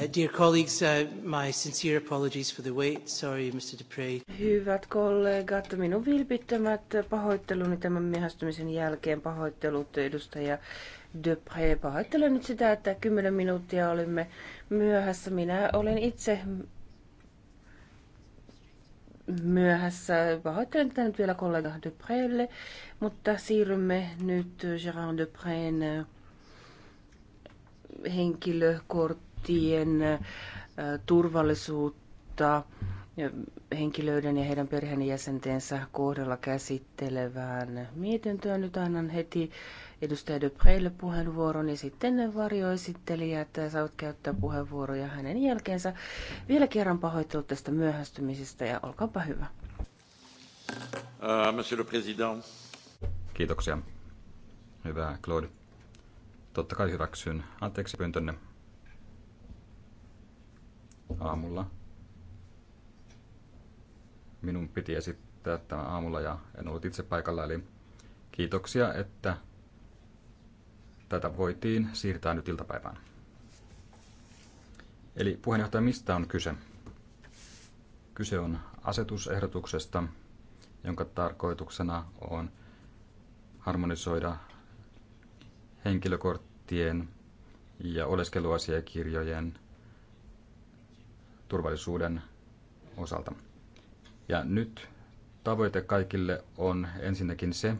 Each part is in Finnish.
Uh, dear colleagues, uh, my sincere apologies for the wait. Sorry, Mr. Dupre. Hyvät kollegat, minun vilpittömät pahoitteluni tämän myöhästymisen jälkeen. Pahoittelut edustaja Dupre. Pahoittelen nyt sitä, että kymmenen minuuttia olimme myöhässä. Minä olen itse myöhässä. Pahoittelen tätä nyt vielä kollega Duprelle, mutta siirrymme nyt Gérard Dupreen äh, henkilökortti kotien turvallisuutta henkilöiden ja heidän perheenjäsentensä kohdalla käsittelevään mietintöön. Nyt annan heti edustaja Dupreille puheenvuoron ja sitten ne varjoesittelijät saavat käyttää puheenvuoroja hänen jälkeensä. Vielä kerran pahoittelut tästä myöhästymisestä ja olkaapa hyvä. Uh, monsieur le Président. Kiitoksia. Hyvä Claude. Totta kai hyväksyn anteeksi pyyntönne aamulla. Minun piti esittää tämä aamulla ja en ollut itse paikalla, eli kiitoksia, että tätä voitiin siirtää nyt iltapäivään. Eli puheenjohtaja, mistä on kyse? Kyse on asetusehdotuksesta, jonka tarkoituksena on harmonisoida henkilökorttien ja oleskeluasiakirjojen turvallisuuden osalta. Ja nyt tavoite kaikille on ensinnäkin se,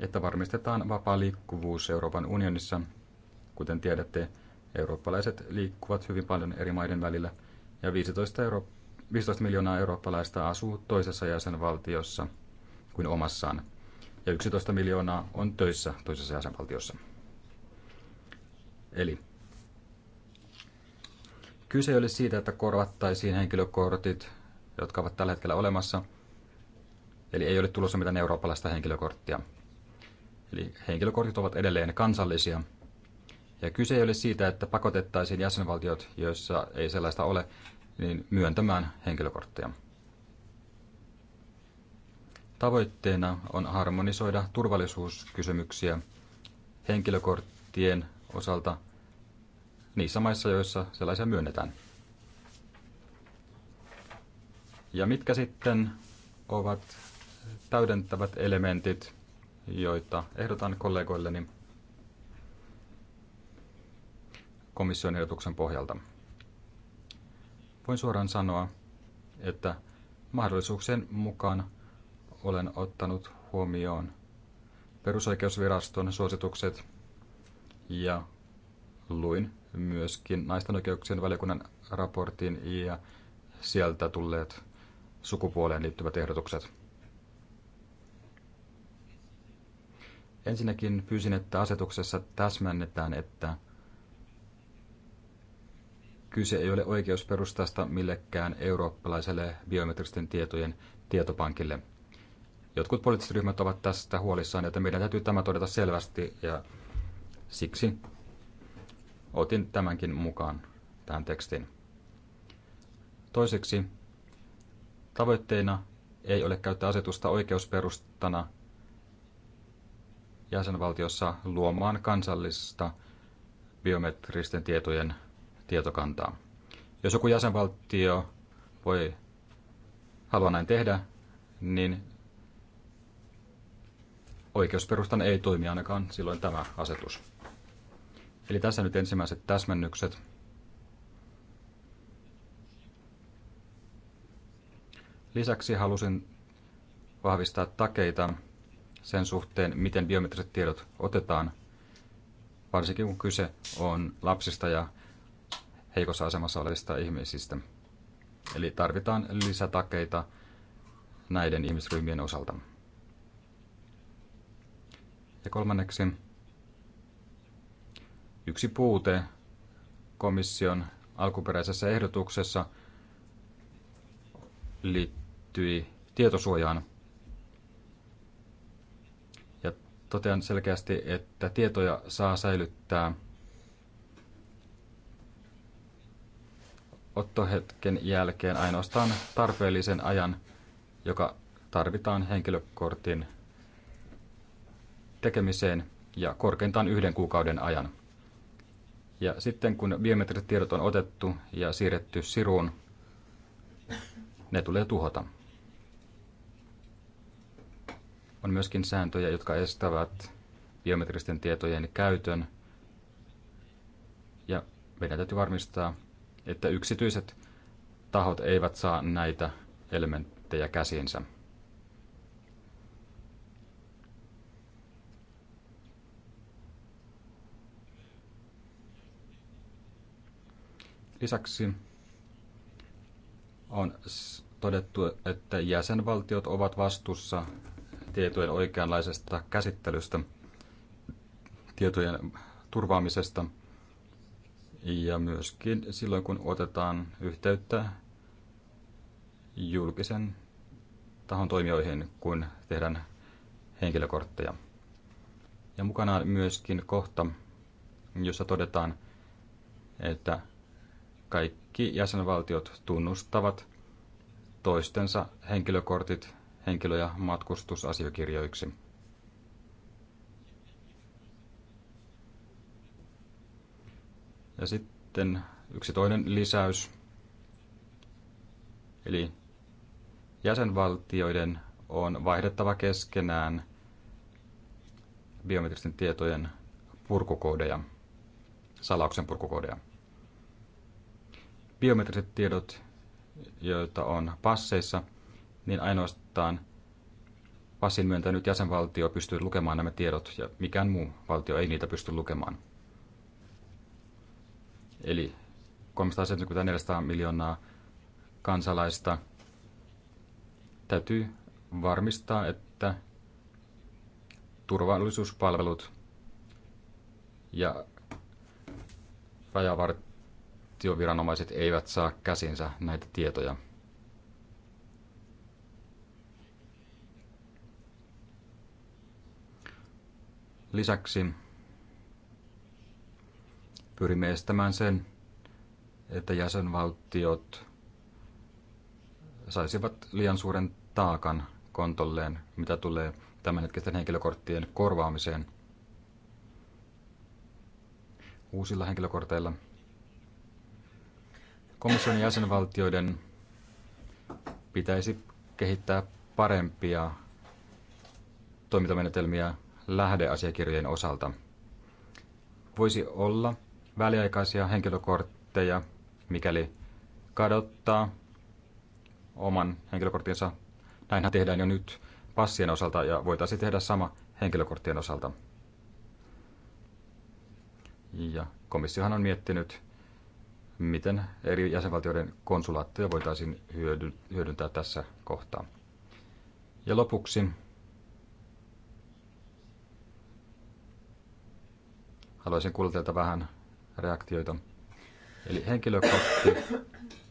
että varmistetaan vapaa liikkuvuus Euroopan unionissa. Kuten tiedätte, eurooppalaiset liikkuvat hyvin paljon eri maiden välillä ja 15, euro- 15 miljoonaa eurooppalaista asuu toisessa jäsenvaltiossa kuin omassaan ja 11 miljoonaa on töissä toisessa jäsenvaltiossa. Eli Kyse oli siitä, että korvattaisiin henkilökortit, jotka ovat tällä hetkellä olemassa. Eli ei ole tulossa mitään eurooppalaista henkilökorttia. Eli henkilökortit ovat edelleen kansallisia. Ja kyse ei ole siitä, että pakotettaisiin jäsenvaltiot, joissa ei sellaista ole, niin myöntämään henkilökortteja. Tavoitteena on harmonisoida turvallisuuskysymyksiä henkilökorttien osalta niissä maissa, joissa sellaisia myönnetään. Ja mitkä sitten ovat täydentävät elementit, joita ehdotan kollegoilleni komission ehdotuksen pohjalta? Voin suoraan sanoa, että mahdollisuuksien mukaan olen ottanut huomioon perusoikeusviraston suositukset ja luin myöskin naisten oikeuksien valiokunnan raportin ja sieltä tulleet sukupuoleen liittyvät ehdotukset. Ensinnäkin pyysin, että asetuksessa täsmännetään, että kyse ei ole oikeusperustasta millekään eurooppalaiselle biometristen tietojen tietopankille. Jotkut poliittiset ryhmät ovat tästä huolissaan, että meidän täytyy tämä todeta selvästi ja siksi Otin tämänkin mukaan tähän tekstiin. Toiseksi, tavoitteena ei ole käyttää asetusta oikeusperustana jäsenvaltiossa luomaan kansallista biometristen tietojen tietokantaa. Jos joku jäsenvaltio voi halua näin tehdä, niin oikeusperustan ei toimi ainakaan silloin tämä asetus. Eli tässä nyt ensimmäiset täsmennykset. Lisäksi halusin vahvistaa takeita sen suhteen, miten biometriset tiedot otetaan, varsinkin kun kyse on lapsista ja heikossa asemassa olevista ihmisistä. Eli tarvitaan lisätakeita näiden ihmisryhmien osalta. Ja kolmanneksi yksi puute komission alkuperäisessä ehdotuksessa liittyi tietosuojaan. Ja totean selkeästi, että tietoja saa säilyttää ottohetken jälkeen ainoastaan tarpeellisen ajan, joka tarvitaan henkilökortin tekemiseen ja korkeintaan yhden kuukauden ajan. Ja sitten kun biometriset tiedot on otettu ja siirretty siruun, ne tulee tuhota. On myöskin sääntöjä, jotka estävät biometristen tietojen käytön. Ja meidän täytyy varmistaa, että yksityiset tahot eivät saa näitä elementtejä käsiinsä. Lisäksi on todettu, että jäsenvaltiot ovat vastuussa tietojen oikeanlaisesta käsittelystä, tietojen turvaamisesta ja myöskin silloin, kun otetaan yhteyttä julkisen tahon toimijoihin, kun tehdään henkilökortteja. Ja mukana on myöskin kohta, jossa todetaan, että kaikki jäsenvaltiot tunnustavat toistensa henkilökortit henkilö- ja matkustusasiakirjoiksi. Ja sitten yksi toinen lisäys, eli jäsenvaltioiden on vaihdettava keskenään biometristen tietojen purkukoodeja, salauksen purkukoodeja biometriset tiedot, joita on passeissa, niin ainoastaan passin myöntänyt jäsenvaltio pystyy lukemaan nämä tiedot ja mikään muu valtio ei niitä pysty lukemaan. Eli 374 miljoonaa kansalaista täytyy varmistaa, että turvallisuuspalvelut ja rajavartijat valtioviranomaiset eivät saa käsinsä näitä tietoja. Lisäksi pyrimme estämään sen, että jäsenvaltiot saisivat liian suuren taakan kontolleen, mitä tulee tämänhetkisten henkilökorttien korvaamiseen uusilla henkilökorteilla – Komission jäsenvaltioiden pitäisi kehittää parempia toimintamenetelmiä lähdeasiakirjojen osalta. Voisi olla väliaikaisia henkilökortteja, mikäli kadottaa oman henkilökorttinsa. Näinhän tehdään jo nyt passien osalta ja voitaisiin tehdä sama henkilökorttien osalta. Ja komissiohan on miettinyt miten eri jäsenvaltioiden konsulaatteja voitaisiin hyödyntää tässä kohtaa. Ja lopuksi haluaisin kuulla teiltä vähän reaktioita. Eli henkilökortti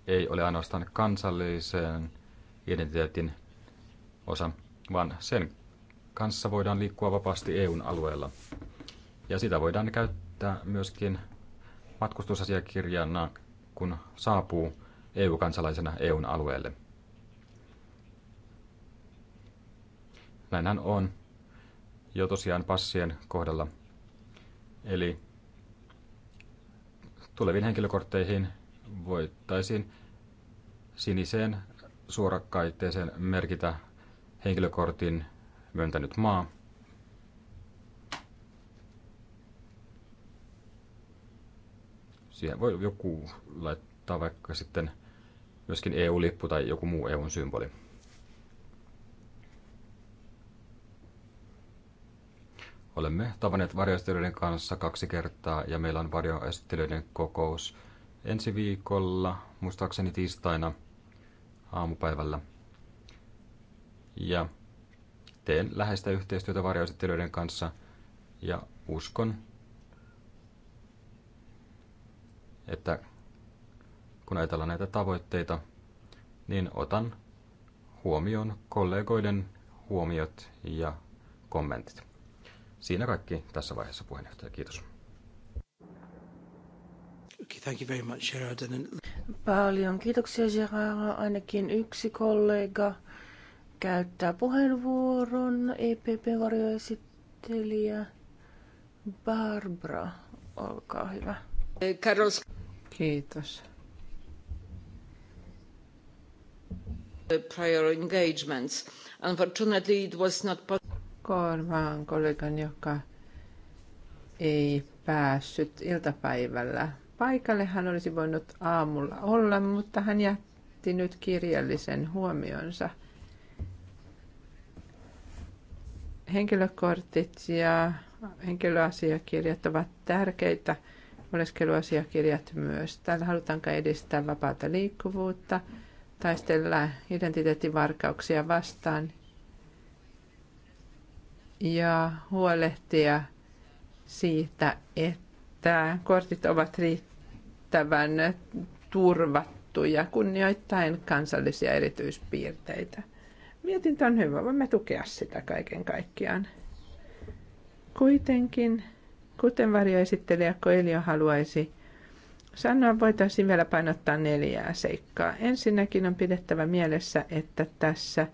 ei ole ainoastaan kansalliseen identiteetin osa, vaan sen kanssa voidaan liikkua vapaasti EUn alueella. Ja sitä voidaan käyttää myöskin matkustusasiakirjana, kun saapuu EU-kansalaisena EUn alueelle. Näinhän on jo tosiaan passien kohdalla. Eli tuleviin henkilökortteihin voitaisiin siniseen suorakkaitteeseen merkitä henkilökortin myöntänyt maa – Siihen voi joku laittaa vaikka sitten myöskin EU-lippu tai joku muu EUn symboli. Olemme tavanneet varjoesittelyiden kanssa kaksi kertaa ja meillä on varjoesittelyiden kokous ensi viikolla, muistaakseni tiistaina aamupäivällä. Ja teen läheistä yhteistyötä varjoesittelyiden kanssa ja uskon, että kun ajatellaan näitä tavoitteita, niin otan huomioon kollegoiden huomiot ja kommentit. Siinä kaikki tässä vaiheessa puheenjohtaja. Kiitos. Thank you very much, Gerard. Paljon kiitoksia Gerard. Ainakin yksi kollega käyttää puheenvuoron. EPP-varjoesittelijä Barbara, olkaa hyvä. Carlos. Kiitos. Prior engagements. Unfortunately it was not Korvaan kollegan, joka ei päässyt iltapäivällä paikalle. Hän olisi voinut aamulla olla, mutta hän jätti nyt kirjallisen huomionsa. Henkilökortit ja henkilöasiakirjat ovat tärkeitä oleskeluasiakirjat myös. Täällä halutaanko edistää vapaata liikkuvuutta, taistella identiteettivarkauksia vastaan ja huolehtia siitä, että kortit ovat riittävän turvattuja kunnioittain kansallisia erityispiirteitä. Mietintä on hyvä, voimme tukea sitä kaiken kaikkiaan. Kuitenkin Kuten varjoesittelijä Koelio haluaisi sanoa, voitaisiin vielä painottaa neljää seikkaa. Ensinnäkin on pidettävä mielessä, että tässä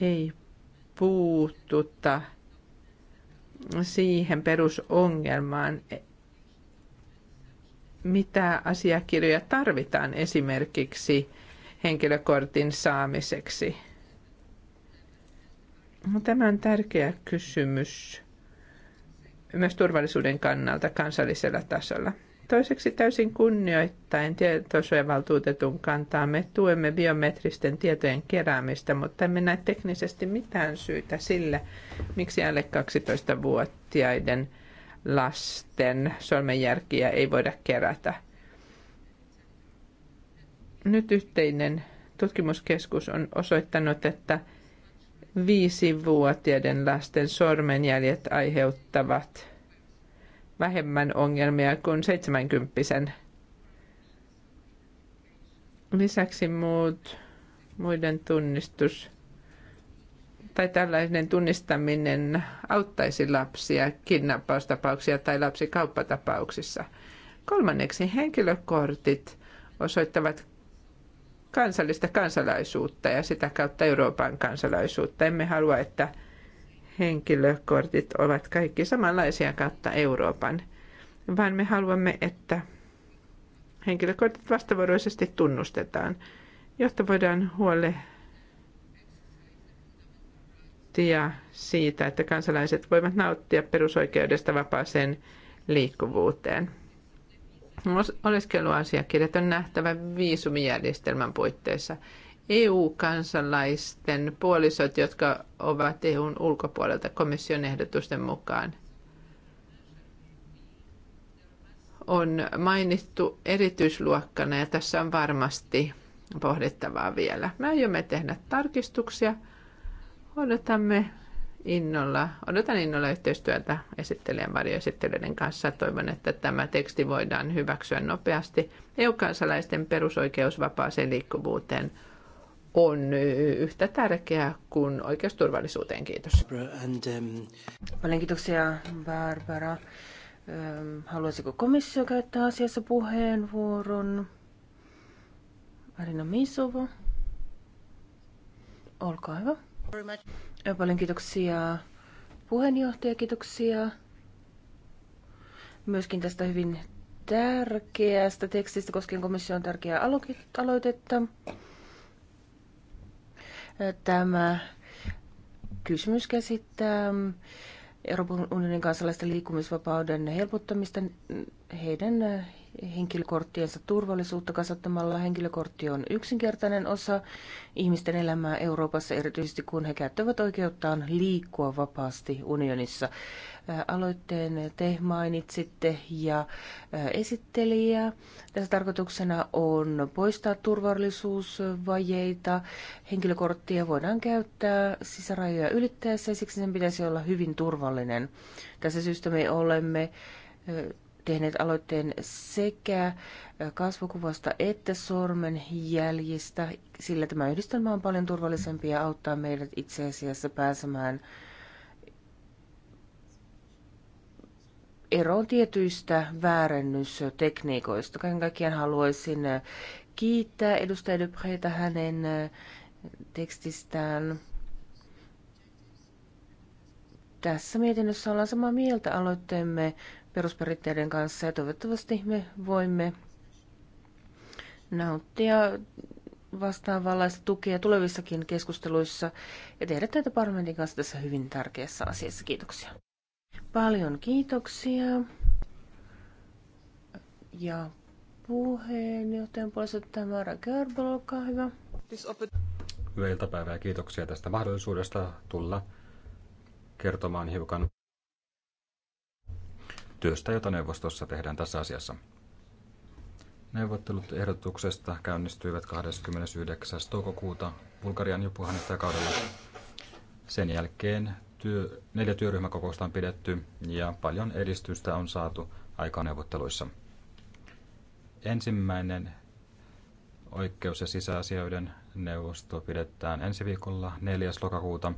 ei puututa siihen perusongelmaan, mitä asiakirjoja tarvitaan esimerkiksi henkilökortin saamiseksi. Tämä on tärkeä kysymys myös turvallisuuden kannalta kansallisella tasolla. Toiseksi täysin kunnioittain tietosuojavaltuutetun kantaa me tuemme biometristen tietojen keräämistä, mutta emme näe teknisesti mitään syytä sille, miksi alle 12-vuotiaiden lasten sormenjälkiä ei voida kerätä. Nyt yhteinen tutkimuskeskus on osoittanut, että viisivuotiaiden lasten sormenjäljet aiheuttavat vähemmän ongelmia kuin 70 Lisäksi muut, muiden tunnistus tai tällainen tunnistaminen auttaisi lapsia kidnappaustapauksia tai lapsikauppatapauksissa. Kolmanneksi henkilökortit osoittavat kansallista kansalaisuutta ja sitä kautta Euroopan kansalaisuutta. Emme halua, että henkilökortit ovat kaikki samanlaisia kautta Euroopan, vaan me haluamme, että henkilökortit vastavuoroisesti tunnustetaan, jotta voidaan huolehtia siitä, että kansalaiset voivat nauttia perusoikeudesta vapaaseen liikkuvuuteen oleskeluasiakirjat on nähtävä viisumijärjestelmän puitteissa. EU-kansalaisten puolisot, jotka ovat EUn ulkopuolelta komission ehdotusten mukaan, on mainittu erityisluokkana ja tässä on varmasti pohdittavaa vielä. Me aiomme tehdä tarkistuksia. Odotamme innolla, odotan innolla yhteistyötä esittelijän varjoesittelijöiden kanssa. Toivon, että tämä teksti voidaan hyväksyä nopeasti. EU-kansalaisten perusoikeus vapaaseen liikkuvuuteen on yhtä tärkeää kuin oikeusturvallisuuteen. Kiitos. Um, Paljon kiitoksia, Barbara. Ähm, haluaisiko komissio käyttää asiassa puheenvuoron? Arina Misova, olkaa hyvä. Paljon kiitoksia puheenjohtaja, kiitoksia myöskin tästä hyvin tärkeästä tekstistä koskien komission tärkeää aloitetta. Tämä kysymys käsittää Euroopan unionin kansalaisten liikkumisvapauden helpottamista heidän henkilökorttiensa turvallisuutta kasvattamalla. Henkilökortti on yksinkertainen osa ihmisten elämää Euroopassa, erityisesti kun he käyttävät oikeuttaan liikkua vapaasti unionissa. Aloitteen te mainitsitte ja esittelijä. Tässä tarkoituksena on poistaa turvallisuusvajeita. Henkilökorttia voidaan käyttää sisärajoja ylittäessä ja siksi sen pitäisi olla hyvin turvallinen. Tässä syystä me olemme tehneet aloitteen sekä äh, kasvokuvasta että sormenjäljistä, sillä tämä yhdistelmä on paljon turvallisempi ja auttaa meidät itse asiassa pääsemään eroon tietyistä väärennystekniikoista. Kaiken kaikkiaan haluaisin äh, kiittää edustaja Dupreita hänen äh, tekstistään. Tässä mietinnössä ollaan samaa mieltä aloitteemme perusperitteiden kanssa ja toivottavasti me voimme nauttia vastaavanlaista tukea tulevissakin keskusteluissa ja tehdä tätä parlamentin kanssa tässä hyvin tärkeässä asiassa. Kiitoksia. Paljon kiitoksia. Ja puheenjohtajan puolesta Tamara Gerbel, olkaa hyvä. Hyvää iltapäivää ja kiitoksia tästä mahdollisuudesta tulla kertomaan hiukan työstä, jota neuvostossa tehdään tässä asiassa. Neuvottelut ehdotuksesta käynnistyivät 29. toukokuuta Bulgarian jo kaudella. Sen jälkeen työ, neljä työryhmäkokousta on pidetty ja paljon edistystä on saatu aikaneuvotteluissa. Ensimmäinen oikeus- ja sisäasioiden neuvosto pidetään ensi viikolla 4. lokakuuta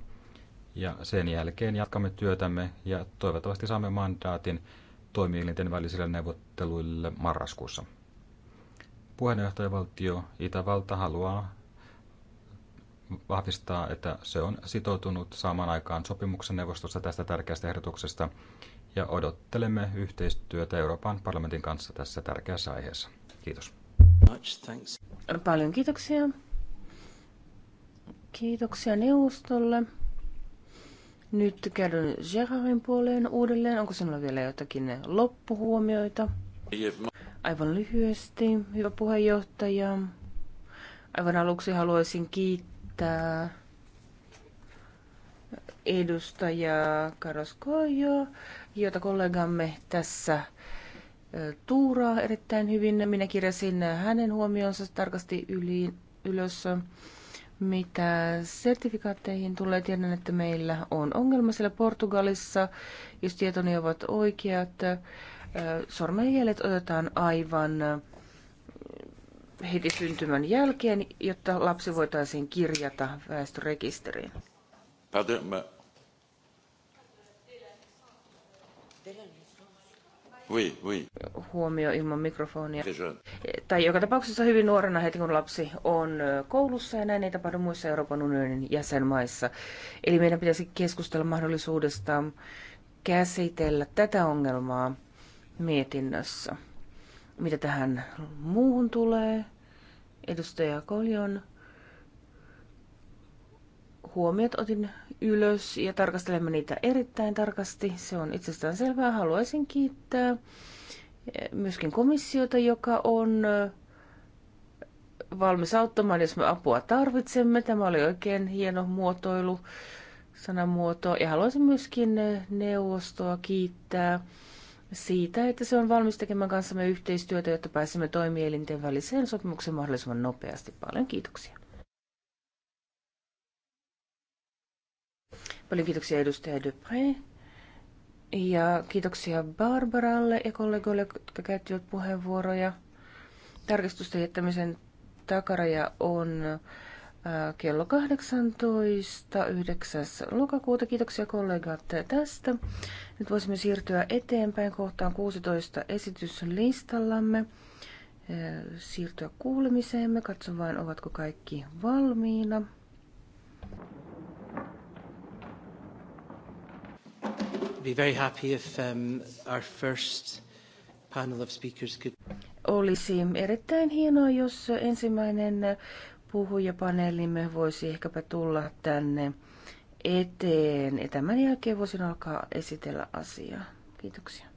ja sen jälkeen jatkamme työtämme ja toivottavasti saamme mandaatin toimielinten välisille neuvotteluille marraskuussa. Puheenjohtajavaltio Itävalta haluaa vahvistaa, että se on sitoutunut saamaan aikaan sopimuksen neuvostossa tästä tärkeästä ehdotuksesta ja odottelemme yhteistyötä Euroopan parlamentin kanssa tässä tärkeässä aiheessa. Kiitos. Paljon kiitoksia. Kiitoksia neuvostolle. Nyt käydyn Gerardin puoleen uudelleen. Onko sinulla vielä jotakin loppuhuomioita? Aivan lyhyesti, hyvä puheenjohtaja. Aivan aluksi haluaisin kiittää edustaja Karos Koijoa, jota kollegamme tässä tuuraa erittäin hyvin. Minä kirjasin hänen huomionsa tarkasti yli, ylös mitä sertifikaatteihin tulee, tiedän, että meillä on ongelma siellä Portugalissa, jos tietoni ovat oikeat. Sormenjäljet otetaan aivan heti syntymän jälkeen, jotta lapsi voitaisiin kirjata väestörekisteriin. Pardon, mä oui, oui. huomio ilman mikrofonia. Tai joka tapauksessa hyvin nuorena heti kun lapsi on koulussa ja näin ei tapahdu muissa Euroopan unionin jäsenmaissa. Eli meidän pitäisi keskustella mahdollisuudesta käsitellä tätä ongelmaa mietinnössä. Mitä tähän muuhun tulee? Edustaja Koljon huomiot otin ylös ja tarkastelemme niitä erittäin tarkasti. Se on itsestään selvää. Haluaisin kiittää eh, myöskin komissiota, joka on eh, valmis auttamaan, jos me apua tarvitsemme. Tämä oli oikein hieno muotoilu, sanamuoto. Ja haluaisin myöskin eh, neuvostoa kiittää siitä, että se on valmis tekemään kanssamme yhteistyötä, jotta pääsemme toimielinten väliseen sopimukseen mahdollisimman nopeasti. Paljon kiitoksia. Paljon kiitoksia edustaja Dupré. Ja kiitoksia Barbaralle ja kollegoille, jotka käyttivät puheenvuoroja. Tarkistusten jättämisen takaraja on äh, kello 18. 9. lokakuuta. Kiitoksia kollegat tästä. Nyt voisimme siirtyä eteenpäin kohtaan 16 esityslistallamme. Äh, siirtyä kuulemiseemme. Katson vain, ovatko kaikki valmiina. be very happy if um, our first panel of speakers could... Olisi erittäin hienoa, jos ensimmäinen puhujapaneelimme voisi ehkäpä tulla tänne eteen. Ja tämän jälkeen voisin alkaa esitellä asiaa. Kiitoksia.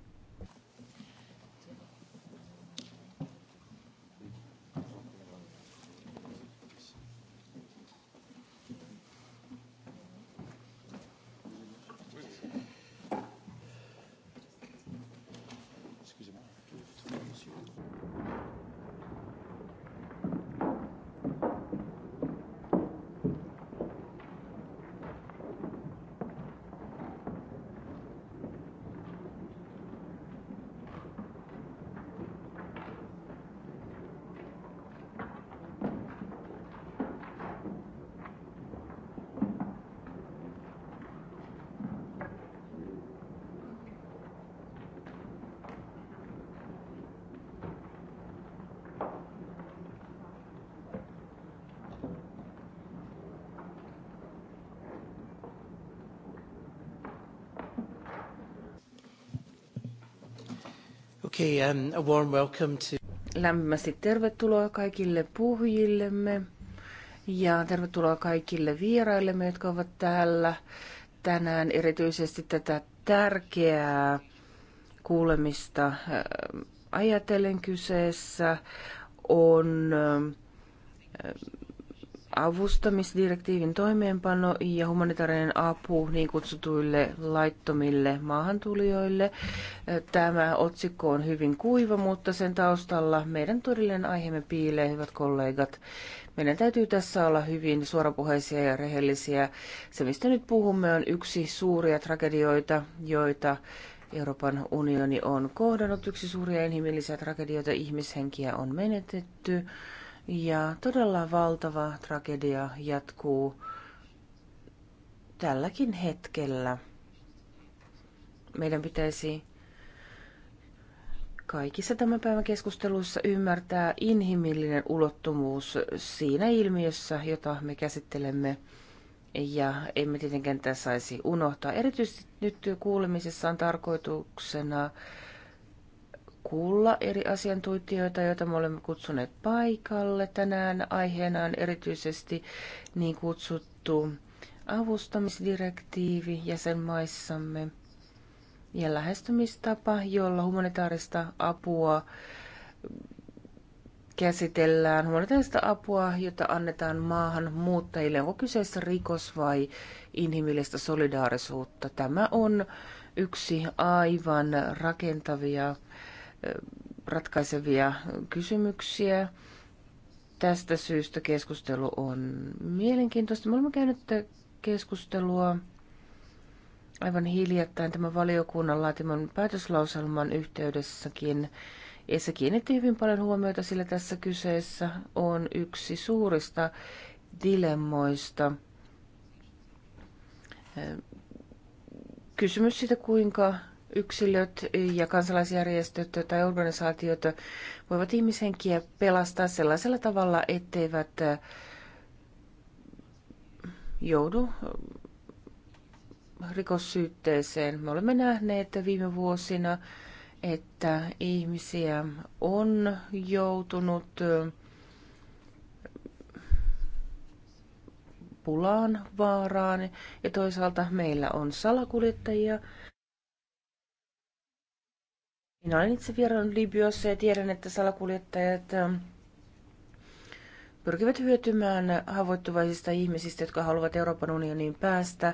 Okay, um, a warm welcome to... Lämpimästi tervetuloa kaikille puhujillemme ja tervetuloa kaikille vieraillemme, jotka ovat täällä tänään erityisesti tätä tärkeää kuulemista äh, ajatellen kyseessä on äh, avustamisdirektiivin toimeenpano ja humanitaarinen apu niin kutsutuille laittomille maahantulijoille. Tämä otsikko on hyvin kuiva, mutta sen taustalla meidän todellinen aiheemme piilee, hyvät kollegat. Meidän täytyy tässä olla hyvin suorapuheisia ja rehellisiä. Se, mistä nyt puhumme, on yksi suuria tragedioita, joita Euroopan unioni on kohdannut. Yksi suuria inhimillisiä tragedioita, ihmishenkiä on menetetty ja todella valtava tragedia jatkuu tälläkin hetkellä. Meidän pitäisi kaikissa tämän päivän keskusteluissa ymmärtää inhimillinen ulottuvuus siinä ilmiössä, jota me käsittelemme. Ja emme tietenkään tässä saisi unohtaa. Erityisesti nyt kuulemisessa on tarkoituksena kuulla eri asiantuntijoita, joita me olemme kutsuneet paikalle. Tänään aiheena on erityisesti niin kutsuttu avustamisdirektiivi jäsenmaissamme ja lähestymistapa, jolla humanitaarista apua käsitellään, humanitaarista apua, jota annetaan maahan muuttajille. Onko kyseessä rikos vai inhimillistä solidaarisuutta? Tämä on yksi aivan rakentavia ratkaisevia kysymyksiä. Tästä syystä keskustelu on mielenkiintoista. Me olemme käyneet keskustelua aivan hiljattain tämän valiokunnan laatiman päätöslauselman yhteydessäkin. Ja se kiinnitti hyvin paljon huomiota, sillä tässä kyseessä on yksi suurista dilemmoista. Kysymys siitä, kuinka yksilöt ja kansalaisjärjestöt tai organisaatiot voivat ihmishenkiä pelastaa sellaisella tavalla, etteivät äh, joudu äh, rikossyytteeseen. Me olemme nähneet viime vuosina, että ihmisiä on joutunut äh, pulaan, vaaraan ja toisaalta meillä on salakuljettajia – minä olen itse vieraillut Libyassa ja tiedän, että salakuljettajat ähm, pyrkivät hyötymään haavoittuvaisista ihmisistä, jotka haluavat Euroopan unioniin päästä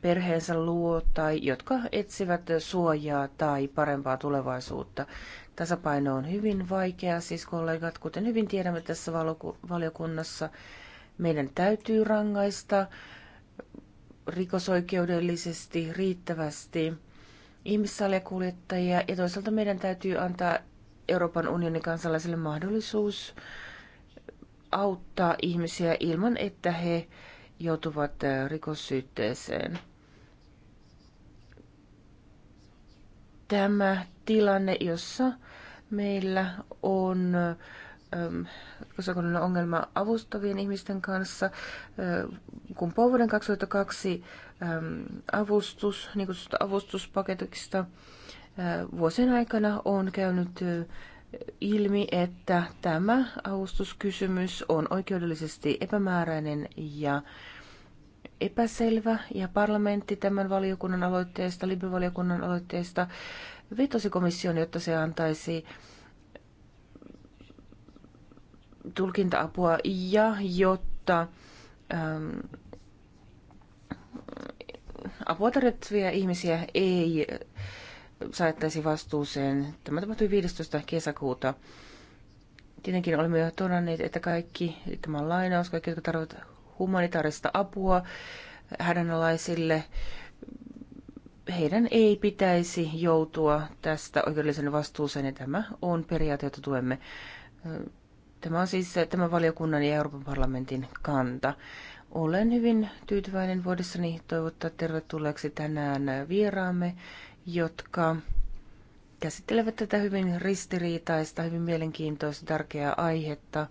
perheensä luo tai jotka etsivät suojaa tai parempaa tulevaisuutta. Tasapaino on hyvin vaikea, siis kollegat, kuten hyvin tiedämme tässä valiokunnassa, meidän täytyy rangaista rikosoikeudellisesti riittävästi ihmissalakuljettajia ja toisaalta meidän täytyy antaa Euroopan unionin kansalaisille mahdollisuus auttaa ihmisiä ilman, että he joutuvat äh, rikossyytteeseen. Tämä tilanne, jossa meillä on on ongelma avustavien ihmisten kanssa, kun vuoden 2002 avustus, niin kutsutusta avustuspaketista vuosien aikana on käynyt ilmi, että tämä avustuskysymys on oikeudellisesti epämääräinen ja epäselvä ja parlamentti tämän valiokunnan aloitteesta, libyvaliokunnan aloitteesta vetosi komission, jotta se antaisi tulkinta-apua ja jotta ähm, apua tarvitsevia ihmisiä ei äh, saattaisi vastuuseen. Tämä tapahtui 15. kesäkuuta. Tietenkin olemme jo todanneet, että kaikki, tämä on lainaus, kaikki, jotka tarvitsevat humanitaarista apua hädänalaisille, heidän ei pitäisi joutua tästä oikeudellisen vastuuseen, ja tämä on periaate, jota tuemme Tämä on siis eh, tämä valiokunnan ja Euroopan parlamentin kanta. Olen hyvin tyytyväinen vuodessani toivottaa tervetulleeksi tänään vieraamme, jotka käsittelevät tätä hyvin ristiriitaista, hyvin mielenkiintoista, tärkeää aihetta.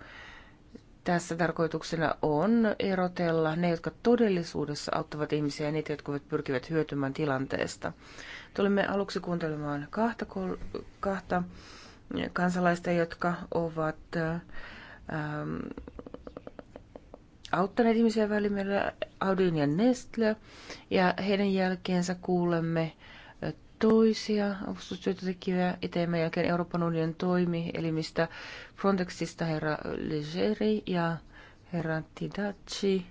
Tässä tarkoituksena on erotella ne, jotka todellisuudessa auttavat ihmisiä ja niitä, jotka pyrkivät hyötymään tilanteesta. Tulemme aluksi kuuntelemaan kahta, kahta kansalaista, jotka ovat ähm, auttaneet ihmisiä välimerellä Audin ja Nestle, ja heidän jälkeensä kuulemme äh, toisia avustustyötä tekeviä jälkeen Euroopan unionin mistä Frontexista herra Legeri ja herra Tidacci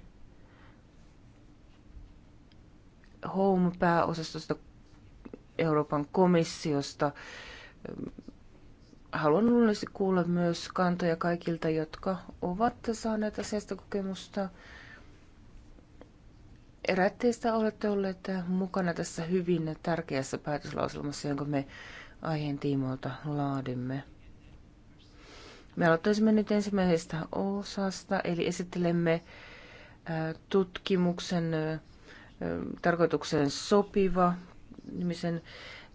Home-pääosastosta Euroopan komissiosta haluan luonnollisesti kuulla myös kantoja kaikilta, jotka ovat saaneet asiasta kokemusta. Eräät teistä olette olleet mukana tässä hyvin tärkeässä päätöslauselmassa, jonka me aiheen tiimoilta laadimme. Me aloittaisimme nyt ensimmäisestä osasta, eli esittelemme tutkimuksen tarkoitukseen sopiva nimisen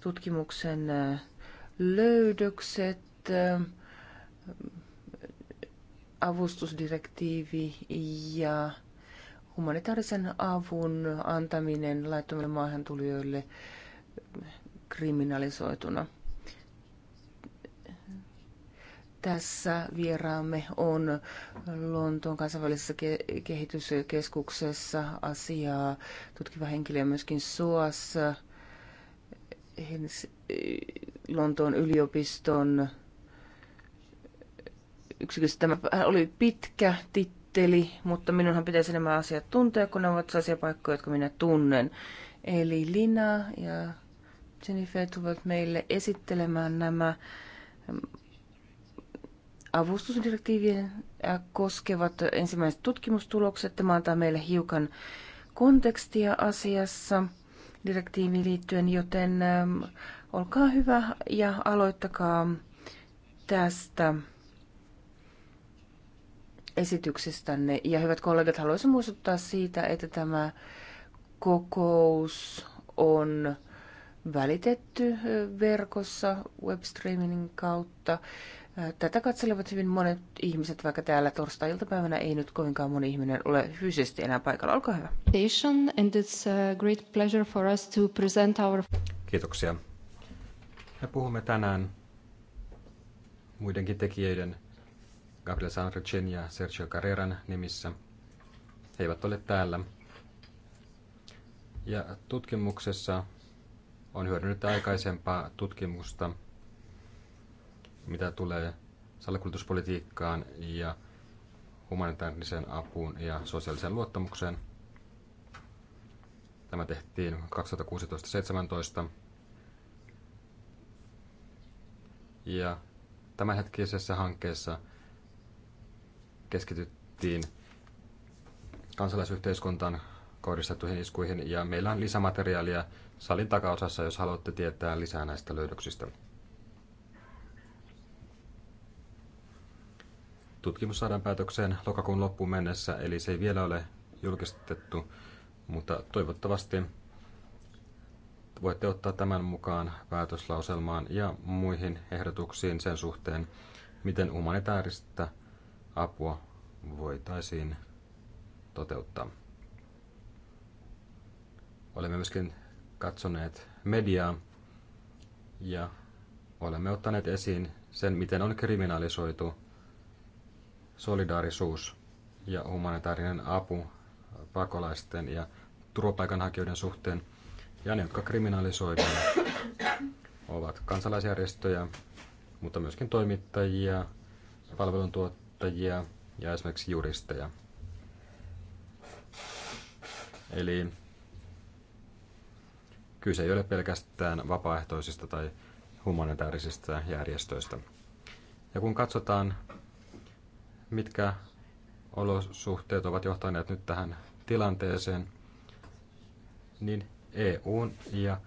tutkimuksen löydökset Eh, avustusdirektiivi ja humanitaarisen avun antaminen laittomille maahantulijoille kriminalisoituna. Tässä vieraamme on Lontoon kansainvälisessä ke- kehityskeskuksessa asiaa tutkiva henkilö myöskin Suossa, Lontoon yliopiston yksiköstä. Tämä oli pitkä titteli, mutta minunhan pitäisi nämä asiat tuntea, kun ne ovat sellaisia paikkoja, jotka minä tunnen. Eli Lina ja Jennifer tulevat meille esittelemään nämä ähm, avustusdirektiivien äh, koskevat ensimmäiset tutkimustulokset. Tämä antaa meille hiukan kontekstia asiassa direktiiviin liittyen, joten ähm, olkaa hyvä ja aloittakaa tästä esityksestänne. Ja hyvät kollegat, haluaisin muistuttaa siitä, että tämä kokous on välitetty verkossa webstreamingin kautta. Tätä katselevat hyvin monet ihmiset, vaikka täällä torstai-iltapäivänä ei nyt kovinkaan moni ihminen ole fyysisesti enää paikalla. Olkaa hyvä. And it's a great pleasure for us to present our... Kiitoksia. Me puhumme tänään muidenkin tekijöiden Gabriel Sanrechen ja Sergio Carreran nimissä. He eivät ole täällä. Ja tutkimuksessa on hyödynnetty aikaisempaa tutkimusta, mitä tulee salakulutuspolitiikkaan ja humanitaariseen apuun ja sosiaaliseen luottamukseen. Tämä tehtiin 2016-2017. Ja tämänhetkisessä hankkeessa – keskityttiin kansalaisyhteiskuntaan kohdistettuihin iskuihin ja meillä on lisämateriaalia salin takaosassa, jos haluatte tietää lisää näistä löydöksistä. Tutkimus saadaan päätökseen lokakuun loppuun mennessä, eli se ei vielä ole julkistettu, mutta toivottavasti voitte ottaa tämän mukaan päätöslauselmaan ja muihin ehdotuksiin sen suhteen, miten humanitaarista apua voitaisiin toteuttaa. Olemme myöskin katsoneet mediaa ja olemme ottaneet esiin sen, miten on kriminalisoitu solidaarisuus ja humanitaarinen apu pakolaisten ja turvapaikanhakijoiden suhteen. Ja ne, jotka kriminalisoidaan, ovat kansalaisjärjestöjä, mutta myöskin toimittajia, palveluntuottajia, opettajia ja esimerkiksi juristeja. Eli kyse ei ole pelkästään vapaaehtoisista tai humanitaarisista järjestöistä. Ja kun katsotaan, mitkä olosuhteet ovat johtaneet nyt tähän tilanteeseen, niin EUn ja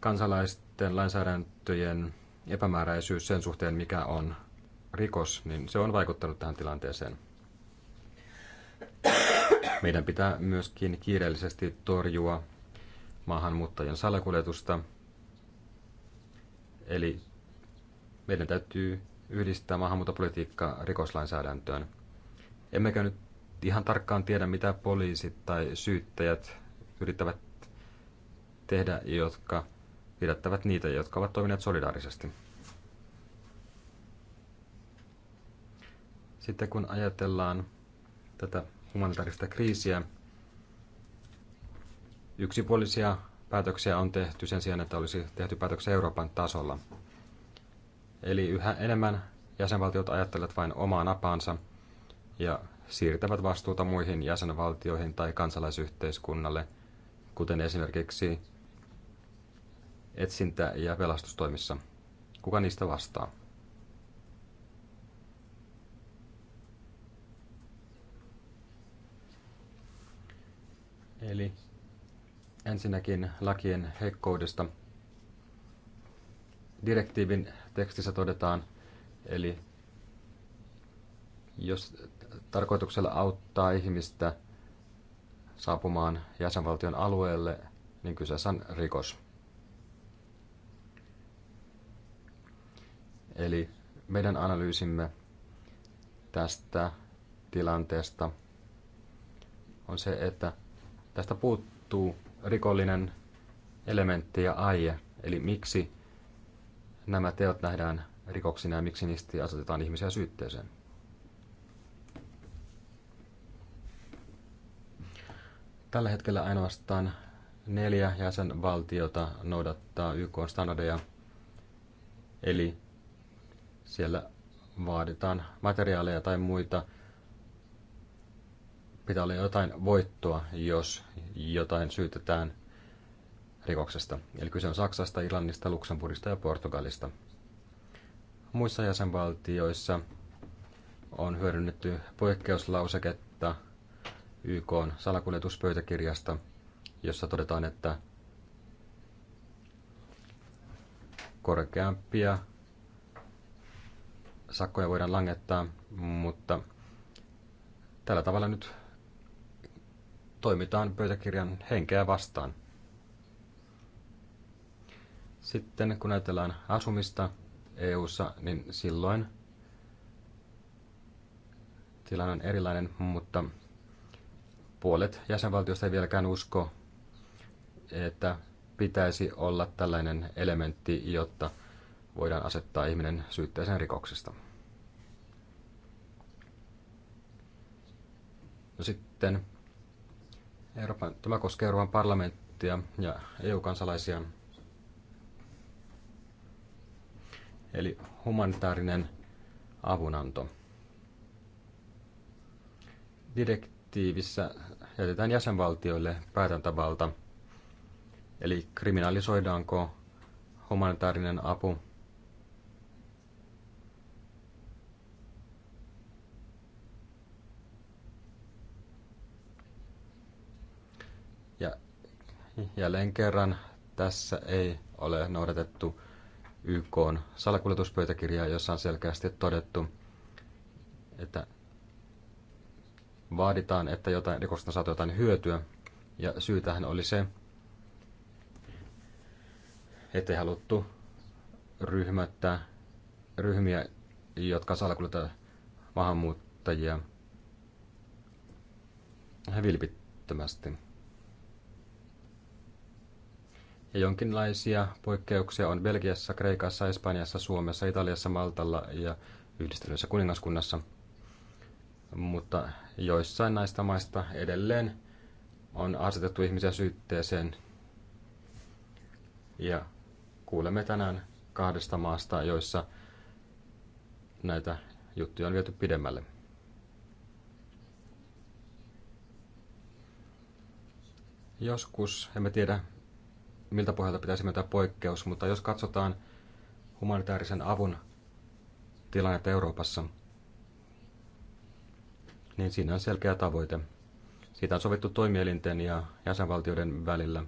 kansalaisten lainsäädäntöjen epämääräisyys sen suhteen, mikä on rikos, niin se on vaikuttanut tähän tilanteeseen. Meidän pitää myöskin kiireellisesti torjua maahanmuuttajien salakuljetusta. Eli meidän täytyy yhdistää maahanmuuttopolitiikka rikoslainsäädäntöön. Emmekä nyt ihan tarkkaan tiedä, mitä poliisit tai syyttäjät yrittävät tehdä, jotka pidättävät niitä, jotka ovat toimineet solidaarisesti. Sitten kun ajatellaan tätä humanitaarista kriisiä, yksipuolisia päätöksiä on tehty sen sijaan, että olisi tehty päätöksiä Euroopan tasolla. Eli yhä enemmän jäsenvaltiot ajattelevat vain omaa napaansa ja siirtävät vastuuta muihin jäsenvaltioihin tai kansalaisyhteiskunnalle, kuten esimerkiksi etsintä- ja pelastustoimissa. Kuka niistä vastaa? Eli ensinnäkin lakien heikkoudesta. Direktiivin tekstissä todetaan, eli jos tarkoituksella auttaa ihmistä saapumaan jäsenvaltion alueelle, niin kyseessä on rikos. Eli meidän analyysimme tästä tilanteesta on se, että Tästä puuttuu rikollinen elementti ja aie, eli miksi nämä teot nähdään rikoksina ja miksi niistä asetetaan ihmisiä syytteeseen. Tällä hetkellä ainoastaan neljä jäsenvaltiota noudattaa YK-standardeja, eli siellä vaaditaan materiaaleja tai muita pitää olla jotain voittoa, jos jotain syytetään rikoksesta. Eli kyse on Saksasta, Irlannista, Luxemburgista ja Portugalista. Muissa jäsenvaltioissa on hyödynnetty poikkeuslauseketta YK salakuljetuspöytäkirjasta, jossa todetaan, että korkeampia sakkoja voidaan langettaa, mutta tällä tavalla nyt toimitaan pöytäkirjan henkeä vastaan. Sitten kun ajatellaan asumista EU:ssa, niin silloin tilanne on erilainen, mutta puolet jäsenvaltioista ei vieläkään usko, että pitäisi olla tällainen elementti, jotta voidaan asettaa ihminen syytteeseen rikoksesta. No sitten Euroopan, tämä koskee Euroopan parlamenttia ja EU-kansalaisia. Eli humanitaarinen avunanto. Direktiivissä jätetään jäsenvaltioille päätäntävalta, eli kriminalisoidaanko humanitaarinen apu Jälleen kerran tässä ei ole noudatettu YK salakuljetuspöytäkirjaa, jossa on selkeästi todettu, että vaaditaan, että jotain rikosta saatu jotain hyötyä. Ja syytähän oli se, ettei haluttu ryhmättää ryhmiä, jotka salakuljettaa maahanmuuttajia vilpittömästi. Ja jonkinlaisia poikkeuksia on Belgiassa, Kreikassa, Espanjassa, Suomessa, Italiassa, Maltalla ja Yhdistyneessä kuningaskunnassa. Mutta joissain näistä maista edelleen on asetettu ihmisiä syytteeseen. Ja kuulemme tänään kahdesta maasta, joissa näitä juttuja on viety pidemmälle. Joskus emme tiedä, miltä pohjalta pitäisi myöntää poikkeus, mutta jos katsotaan humanitaarisen avun tilannetta Euroopassa, niin siinä on selkeä tavoite. Siitä on sovittu toimielinten ja jäsenvaltioiden välillä.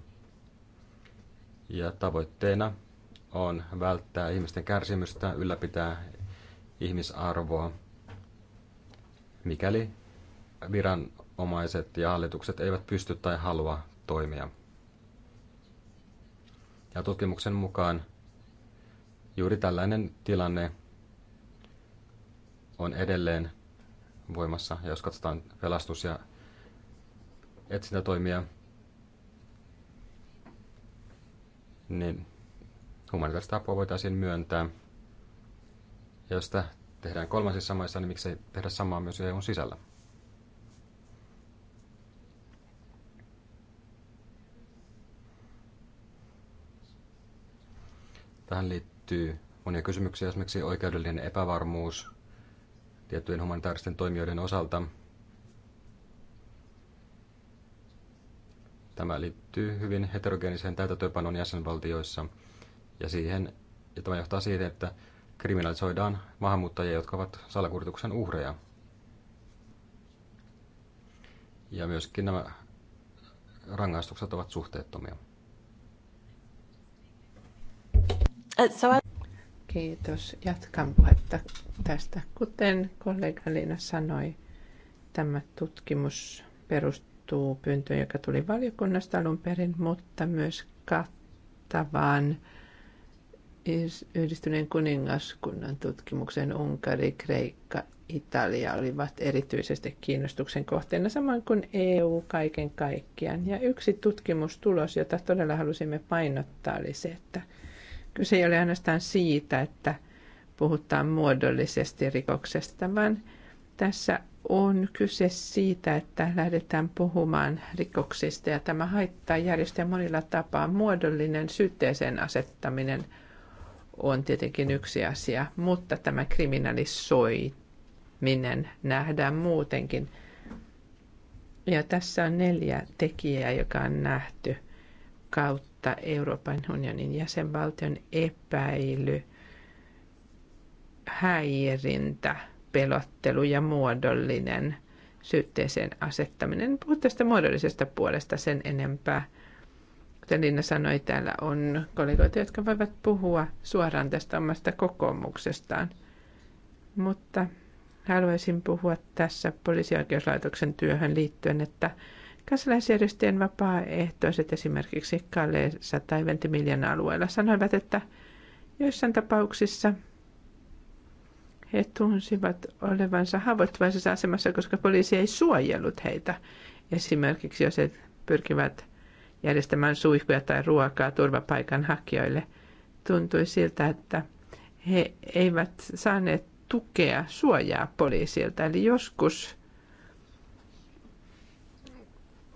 Ja tavoitteena on välttää ihmisten kärsimystä, ylläpitää ihmisarvoa, mikäli viranomaiset ja hallitukset eivät pysty tai halua toimia. Ja tutkimuksen mukaan juuri tällainen tilanne on edelleen voimassa. Ja jos katsotaan pelastus- ja etsintätoimia, niin humanitaarista apua voitaisiin myöntää. Ja jos sitä tehdään kolmansissa maissa, niin miksei tehdä samaa myös EUn sisällä? Tähän liittyy monia kysymyksiä, esimerkiksi oikeudellinen epävarmuus tiettyjen humanitaaristen toimijoiden osalta. Tämä liittyy hyvin heterogeeniseen täytäntöönpanon jäsenvaltioissa ja, siihen, ja tämä johtaa siihen, että kriminalisoidaan maahanmuuttajia, jotka ovat salakuljetuksen uhreja. Ja myöskin nämä rangaistukset ovat suhteettomia. Kiitos. Jatkan puhetta tästä. Kuten kollega Liina sanoi, tämä tutkimus perustuu pyyntöön, joka tuli valiokunnasta alun perin, mutta myös kattavaan yhdistyneen kuningaskunnan tutkimuksen Unkari, Kreikka, Italia olivat erityisesti kiinnostuksen kohteena, samoin kuin EU kaiken kaikkiaan. Ja yksi tutkimustulos, jota todella halusimme painottaa, oli se, että Kyse ei ole ainoastaan siitä, että puhutaan muodollisesti rikoksesta, vaan tässä on kyse siitä, että lähdetään puhumaan rikoksista ja tämä haittaa järjestöä monilla tapaa. Muodollinen syytteeseen asettaminen on tietenkin yksi asia, mutta tämä kriminalisoiminen nähdään muutenkin. Ja tässä on neljä tekijää, joka on nähty kautta että Euroopan unionin jäsenvaltion epäily, häirintä, pelottelu ja muodollinen syytteeseen asettaminen. Puhu tästä muodollisesta puolesta sen enempää. Kuten Linna sanoi, täällä on kollegoita, jotka voivat puhua suoraan tästä omasta kokoomuksestaan. Mutta haluaisin puhua tässä poliisioikeuslaitoksen työhön liittyen, että Kansalaisjärjestöjen vapaaehtoiset esimerkiksi Kaleessa tai Ventimiljan alueella sanoivat, että joissain tapauksissa he tunsivat olevansa haavoittuvaisessa asemassa, koska poliisi ei suojellut heitä. Esimerkiksi jos he pyrkivät järjestämään suihkuja tai ruokaa turvapaikan hakijoille, tuntui siltä, että he eivät saaneet tukea, suojaa poliisilta. Eli joskus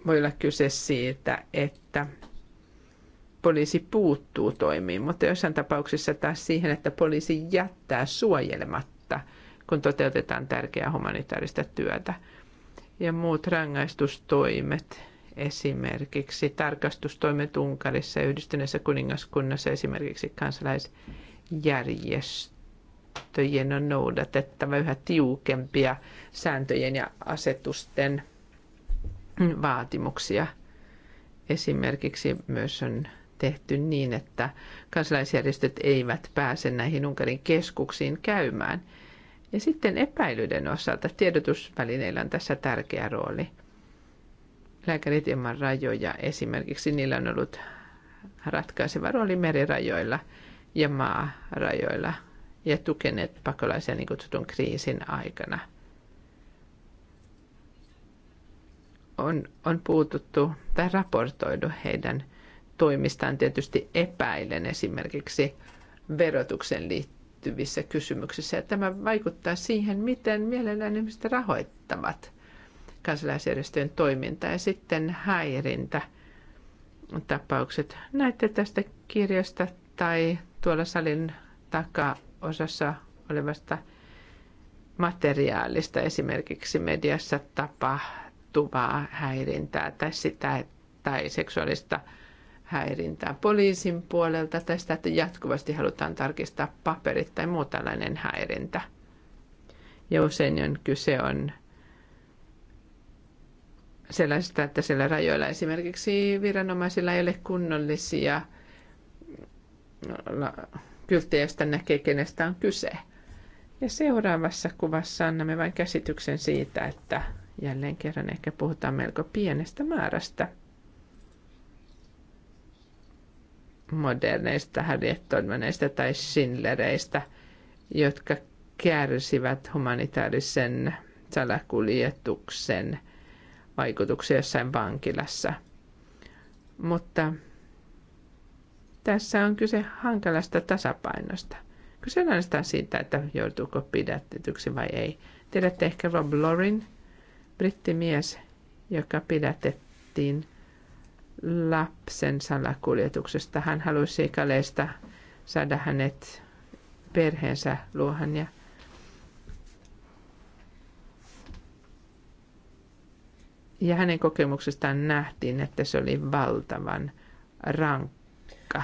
voi olla kyse siitä, että poliisi puuttuu toimiin, mutta jossain tapauksessa taas siihen, että poliisi jättää suojelematta, kun toteutetaan tärkeää humanitaarista työtä. Ja muut rangaistustoimet, esimerkiksi tarkastustoimet Unkarissa ja yhdistyneessä kuningaskunnassa esimerkiksi kansalaisjärjestöjen on noudatettava yhä tiukempia sääntöjen ja asetusten – vaatimuksia. Esimerkiksi myös on tehty niin, että kansalaisjärjestöt eivät pääse näihin Unkarin keskuksiin käymään. Ja sitten epäilyiden osalta tiedotusvälineillä on tässä tärkeä rooli. Lääkärit ilman rajoja esimerkiksi, niillä on ollut ratkaiseva rooli merirajoilla ja maarajoilla ja tukeneet pakolaisia niin kutsutun kriisin aikana – on, on puututtu tai raportoidu heidän toimistaan. Tietysti epäilen esimerkiksi verotuksen liittyvissä kysymyksissä. Ja tämä vaikuttaa siihen, miten mielellään ihmiset rahoittavat kansalaisjärjestöjen toimintaa ja sitten häirintä tapaukset. Näette tästä kirjasta tai tuolla salin takaosassa olevasta materiaalista esimerkiksi mediassa tapahtuu tapahtuvaa häirintää tai sitä tai seksuaalista häirintää poliisin puolelta tai sitä, että jatkuvasti halutaan tarkistaa paperit tai muu tällainen häirintä. Ja usein on kyse on sellaista, että siellä rajoilla esimerkiksi viranomaisilla ei ole kunnollisia kylttejä, joista näkee, kenestä on kyse. Ja seuraavassa kuvassa annamme vain käsityksen siitä, että Jälleen kerran ehkä puhutaan melko pienestä määrästä moderneista harjettormaneista tai sindlereistä, jotka kärsivät humanitaarisen salakuljetuksen vaikutuksia jossain vankilassa. Mutta tässä on kyse hankalasta tasapainosta. Kyse on siitä, että joutuuko pidätetyksi vai ei. Tiedätte ehkä Rob Lorin, brittimies, joka pidätettiin lapsen salakuljetuksesta. Hän halusi Kaleesta saada hänet perheensä luohan ja ja hänen kokemuksestaan nähtiin, että se oli valtavan rankka,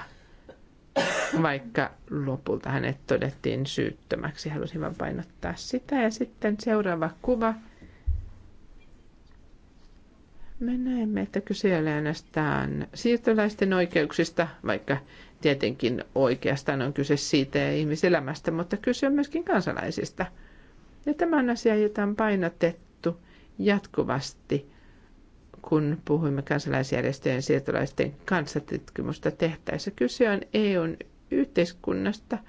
vaikka lopulta hänet todettiin syyttömäksi. Halusin vain painottaa sitä. Ja sitten seuraava kuva – me näemme, että kyse äänestään siirtolaisten oikeuksista, vaikka tietenkin oikeastaan on kyse siitä ja ihmiselämästä, mutta kyse on myöskin kansalaisista. Ja tämä on asia, jota on painotettu jatkuvasti, kun puhuimme kansalaisjärjestöjen siirtolaisten kanssa tutkimusta tehtäessä. Kyse on EUn yhteiskunnasta –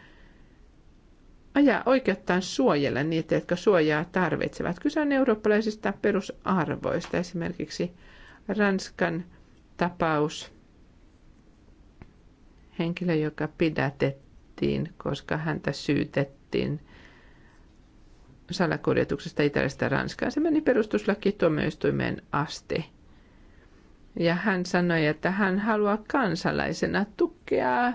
ajaa oikeuttaan suojella niitä, jotka suojaa tarvitsevat. Kyse on eurooppalaisista perusarvoista, esimerkiksi Ranskan tapaus, henkilö, joka pidätettiin, koska häntä syytettiin salakuljetuksesta Italiasta Ranskaan. Se meni perustuslaki tuomioistuimeen asti. Ja hän sanoi, että hän haluaa kansalaisena tukea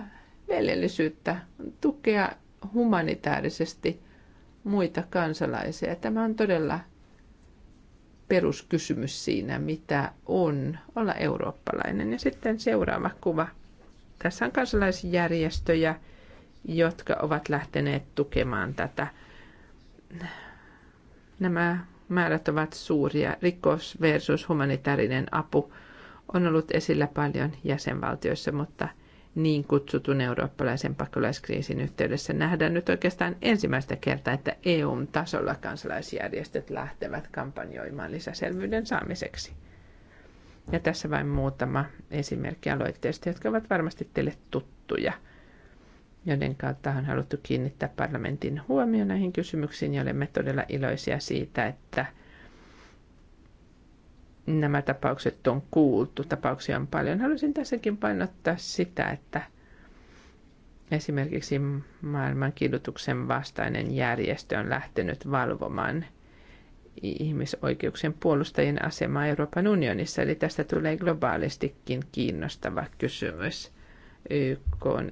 veljellisyyttä, tukea humanitaarisesti muita kansalaisia. Tämä on todella peruskysymys siinä, mitä on olla eurooppalainen. Ja sitten seuraava kuva. Tässä on kansalaisjärjestöjä, jotka ovat lähteneet tukemaan tätä. Nämä määrät ovat suuria. Rikos versus humanitaarinen apu on ollut esillä paljon jäsenvaltioissa, mutta – niin kutsutun eurooppalaisen pakolaiskriisin yhteydessä nähdään nyt oikeastaan ensimmäistä kertaa, että eu tasolla kansalaisjärjestöt lähtevät kampanjoimaan lisäselvyyden saamiseksi. Ja tässä vain muutama esimerkki aloitteista, jotka ovat varmasti teille tuttuja, joiden kautta on haluttu kiinnittää parlamentin huomio näihin kysymyksiin, ja olemme todella iloisia siitä, että – nämä tapaukset on kuultu. Tapauksia on paljon. Haluaisin tässäkin painottaa sitä, että esimerkiksi maailman kidutuksen vastainen järjestö on lähtenyt valvomaan ihmisoikeuksien puolustajien asemaa Euroopan unionissa. Eli tästä tulee globaalistikin kiinnostava kysymys. YK on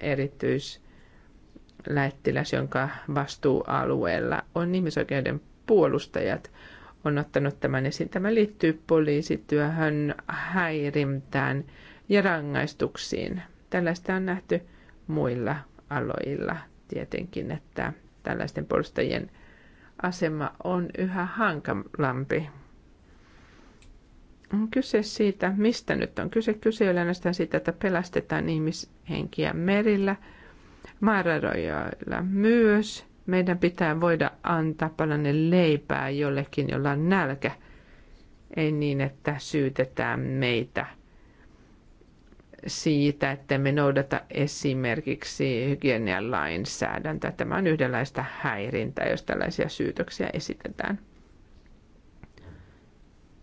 lähettiläs, jonka vastuualueella on ihmisoikeuden puolustajat – on ottanut tämän esiin. Tämä liittyy poliisityöhön, häirintään ja rangaistuksiin. Tällaista on nähty muilla aloilla tietenkin, että tällaisten puolustajien asema on yhä hankalampi. On kyse siitä, mistä nyt on kyse. Kyse ei ole ainoastaan siitä, että pelastetaan ihmishenkiä merillä, maarajoilla myös – meidän pitää voida antaa palanen leipää jollekin, jolla on nälkä. Ei niin, että syytetään meitä siitä, että me noudata esimerkiksi hygienian lainsäädäntöä. Tämä on yhdenlaista häirintää, jos tällaisia syytöksiä esitetään.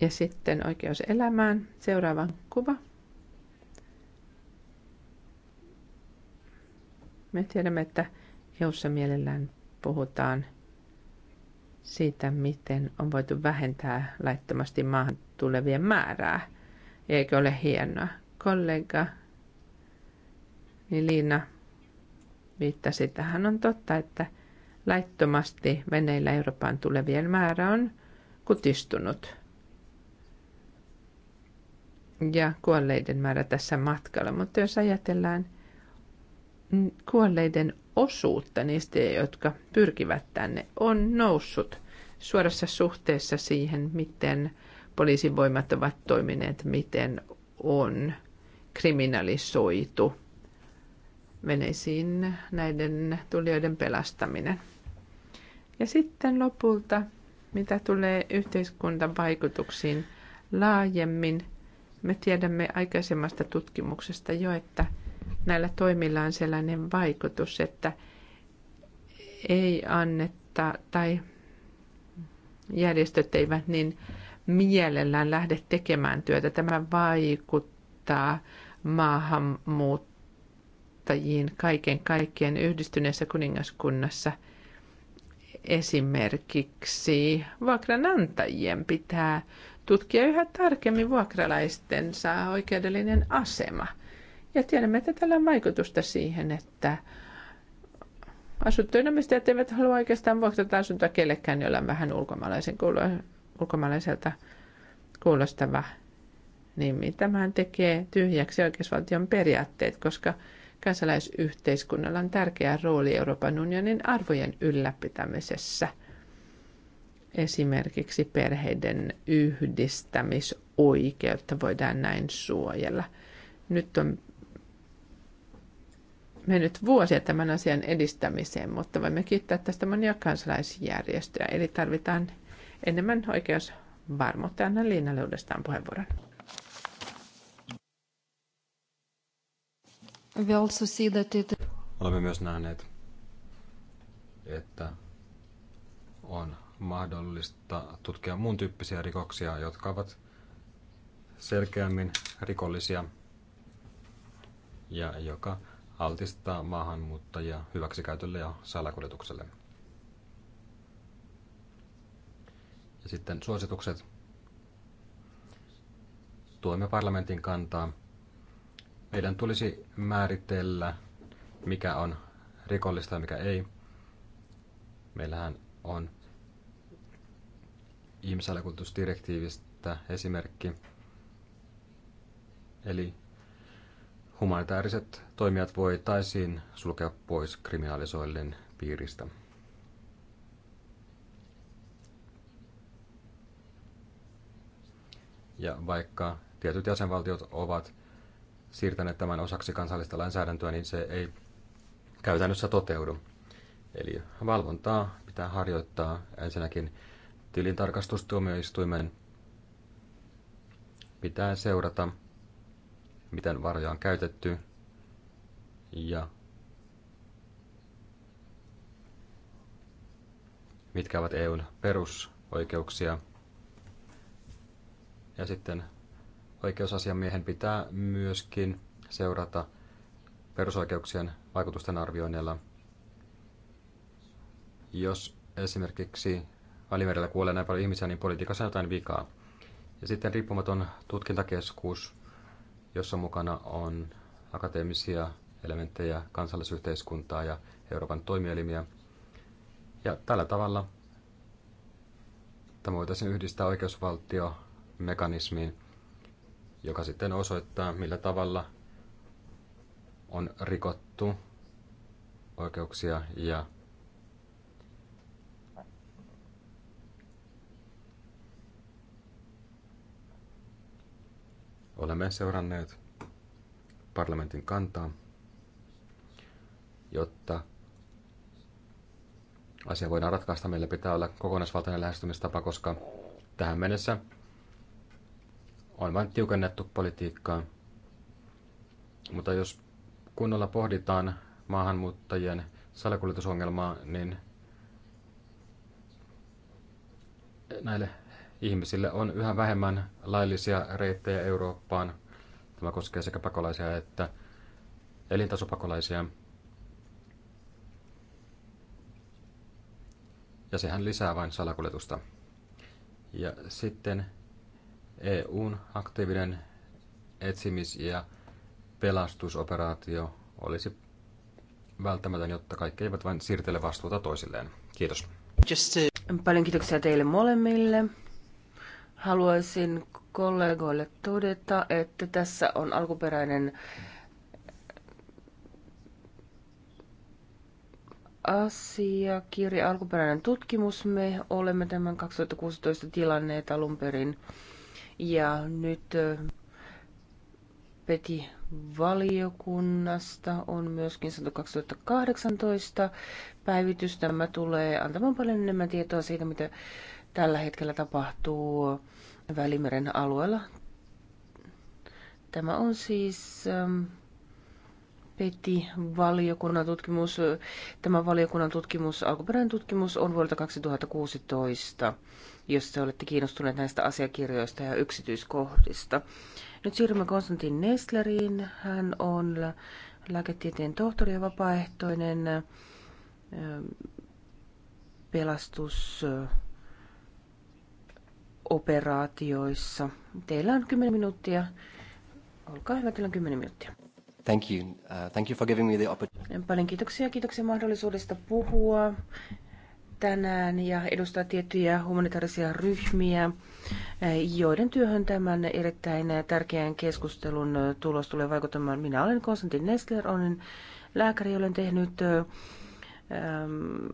Ja sitten oikeus elämään. Seuraava kuva. Me tiedämme, että EUssa mielellään puhutaan siitä, miten on voitu vähentää laittomasti maahan tulevien määrää. Eikö ole hienoa? Kollega niin Liina viittasi tähän. On totta, että laittomasti veneillä Euroopan tulevien määrä on kutistunut. Ja kuolleiden määrä tässä matkalla. Mutta jos ajatellaan mm, kuolleiden osuutta niistä, jotka pyrkivät tänne, on noussut suorassa suhteessa siihen, miten poliisin voimat ovat toimineet, miten on kriminalisoitu veneisiin näiden tulijoiden pelastaminen. Ja sitten lopulta, mitä tulee yhteiskunnan vaikutuksiin laajemmin, me tiedämme aikaisemmasta tutkimuksesta jo, että – näillä toimilla on sellainen vaikutus, että ei annetta tai järjestöt eivät niin mielellään lähde tekemään työtä. Tämä vaikuttaa maahanmuuttajiin kaiken kaikkien yhdistyneessä kuningaskunnassa. Esimerkiksi vuokranantajien pitää tutkia yhä tarkemmin vuokralaistensa oikeudellinen asema – ja tiedämme, että tällä on vaikutusta siihen, että asuntonomistajat eivät halua oikeastaan vuokrata asuntoa kellekään, jolla on vähän ulkomaalaisen kuulo- ulkomaalaiselta kuulostava nimi. Tämähän tekee tyhjäksi oikeusvaltion periaatteet, koska kansalaisyhteiskunnalla on tärkeä rooli Euroopan unionin arvojen ylläpitämisessä. Esimerkiksi perheiden yhdistämisoikeutta voidaan näin suojella. Nyt on mennyt vuosia tämän asian edistämiseen, mutta voimme kiittää tästä monia kansalaisjärjestöjä. Eli tarvitaan enemmän oikeusvarmuutta. Anna Liinalle uudestaan puheenvuoron. Olemme myös nähneet, että on mahdollista tutkia muun tyyppisiä rikoksia, jotka ovat selkeämmin rikollisia ja joka altistaa maahanmuuttajia hyväksikäytölle ja salakuljetukselle. Ja sitten suositukset. Tuemme parlamentin kantaa. Meidän tulisi määritellä, mikä on rikollista ja mikä ei. Meillähän on ihmisalakuljetusdirektiivistä esimerkki. Eli humanitaariset toimijat voitaisiin sulkea pois kriminalisoillin piiristä. Ja vaikka tietyt jäsenvaltiot ovat siirtäneet tämän osaksi kansallista lainsäädäntöä, niin se ei käytännössä toteudu. Eli valvontaa pitää harjoittaa ensinnäkin tilintarkastustuomioistuimen pitää seurata miten varoja on käytetty ja mitkä ovat EUn perusoikeuksia. Ja sitten oikeusasiamiehen pitää myöskin seurata perusoikeuksien vaikutusten arvioinnilla. Jos esimerkiksi Välimerellä kuolee näin paljon ihmisiä, niin politiikassa on jotain vikaa. Ja sitten riippumaton tutkintakeskus jossa mukana on akateemisia elementtejä, kansallisyhteiskuntaa ja Euroopan toimielimiä. Ja tällä tavalla tämä voitaisiin yhdistää oikeusvaltiomekanismiin, joka sitten osoittaa, millä tavalla on rikottu oikeuksia ja Olemme seuranneet parlamentin kantaa, jotta asia voidaan ratkaista. Meillä pitää olla kokonaisvaltainen lähestymistapa, koska tähän mennessä on vain tiukennettu politiikkaa. Mutta jos kunnolla pohditaan maahanmuuttajien salakuljetusongelmaa, niin näille ihmisille on yhä vähemmän laillisia reittejä Eurooppaan. Tämä koskee sekä pakolaisia että elintasopakolaisia. Ja sehän lisää vain salakuljetusta. Ja sitten EUn aktiivinen etsimis- ja pelastusoperaatio olisi välttämätön, jotta kaikki eivät vain siirtele vastuuta toisilleen. Kiitos. Just to... Paljon kiitoksia teille molemmille. Haluaisin kollegoille todeta, että tässä on alkuperäinen asiakirja, alkuperäinen tutkimus. Me olemme tämän 2016 tilanneet alun perin. Ja nyt Peti valiokunnasta on myöskin 2018 päivitys. Tämä tulee antamaan paljon enemmän tietoa siitä, mitä tällä hetkellä tapahtuu Välimeren alueella. Tämä on siis ähm, Peti valiokunnan tutkimus. Tämä valiokunnan tutkimus, alkuperäinen tutkimus on vuodelta 2016, jos te olette kiinnostuneet näistä asiakirjoista ja yksityiskohdista. Nyt siirrymme Konstantin Nestleriin. Hän on lääketieteen tohtori ja vapaaehtoinen ähm, pelastus operaatioissa. Teillä on 10 minuuttia. Olkaa hyvä, teillä on 10 minuuttia. Thank you. Uh, thank you for giving me the opportunity. Paljon kiitoksia. Kiitoksia mahdollisuudesta puhua tänään ja edustaa tiettyjä humanitaarisia ryhmiä, eh, joiden työhön tämän erittäin tärkeän keskustelun tulos tulee vaikuttamaan. Minä olen Konstantin Nestler, olen lääkäri, olen tehnyt ähm,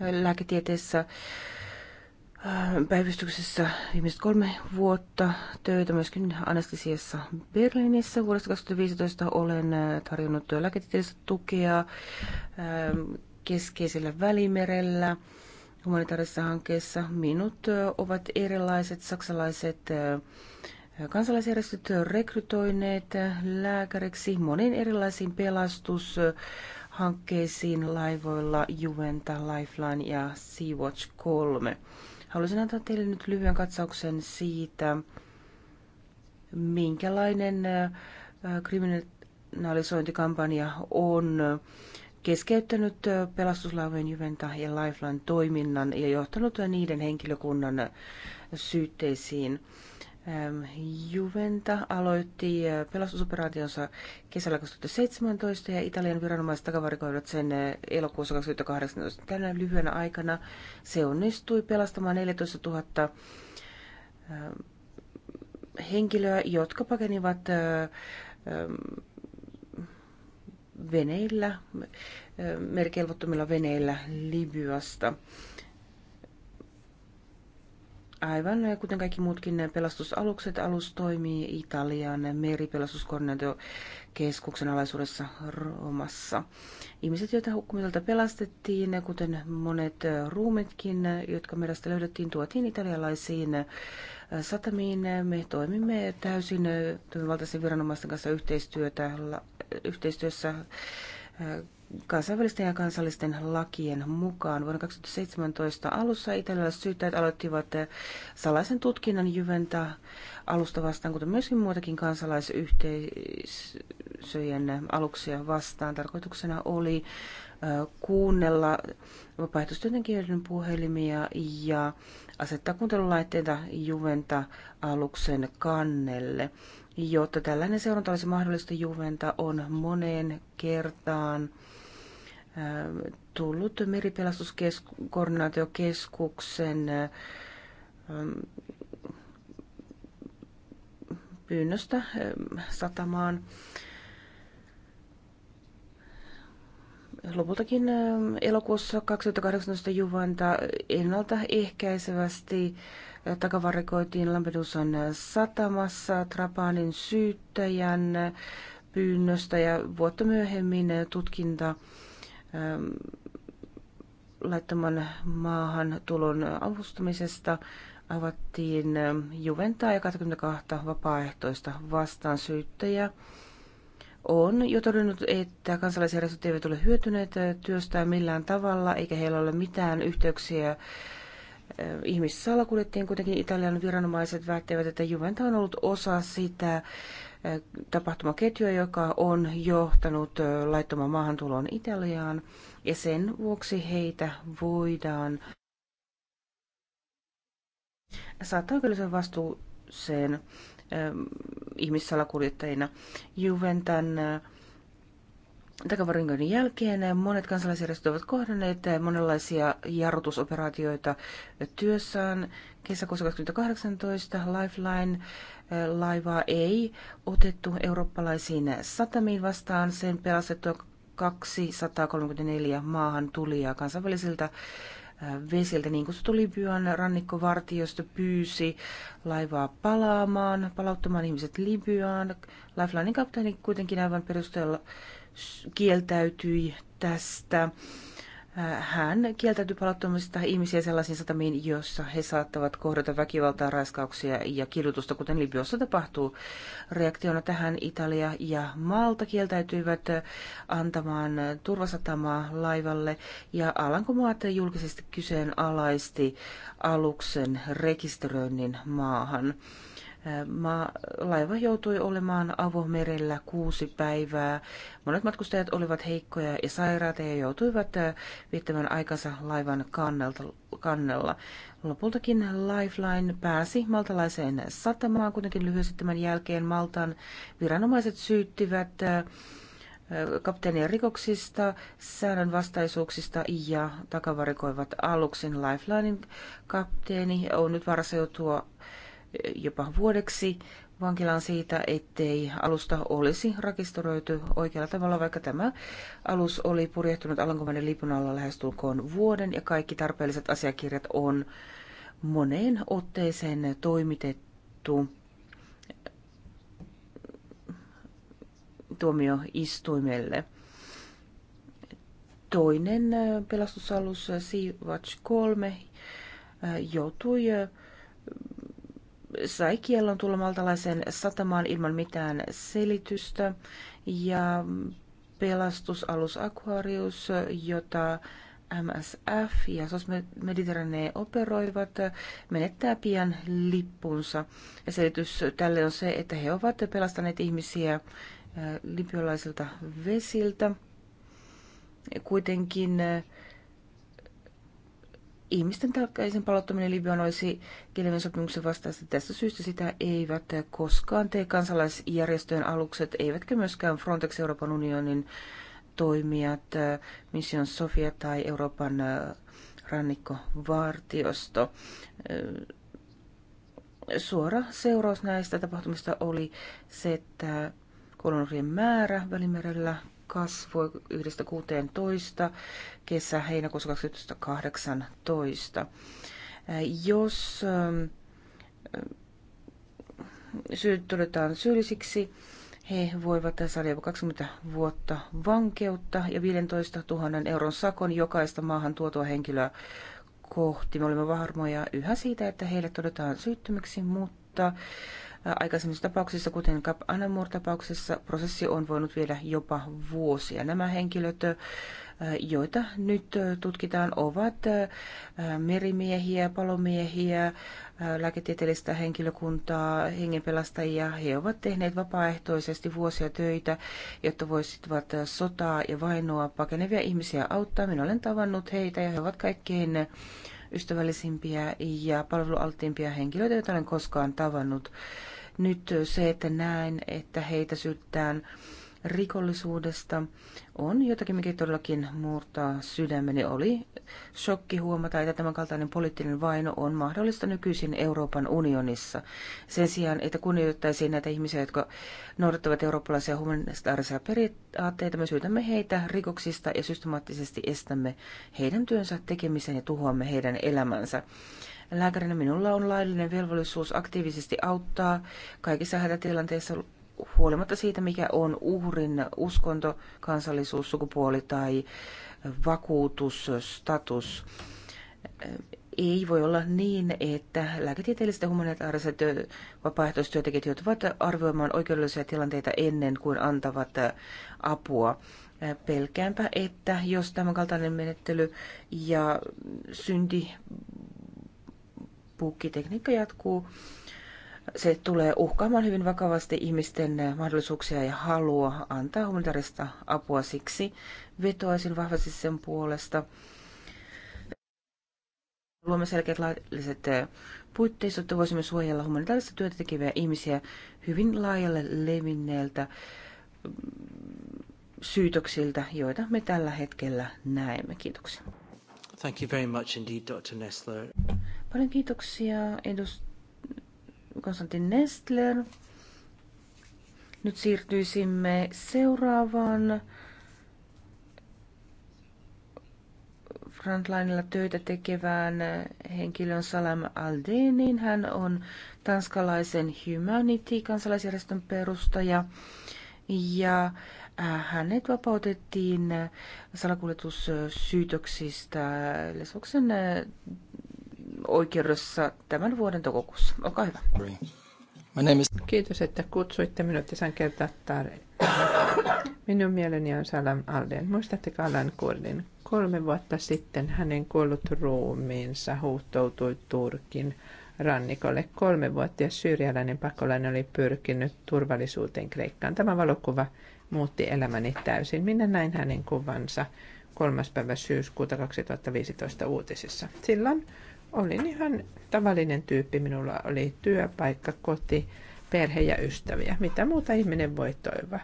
lääketieteessä äh, päivystyksessä viimeiset kolme vuotta töitä, myöskin anestesiassa Berliinissä. Vuodesta 2015 olen äh, tarjonnut lääketieteellistä tukea ähm, keskeisellä välimerellä humanitaarisessa hankkeessa. Minut äh, ovat erilaiset saksalaiset kansalaisjärjestöt rekrytoineet lääkäriksi monin erilaisiin pelastus- hankkeisiin laivoilla Juventa, Lifeline ja Sea-Watch 3. Haluaisin antaa teille nyt lyhyen katsauksen siitä, minkälainen kriminalisointikampanja on keskeyttänyt pelastuslaivojen Juventa ja Lifeline toiminnan ja johtanut niiden henkilökunnan syytteisiin. Juventa aloitti äh, pelastusoperaationsa kesällä 2017 ja Italian viranomaiset takavarikoivat sen äh, elokuussa 2018. Tänä lyhyenä aikana se onnistui pelastamaan 14 000 henkilöä, jotka pakenivat äh, veneillä, merkelvottomilla veneillä Libyasta. Aivan, kuten kaikki muutkin pelastusalukset, alus toimii Italian meripelastuskoordinaatiokeskuksen alaisuudessa Roomassa. Ihmiset, joita hukkumiselta pelastettiin, kuten monet ruumetkin, jotka merestä löydettiin, tuotiin italialaisiin satamiin. Me toimimme täysin toimivaltaisen viranomaisten kanssa yhteistyötä, yhteistyössä kansainvälisten ja kansallisten lakien mukaan. Vuonna 2017 alussa italialaiset syyttäjät aloittivat eh, salaisen tutkinnan Juventa alusta vastaan, kuten myöskin muutakin kansalaisyhteisöjen aluksia vastaan. Tarkoituksena oli eh, kuunnella vapaaehtoistyöntekijöiden puhelimia ja asettaa kuuntelulaitteita Juventa-aluksen kannelle. Jotta tällainen seuranta olisi mahdollista, Juventa on moneen kertaan tullut meripelastuskoordinaatiokeskuksen pyynnöstä satamaan. Lopultakin elokuussa 2018 Juvanta ennaltaehkäisevästi takavarikoitiin Lampedusan satamassa Trapanin syyttäjän pyynnöstä ja vuotta myöhemmin tutkinta Ähm, laittoman maahan tulon avustamisesta avattiin ähm, Juventaa ja 22 vapaaehtoista vastaan syyttäjä on jo todennut, että kansalaisjärjestöt eivät ole hyötyneet äh, työstään millään tavalla, eikä heillä ole mitään yhteyksiä äh, ihmissalakuljettiin. Kuitenkin italian viranomaiset väittävät, että Juventa on ollut osa sitä tapahtumaketjua, joka on johtanut laittoman maahantuloon Italiaan, ja sen vuoksi heitä voidaan saattaa oikeudellisen vastuuseen ihmissalakuljettajina. Juventan takavarikoinnin jälkeen monet kansalaisjärjestöt ovat kohdanneet monenlaisia jarrutusoperaatioita työssään. Kesäkuussa 2018 Lifeline-laivaa eh, ei otettu eurooppalaisiin satamiin vastaan. Sen pelastettua 234 maahan tulijaa kansainvälisiltä eh, vesiltä, niin kuin se tuli Libyan rannikkovartiosta, pyysi laivaa palaamaan, palauttamaan ihmiset Libyaan. Lifelinein kapteeni kuitenkin aivan perusteella kieltäytyi tästä. Äh, hän kieltäytyi palauttamasta ihmisiä sellaisiin satamiin, joissa he saattavat kohdata väkivaltaa, raiskauksia ja kidutusta, kuten Libyassa tapahtuu. Reaktiona tähän Italia ja Malta kieltäytyivät äh, antamaan turvasatamaa laivalle ja Alankomaat julkisesti kyseenalaisti aluksen rekisteröinnin maahan. Ma laiva joutui olemaan avomerellä kuusi päivää. Monet matkustajat olivat heikkoja ja sairaita ja joutuivat viettämään aikansa laivan kannelta, kannella. Lopultakin Lifeline pääsi maltalaiseen satamaan kuitenkin lyhyesti tämän jälkeen Maltan viranomaiset syyttivät kapteenien rikoksista, säännönvastaisuuksista ja takavarikoivat aluksen Lifelinein kapteeni on nyt varassa joutua jopa vuodeksi vankilaan siitä, ettei alusta olisi rekisteröity oikealla tavalla, vaikka tämä alus oli purjehtunut Alankomaiden lipun alla lähestulkoon vuoden ja kaikki tarpeelliset asiakirjat on moneen otteeseen toimitettu tuomioistuimelle. Toinen äh, pelastusalus äh, Sea Watch 3 äh, joutui sai kiellon tulla maltalaisen satamaan ilman mitään selitystä. Ja pelastusalus Aquarius, jota MSF ja SOS Mediterranee operoivat, menettää pian lippunsa. Ja selitys tälle on se, että he ovat pelastaneet ihmisiä äh, libyalaisilta vesiltä. Kuitenkin äh, ihmisten takaisin palauttaminen Libyan olisi Geneven sopimuksen vastaista. Tästä syystä sitä eivät koskaan tee kansalaisjärjestöjen alukset, eivätkä myöskään Frontex Euroopan unionin toimijat, Mission Sofia tai Euroopan äh, rannikkovartiosto. Äh, suora seuraus näistä tapahtumista oli se, että kolonurien määrä välimerellä kasvoi 1.16. kesä-heinäkuussa 2018. Jos ähm, äh, syyt todetaan syyllisiksi, he voivat saada jopa 20 vuotta vankeutta ja 15 000 euron sakon jokaista maahan tuotua henkilöä kohti. Me olemme varmoja yhä siitä, että heille todetaan syyttömiksi, mutta Aikaisemmissa tapauksissa, kuten Cap Anamur-tapauksessa, prosessi on voinut viedä jopa vuosia. Nämä henkilöt, joita nyt tutkitaan, ovat merimiehiä, palomiehiä, lääketieteellistä henkilökuntaa, hengenpelastajia. He ovat tehneet vapaaehtoisesti vuosia töitä, jotta voisivat sotaa ja vainoa pakenevia ihmisiä auttaa. Minä olen tavannut heitä ja he ovat kaikkein ystävällisimpiä ja palvelualttiimpia henkilöitä, joita olen koskaan tavannut. Nyt se, että näen, että heitä syyttään rikollisuudesta, on jotakin, mikä todellakin murtaa sydämeni. Oli shokki huomata, että tämänkaltainen poliittinen vaino on mahdollista nykyisin Euroopan unionissa. Sen sijaan, että kunnioittaisiin näitä ihmisiä, jotka noudattavat eurooppalaisia humanitaarisia periaatteita, me syytämme heitä rikoksista ja systemaattisesti estämme heidän työnsä tekemisen ja tuhoamme heidän elämänsä. Lääkärinä minulla on laillinen velvollisuus aktiivisesti auttaa kaikissa hätätilanteissa huolimatta siitä, mikä on uhrin uskonto, kansallisuus, sukupuoli tai vakuutusstatus. Ei voi olla niin, että lääketieteelliset ja humanitaariset vapaaehtoistyötekijät joutuvat arvioimaan oikeudellisia tilanteita ennen kuin antavat apua. Pelkäänpä, että jos tämänkaltainen menettely ja synti pukkitekniikka jatkuu. Se tulee uhkaamaan hyvin vakavasti ihmisten mahdollisuuksia ja halua antaa humanitaarista apua. Siksi vetoaisin vahvasti sen puolesta. Luomme selkeät lailliset eh, puitteet, jotta voisimme suojella humanitaarista työtä tekeviä ihmisiä hyvin laajalle levinneeltä mm, syytöksiltä, joita me tällä hetkellä näemme. Kiitoksia. Thank you very much indeed, Dr. Nestler. Paljon kiitoksia edus Konstantin Nestler. Nyt siirtyisimme seuraavaan frontlinella töitä tekevään henkilön Salam Aldeniin. Hän on tanskalaisen Humanity-kansalaisjärjestön perustaja ja äh, hänet vapautettiin salakuljetussyytöksistä Lesoksen äh, oikeudessa tämän vuoden toukokuussa. Olkaa hyvä. Kiitos, että kutsuitte minut ja saan kertoa tarinan. Minun mieleni on Salam Alden. Muistatteko Alan Kurdin? Kolme vuotta sitten hänen kuollut ruumiinsa huuhtoutui Turkin rannikolle. Kolme vuotta ja syyrialainen pakolainen oli pyrkinyt turvallisuuteen Kreikkaan. Tämä valokuva muutti elämäni täysin. Minä näin hänen kuvansa 3. päivä syyskuuta 2015 uutisissa. Silloin olin ihan tavallinen tyyppi. Minulla oli työpaikka, koti, perhe ja ystäviä. Mitä muuta ihminen voi toivoa?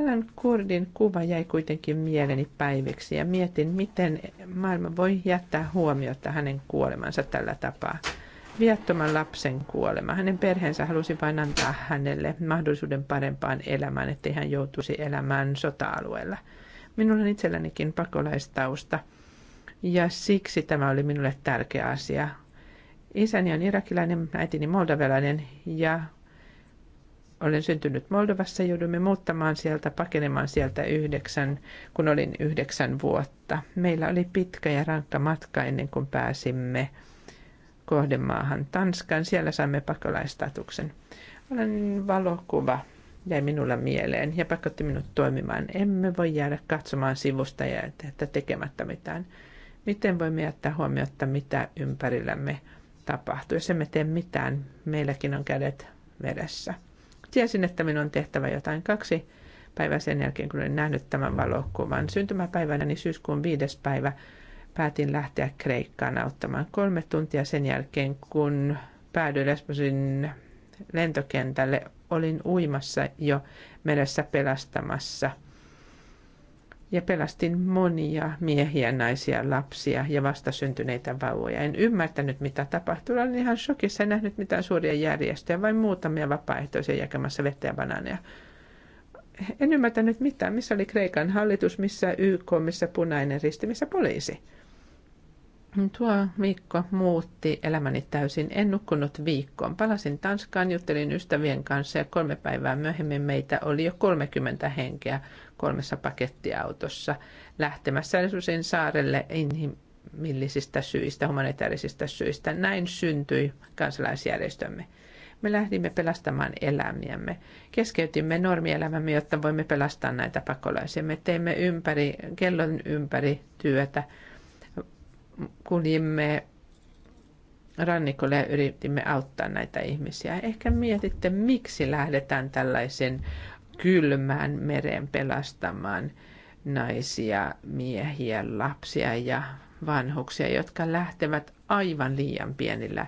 Alan Kurdin kuva jäi kuitenkin mieleni päiviksi ja mietin, miten maailma voi jättää huomiota hänen kuolemansa tällä tapaa. Viattoman lapsen kuolema. Hänen perheensä halusi vain antaa hänelle mahdollisuuden parempaan elämään, ettei hän joutuisi elämään sota-alueella. Minulla on itsellänikin pakolaistausta – ja siksi tämä oli minulle tärkeä asia. Isäni on irakilainen, äitini moldavelainen ja olen syntynyt Moldovassa. Joudumme muuttamaan sieltä, pakenemaan sieltä yhdeksän, kun olin yhdeksän vuotta. Meillä oli pitkä ja rankka matka ennen kuin pääsimme kohdemaahan Tanskan. Siellä saimme pakolaistatuksen. Olen valokuva jäi minulla mieleen ja pakotti minut toimimaan. Emme voi jäädä katsomaan sivusta ja tekemättä mitään. Miten voimme jättää huomiota, mitä ympärillämme tapahtuu? Jos emme tee mitään, meilläkin on kädet vedessä. Tiesin, että minun on tehtävä jotain kaksi päivää sen jälkeen, kun olin nähnyt tämän valokuvan. Syntymäpäivänä niin syyskuun viides päivä päätin lähteä Kreikkaan auttamaan kolme tuntia sen jälkeen, kun päädyin Lesbosin lentokentälle. Olin uimassa jo meressä pelastamassa – ja pelastin monia miehiä, naisia, lapsia ja vastasyntyneitä vauvoja. En ymmärtänyt, mitä tapahtui. Olin ihan shokissa, en nähnyt mitään suuria järjestöjä, vain muutamia vapaaehtoisia jakamassa vettä ja banaaneja. En ymmärtänyt mitään, missä oli Kreikan hallitus, missä YK, missä punainen risti, missä poliisi. Tuo viikko muutti elämäni täysin. En nukkunut viikkoon. Palasin Tanskaan, juttelin ystävien kanssa ja kolme päivää myöhemmin meitä oli jo 30 henkeä kolmessa pakettiautossa lähtemässä Elsusin saarelle inhimillisistä syistä, humanitaarisista syistä. Näin syntyi kansalaisjärjestömme. Me lähdimme pelastamaan elämiämme. Keskeytimme normielämämme, jotta voimme pelastaa näitä pakolaisia. Me teimme ympäri, kellon ympäri työtä. Kuljimme rannikolle ja yritimme auttaa näitä ihmisiä. Ehkä mietitte, miksi lähdetään tällaisen kylmään meren pelastamaan naisia, miehiä, lapsia ja vanhuksia, jotka lähtevät aivan liian pienillä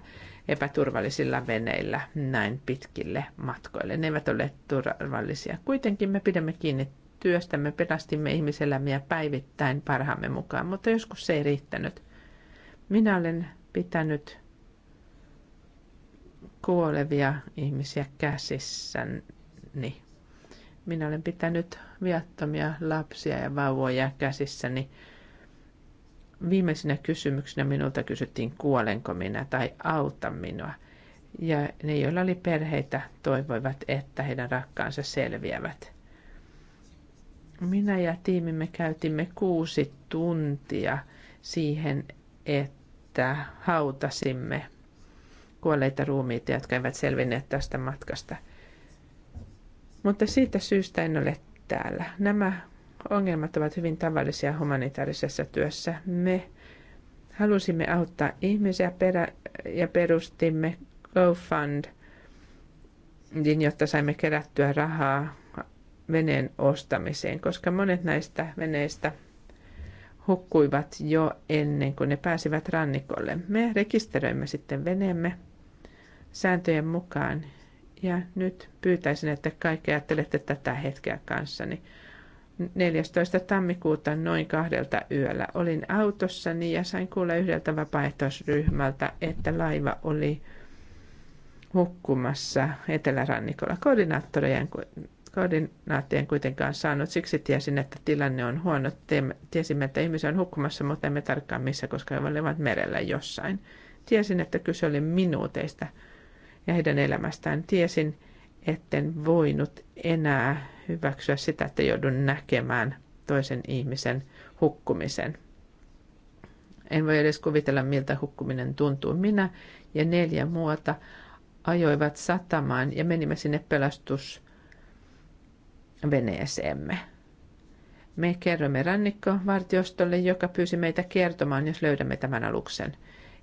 epäturvallisilla veneillä näin pitkille matkoille. Ne eivät ole turvallisia. Kuitenkin me pidämme kiinni työstämme, pelastimme ihmiselämiä päivittäin parhaamme mukaan, mutta joskus se ei riittänyt. Minä olen pitänyt kuolevia ihmisiä käsissäni minä olen pitänyt viattomia lapsia ja vauvoja käsissäni. Viimeisinä kysymyksinä minulta kysyttiin, kuolenko minä tai auta minua. Ja ne, joilla oli perheitä, toivoivat, että heidän rakkaansa selviävät. Minä ja tiimimme käytimme kuusi tuntia siihen, että hautasimme kuolleita ruumiita, jotka eivät selvinneet tästä matkasta – mutta siitä syystä en ole täällä. Nämä ongelmat ovat hyvin tavallisia humanitaarisessa työssä. Me halusimme auttaa ihmisiä perä, ja perustimme GoFund, jotta saimme kerättyä rahaa veneen ostamiseen, koska monet näistä veneistä hukkuivat jo ennen kuin ne pääsivät rannikolle. Me rekisteröimme sitten veneemme sääntöjen mukaan ja nyt pyytäisin, että kaikki ajattelette tätä hetkeä kanssani. 14. tammikuuta noin kahdelta yöllä olin autossani ja sain kuulla yhdeltä vapaaehtoisryhmältä, että laiva oli hukkumassa etelärannikolla. Koordinaattoreiden koordinaattien kuitenkaan saanut. Siksi tiesin, että tilanne on huono. Tiesimme, että ihmisiä on hukkumassa, mutta emme tarkkaan missä, koska he olivat merellä jossain. Tiesin, että kyse oli minuuteista – ja heidän elämästään. Tiesin, etten voinut enää hyväksyä sitä, että joudun näkemään toisen ihmisen hukkumisen. En voi edes kuvitella, miltä hukkuminen tuntuu. Minä ja neljä muuta ajoivat satamaan ja menimme sinne pelastusveneeseemme. Me kerromme rannikkovartiostolle, joka pyysi meitä kertomaan, jos löydämme tämän aluksen –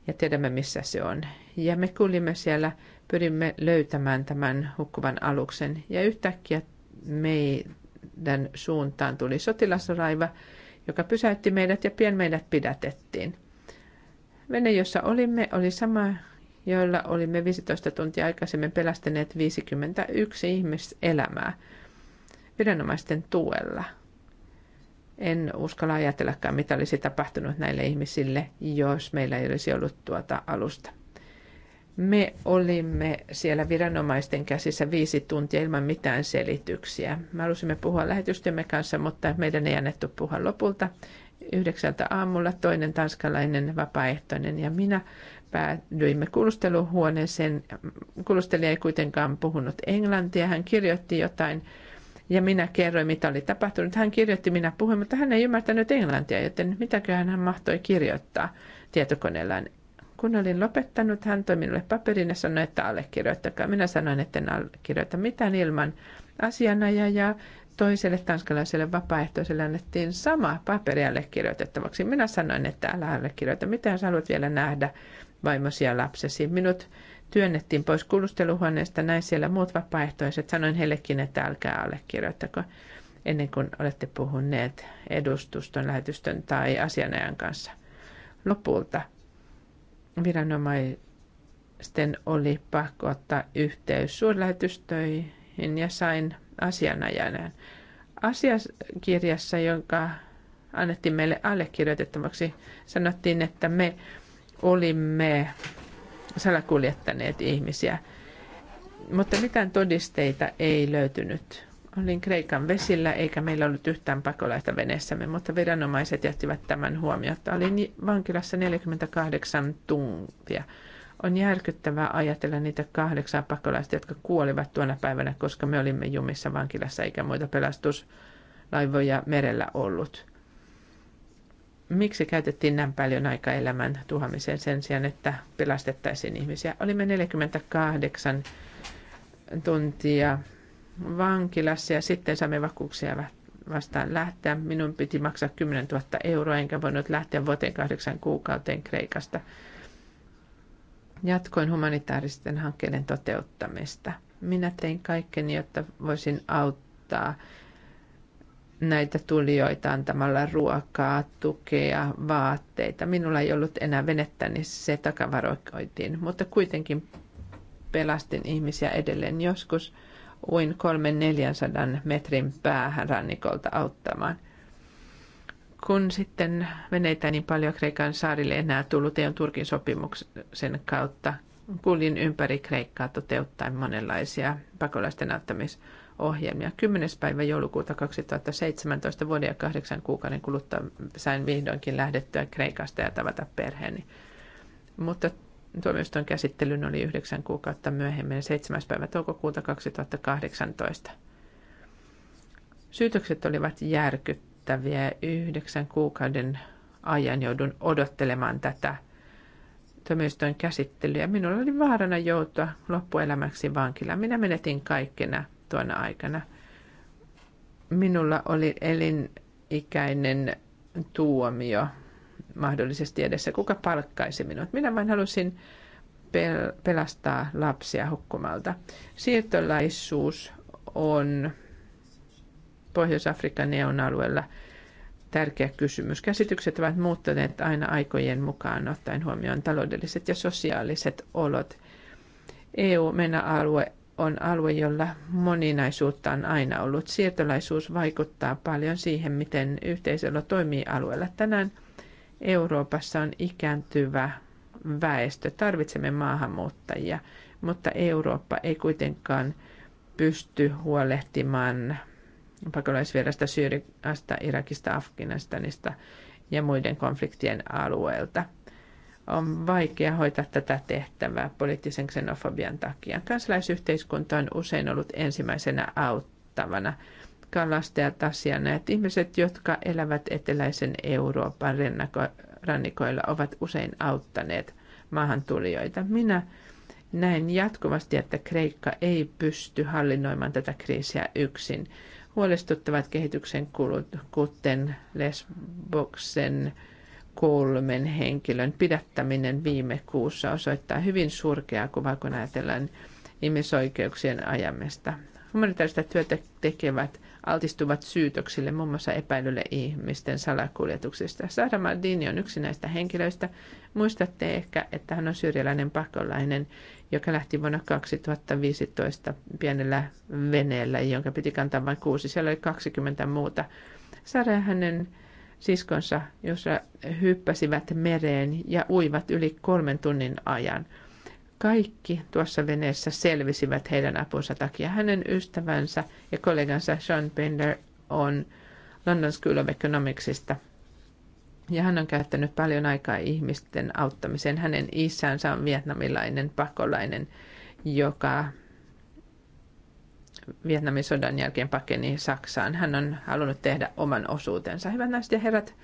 ja tiedämme missä se on. Ja me kuljimme siellä, pyrimme löytämään tämän hukkuvan aluksen ja yhtäkkiä meidän suuntaan tuli sotilasraiva, joka pysäytti meidät ja pian meidät pidätettiin. Vene, jossa olimme, oli sama, joilla olimme 15 tuntia aikaisemmin pelastaneet 51 ihmiselämää viranomaisten tuella – en uskalla ajatellakaan, mitä olisi tapahtunut näille ihmisille, jos meillä ei olisi ollut tuota alusta. Me olimme siellä viranomaisten käsissä viisi tuntia ilman mitään selityksiä. Me halusimme puhua lähetystymme kanssa, mutta meidän ei annettu puhua lopulta. Yhdeksältä aamulla toinen tanskalainen vapaaehtoinen ja minä päädyimme kuulusteluhuoneeseen. Kuulustelija ei kuitenkaan puhunut englantia. Hän kirjoitti jotain ja minä kerroin, mitä oli tapahtunut. Hän kirjoitti, minä puhuin, mutta hän ei ymmärtänyt englantia, joten mitäköhän hän mahtoi kirjoittaa tietokoneellaan. Kun olin lopettanut, hän toi minulle paperin ja sanoi, että allekirjoittakaa. Minä sanoin, että en allekirjoita mitään ilman asianajajaa. Toiselle tanskalaiselle vapaaehtoiselle annettiin sama paperi allekirjoitettavaksi. Minä sanoin, että älä allekirjoita, mitä sä haluat vielä nähdä vaimosi ja lapsesi. Minut työnnettiin pois kuulusteluhuoneesta, näin siellä muut vapaaehtoiset. Sanoin heillekin, että älkää allekirjoittako ennen kuin olette puhuneet edustuston, lähetystön tai asianajan kanssa. Lopulta viranomaisten oli pakko ottaa yhteys suurlähetystöihin ja sain asianajan. Asiakirjassa, jonka annettiin meille allekirjoitettavaksi, sanottiin, että me olimme salakuljettaneet ihmisiä. Mutta mitään todisteita ei löytynyt. Olin Kreikan vesillä eikä meillä ollut yhtään pakolaista veneessämme, mutta viranomaiset jättivät tämän huomiota. Olin vankilassa 48 tuntia. On järkyttävää ajatella niitä kahdeksaa pakolaista, jotka kuolivat tuona päivänä, koska me olimme jumissa vankilassa eikä muita pelastuslaivoja merellä ollut miksi käytettiin näin paljon aikaa elämän tuhamiseen sen sijaan, että pelastettaisiin ihmisiä. Olimme 48 tuntia vankilassa ja sitten saimme vakuuksia vastaan lähteä. Minun piti maksaa 10 000 euroa, enkä voinut lähteä vuoteen kahdeksan kuukauteen Kreikasta. Jatkoin humanitaaristen hankkeiden toteuttamista. Minä tein kaikkeni, jotta voisin auttaa näitä tulijoita antamalla ruokaa, tukea, vaatteita. Minulla ei ollut enää venettä, niin se takavarokoitiin. Mutta kuitenkin pelastin ihmisiä edelleen joskus. Uin 300-400 metrin päähän rannikolta auttamaan. Kun sitten veneitä niin paljon Kreikan saarille enää tullut EUn Turkin sopimuksen kautta, kuljin ympäri Kreikkaa toteuttaen monenlaisia pakolaisten auttamisohjelmia ohjelmia. 10. päivä joulukuuta 2017 vuoden ja kahdeksan kuukauden kuluttua sain vihdoinkin lähdettyä Kreikasta ja tavata perheeni. Mutta tuomioston käsittelyn oli yhdeksän kuukautta myöhemmin 7. päivä toukokuuta 2018. Syytökset olivat järkyttäviä. Yhdeksän kuukauden ajan joudun odottelemaan tätä tuomioistuin käsittelyä. Minulla oli vaarana joutua loppuelämäksi vankilaan. Minä menetin kaikkena tuona aikana. Minulla oli elinikäinen tuomio mahdollisesti edessä. Kuka palkkaisi minut? Minä vain halusin pel- pelastaa lapsia hukkumalta. Siirtolaisuus on Pohjois-Afrikan neon-alueella tärkeä kysymys. Käsitykset ovat muuttuneet aina aikojen mukaan ottaen huomioon taloudelliset ja sosiaaliset olot. EU-MENA-alue on alue, jolla moninaisuutta on aina ollut. Siirtolaisuus vaikuttaa paljon siihen, miten yhteisöllä toimii alueella. Tänään Euroopassa on ikääntyvä väestö. Tarvitsemme maahanmuuttajia, mutta Eurooppa ei kuitenkaan pysty huolehtimaan pakolaisvierasta Syyriasta, Irakista, Afganistanista ja muiden konfliktien alueelta – on vaikea hoitaa tätä tehtävää poliittisen xenofobian takia. Kansalaisyhteiskunta on usein ollut ensimmäisenä auttavana. Kalastajat asianajat, ihmiset, jotka elävät eteläisen Euroopan rannikoilla, ovat usein auttaneet maahantulijoita. Minä näen jatkuvasti, että Kreikka ei pysty hallinnoimaan tätä kriisiä yksin. Huolestuttavat kehityksen kulut, kuten Lesboksen kolmen henkilön pidättäminen viime kuussa osoittaa hyvin surkeaa kuvaa, kun ajatellaan ihmisoikeuksien ajamista. Humanitaarista työtä tekevät altistuvat syytöksille, muun muassa epäilylle ihmisten salakuljetuksista. Sahra Maldini on yksi näistä henkilöistä. Muistatte ehkä, että hän on syyrialainen pakolainen, joka lähti vuonna 2015 pienellä veneellä, jonka piti kantaa vain kuusi. Siellä oli 20 muuta. Sahra hänen siskonsa, jossa hyppäsivät mereen ja uivat yli kolmen tunnin ajan. Kaikki tuossa veneessä selvisivät heidän apunsa takia. Hänen ystävänsä ja kollegansa Sean Bender on London School of Economicsista. Ja hän on käyttänyt paljon aikaa ihmisten auttamiseen. Hänen isänsä on vietnamilainen pakolainen, joka Vietnamin sodan jälkeen pakeni Saksaan. Hän on halunnut tehdä oman osuutensa. Hyvät naiset ja herrat,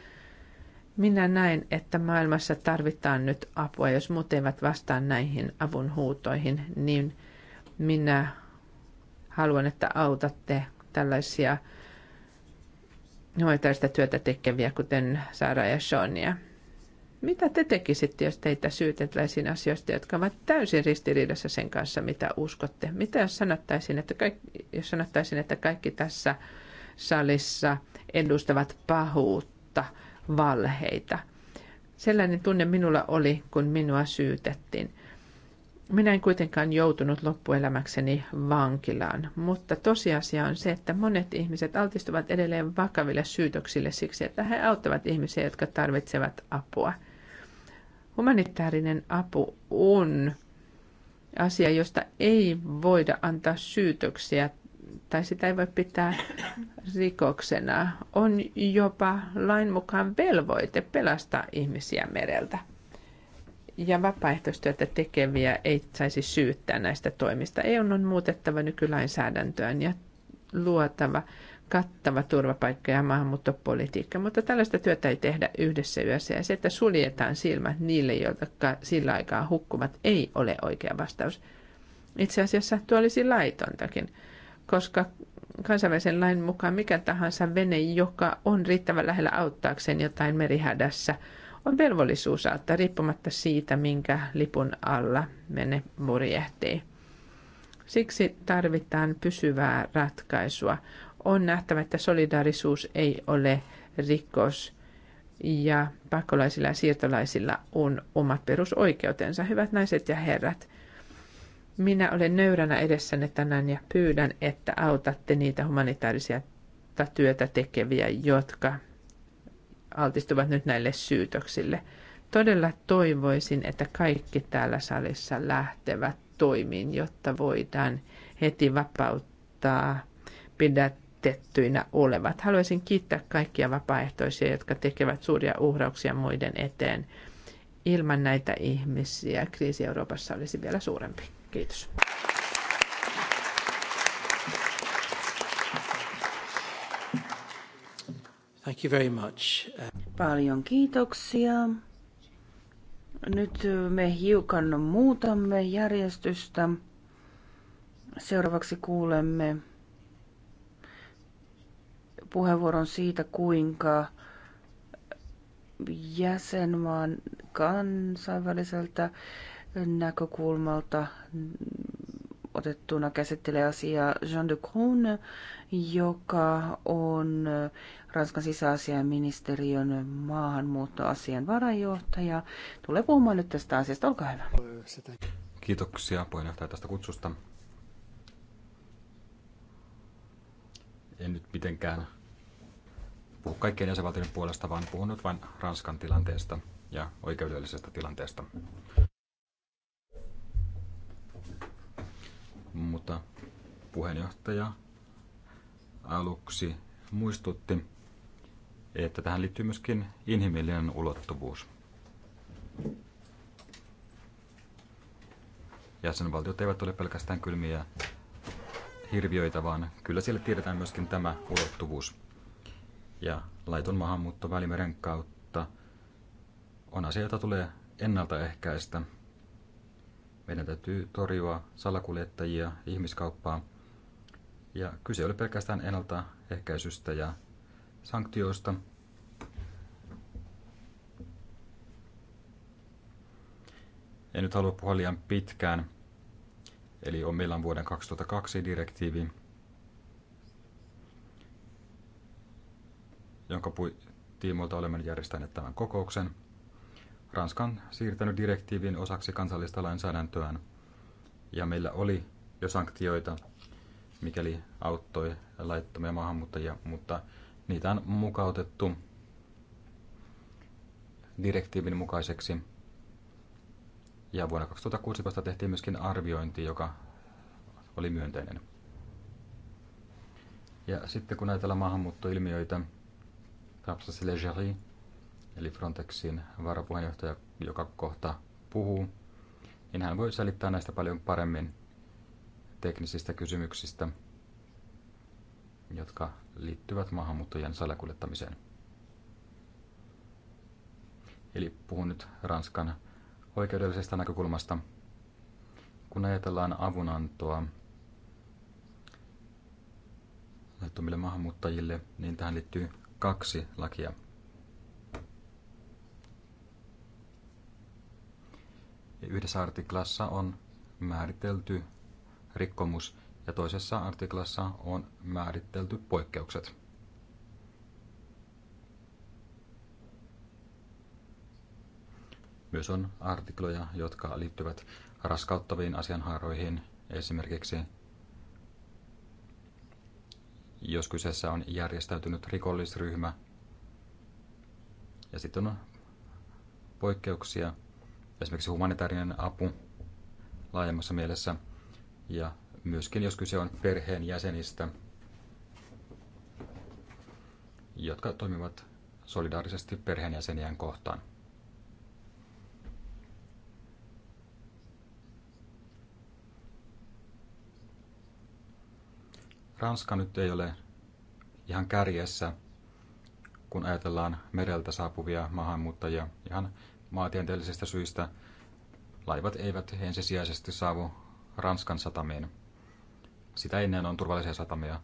minä näen, että maailmassa tarvitaan nyt apua. Jos muut eivät vastaa näihin avun huutoihin, niin minä haluan, että autatte tällaisia humanitaarista työtä tekeviä, kuten Sara ja Sonia. Mitä te tekisitte, jos teitä syytettäisiin asioista, jotka ovat täysin ristiriidassa sen kanssa, mitä uskotte? Mitä jos sanottaisiin, että kaikki, jos sanottaisiin, että kaikki tässä salissa edustavat pahuutta, valheita? Sellainen tunne minulla oli, kun minua syytettiin. Minä en kuitenkaan joutunut loppuelämäkseni vankilaan, mutta tosiasia on se, että monet ihmiset altistuvat edelleen vakaville syytöksille siksi, että he auttavat ihmisiä, jotka tarvitsevat apua – Humanitaarinen apu on asia, josta ei voida antaa syytöksiä tai sitä ei voi pitää rikoksena. On jopa lain mukaan velvoite pelastaa ihmisiä mereltä. Ja vapaaehtoistyötä tekeviä ei saisi syyttää näistä toimista. EU on muutettava nykylainsäädäntöön ja luotava kattava turvapaikka- ja maahanmuuttopolitiikka, mutta tällaista työtä ei tehdä yhdessä yössä. Ja se, että suljetaan silmät niille, jotka sillä aikaa hukkuvat, ei ole oikea vastaus. Itse asiassa tuo olisi laitontakin, koska kansainvälisen lain mukaan mikä tahansa vene, joka on riittävän lähellä auttaakseen jotain merihädässä, on velvollisuus auttaa riippumatta siitä, minkä lipun alla mene murjehtii. Siksi tarvitaan pysyvää ratkaisua on nähtävä, että solidaarisuus ei ole rikos ja pakolaisilla ja siirtolaisilla on omat perusoikeutensa. Hyvät naiset ja herrat, minä olen nöyränä edessänne tänään ja pyydän, että autatte niitä humanitaarisia työtä tekeviä, jotka altistuvat nyt näille syytöksille. Todella toivoisin, että kaikki täällä salissa lähtevät toimiin, jotta voidaan heti vapauttaa pidät menetettyinä olevat. Haluaisin kiittää kaikkia vapaaehtoisia, jotka tekevät suuria uhrauksia muiden eteen. Ilman näitä ihmisiä kriisi Euroopassa olisi vielä suurempi. Kiitos. Thank you very much. Paljon kiitoksia. Nyt me hiukan muutamme järjestystä. Seuraavaksi kuulemme puheenvuoron siitä, kuinka jäsenmaan kansainväliseltä näkökulmalta otettuna käsittelee asiaa Jean de Croon, joka on Ranskan sisäasiainministeriön maahanmuuttoasian varajohtaja. Tulee puhumaan nyt tästä asiasta. Olkaa hyvä. Kiitoksia puheenjohtaja tästä kutsusta. En nyt mitenkään puhu kaikkien jäsenvaltioiden puolesta, vaan puhun nyt vain Ranskan tilanteesta ja oikeudellisesta tilanteesta. Mutta puheenjohtaja aluksi muistutti, että tähän liittyy myöskin inhimillinen ulottuvuus. Jäsenvaltiot eivät ole pelkästään kylmiä hirviöitä, vaan kyllä siellä tiedetään myöskin tämä ulottuvuus ja laiton maahanmuutto Välimeren kautta on asia, jota tulee ennaltaehkäistä. Meidän täytyy torjua salakuljettajia, ihmiskauppaa. Ja kyse oli pelkästään ennaltaehkäisystä ja sanktioista. En nyt halua puhua liian pitkään. Eli on meillä on vuoden 2002 direktiivi, jonka tiimoilta olemme järjestäneet tämän kokouksen. Ranska on siirtänyt direktiivin osaksi kansallista lainsäädäntöään, ja meillä oli jo sanktioita, mikäli auttoi laittomia maahanmuuttajia, mutta niitä on mukautettu direktiivin mukaiseksi. Ja vuonna 2016 tehtiin myöskin arviointi, joka oli myönteinen. Ja sitten kun ajatellaan maahanmuuttoilmiöitä, Tapsas Legeri, eli Frontexin varapuheenjohtaja, joka kohta puhuu, niin hän voi selittää näistä paljon paremmin teknisistä kysymyksistä, jotka liittyvät maahanmuuttajien salakuljettamiseen. Eli puhun nyt Ranskan oikeudellisesta näkökulmasta. Kun ajatellaan avunantoa laittomille maahanmuuttajille, niin tähän liittyy kaksi lakia. Yhdessä artiklassa on määritelty rikkomus ja toisessa artiklassa on määritelty poikkeukset. Myös on artikloja, jotka liittyvät raskauttaviin asianhaaroihin, esimerkiksi jos kyseessä on järjestäytynyt rikollisryhmä. Ja sitten on poikkeuksia, esimerkiksi humanitaarinen apu laajemmassa mielessä, ja myöskin jos kyse on perheen jäsenistä, jotka toimivat solidaarisesti perheenjäseniään kohtaan. Ranska nyt ei ole ihan kärjessä, kun ajatellaan mereltä saapuvia maahanmuuttajia ihan maantieteellisistä syistä. Laivat eivät ensisijaisesti saavu Ranskan satamiin. Sitä ennen on turvallisia satamia.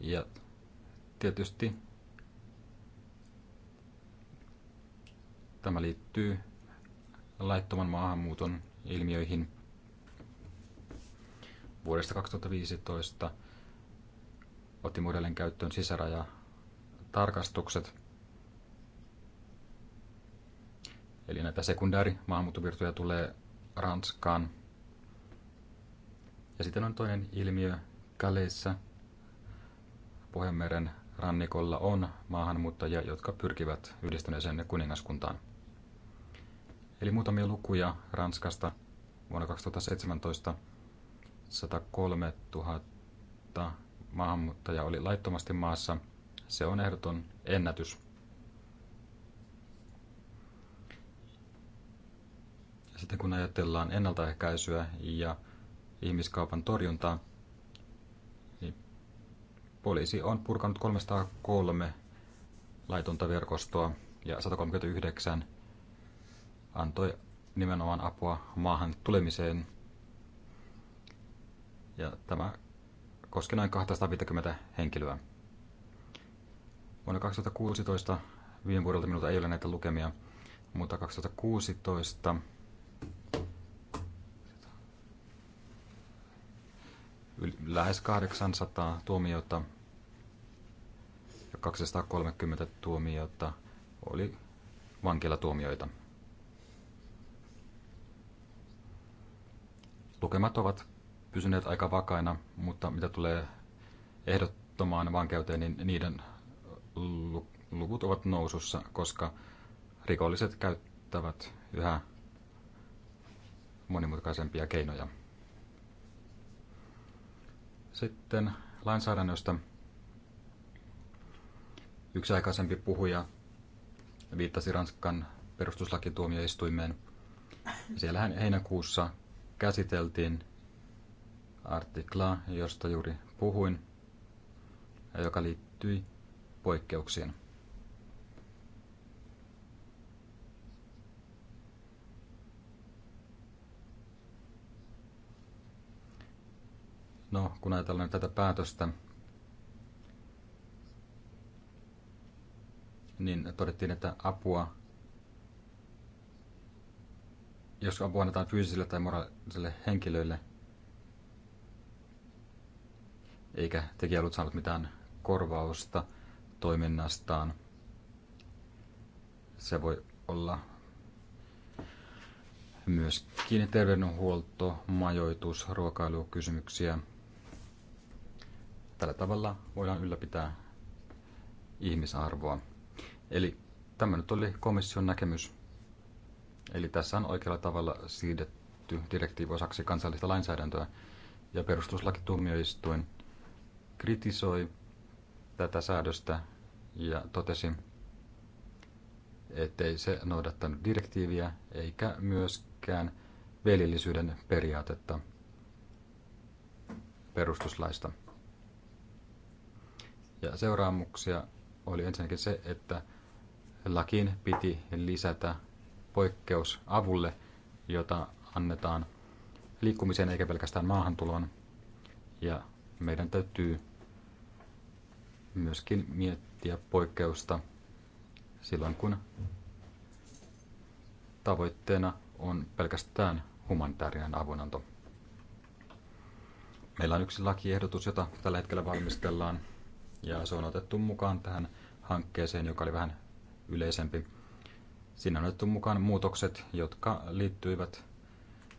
Ja tietysti tämä liittyy laittoman maahanmuuton ilmiöihin. Vuodesta 2015 otimme uudelleen käyttöön sisärajatarkastukset. Eli näitä sekundäärimaahanmuuttovirtoja tulee Ranskaan. Ja sitten on toinen ilmiö Kaleissa. Pohjanmeren rannikolla on maahanmuuttajia, jotka pyrkivät yhdistyneeseen kuningaskuntaan. Eli muutamia lukuja Ranskasta vuonna 2017 103 000 maahanmuuttaja oli laittomasti maassa, se on ehdoton ennätys. Sitten kun ajatellaan ennaltaehkäisyä ja ihmiskaupan torjuntaa, niin poliisi on purkanut 303 laitonta verkostoa ja 139 antoi nimenomaan apua maahan tulemiseen. Ja tämä koski noin 250 henkilöä. Vuonna 2016, viime vuodelta minulta ei ole näitä lukemia, mutta 2016 lähes 800 tuomiota ja 230 tuomiota oli vankilatuomioita. Lukemat ovat pysyneet aika vakaina, mutta mitä tulee ehdottomaan vankeuteen, niin niiden luvut ovat nousussa, koska rikolliset käyttävät yhä monimutkaisempia keinoja. Sitten lainsäädännöstä yksi aikaisempi puhuja viittasi Ranskan perustuslakituomioistuimeen. Siellähän heinäkuussa käsiteltiin artiklaa, josta juuri puhuin, ja joka liittyi poikkeuksiin. No, kun ajatellaan tätä päätöstä, niin todettiin, että apua, jos apua annetaan fyysisille tai moraalisille henkilöille – eikä tekijä ollut saanut mitään korvausta toiminnastaan. Se voi olla myöskin terveydenhuolto, majoitus, ruokailukysymyksiä. Tällä tavalla voidaan ylläpitää ihmisarvoa. Eli tämä nyt oli komission näkemys. Eli tässä on oikealla tavalla siirretty direktiivi osaksi kansallista lainsäädäntöä ja perustuslakituomioistuin kritisoi tätä säädöstä ja totesi, ettei se noudattanut direktiiviä eikä myöskään velillisyyden periaatetta perustuslaista. Ja seuraamuksia oli ensinnäkin se, että lakiin piti lisätä poikkeus avulle, jota annetaan liikkumiseen eikä pelkästään maahantuloon. Ja meidän täytyy myöskin miettiä poikkeusta silloin, kun tavoitteena on pelkästään humanitaarinen avunanto. Meillä on yksi lakiehdotus, jota tällä hetkellä valmistellaan, ja se on otettu mukaan tähän hankkeeseen, joka oli vähän yleisempi. Siinä on otettu mukaan muutokset, jotka liittyivät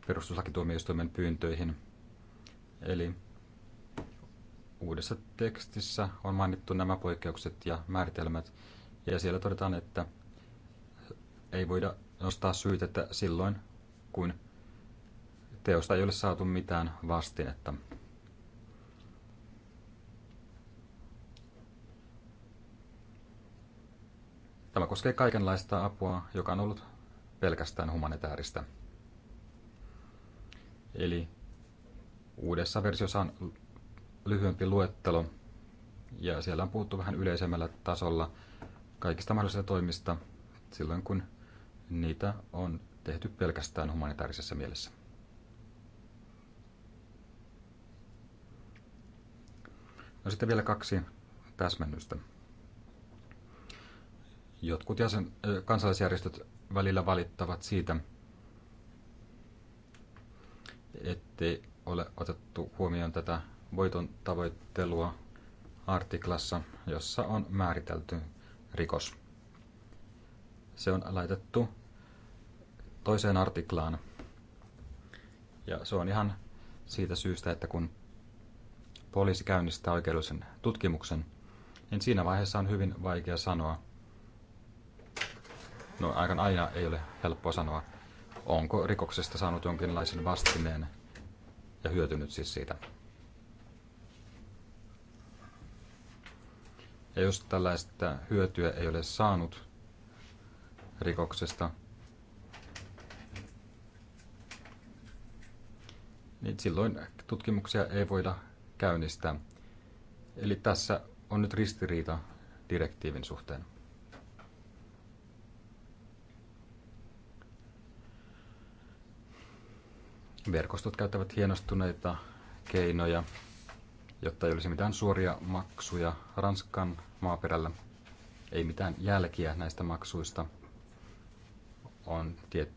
perustuslakituomioistuimen pyyntöihin. Eli uudessa tekstissä on mainittu nämä poikkeukset ja määritelmät, ja siellä todetaan, että ei voida nostaa syytettä silloin, kun teosta ei ole saatu mitään vastinetta. Tämä koskee kaikenlaista apua, joka on ollut pelkästään humanitaarista. Eli uudessa versiossa on lyhyempi luettelo ja siellä on puhuttu vähän yleisemmällä tasolla kaikista mahdollisista toimista silloin, kun niitä on tehty pelkästään humanitaarisessa mielessä. No sitten vielä kaksi täsmennystä. Jotkut jäsen, kansalaisjärjestöt välillä valittavat siitä, ettei ole otettu huomioon tätä voiton tavoittelua artiklassa, jossa on määritelty rikos. Se on laitettu toiseen artiklaan. Ja se on ihan siitä syystä, että kun poliisi käynnistää oikeudellisen tutkimuksen, niin siinä vaiheessa on hyvin vaikea sanoa, no aikaan aina ei ole helppoa sanoa, onko rikoksesta saanut jonkinlaisen vastineen ja hyötynyt siis siitä. Ja jos tällaista hyötyä ei ole saanut rikoksesta, niin silloin tutkimuksia ei voida käynnistää. Eli tässä on nyt ristiriita direktiivin suhteen. Verkostot käyttävät hienostuneita keinoja jotta ei olisi mitään suoria maksuja Ranskan maaperällä. Ei mitään jälkiä näistä maksuista. On, tiet-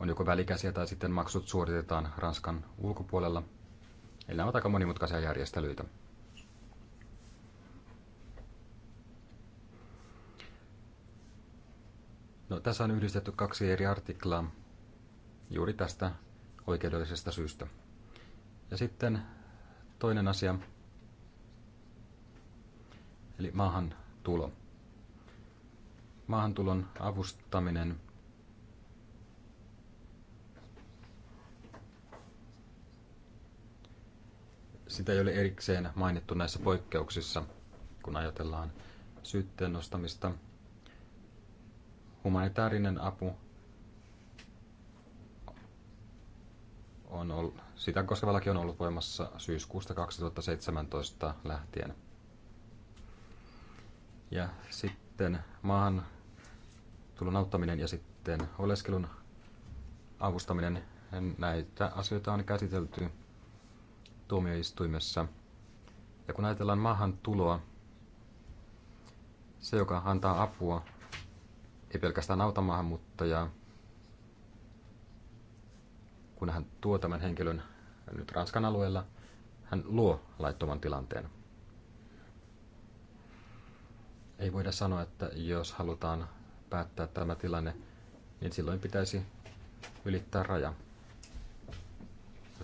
on joko välikäsiä tai sitten maksut suoritetaan Ranskan ulkopuolella. Eli nämä ovat aika monimutkaisia järjestelyitä. No, tässä on yhdistetty kaksi eri artiklaa juuri tästä oikeudellisesta syystä. Ja sitten Toinen asia, eli maahantulo. Maahantulon avustaminen sitä ei ole erikseen mainittu näissä poikkeuksissa, kun ajatellaan syytteen nostamista. Humanitaarinen apu on ollut sitä koskeva laki on ollut voimassa syyskuusta 2017 lähtien. Ja sitten maahan tulon auttaminen ja sitten oleskelun avustaminen, näitä asioita on käsitelty tuomioistuimessa. Ja kun ajatellaan maahan tuloa, se joka antaa apua, ei pelkästään auta maahanmuuttajaa, kun hän tuo tämän henkilön nyt Ranskan alueella, hän luo laittoman tilanteen. Ei voida sanoa, että jos halutaan päättää tämä tilanne, niin silloin pitäisi ylittää raja.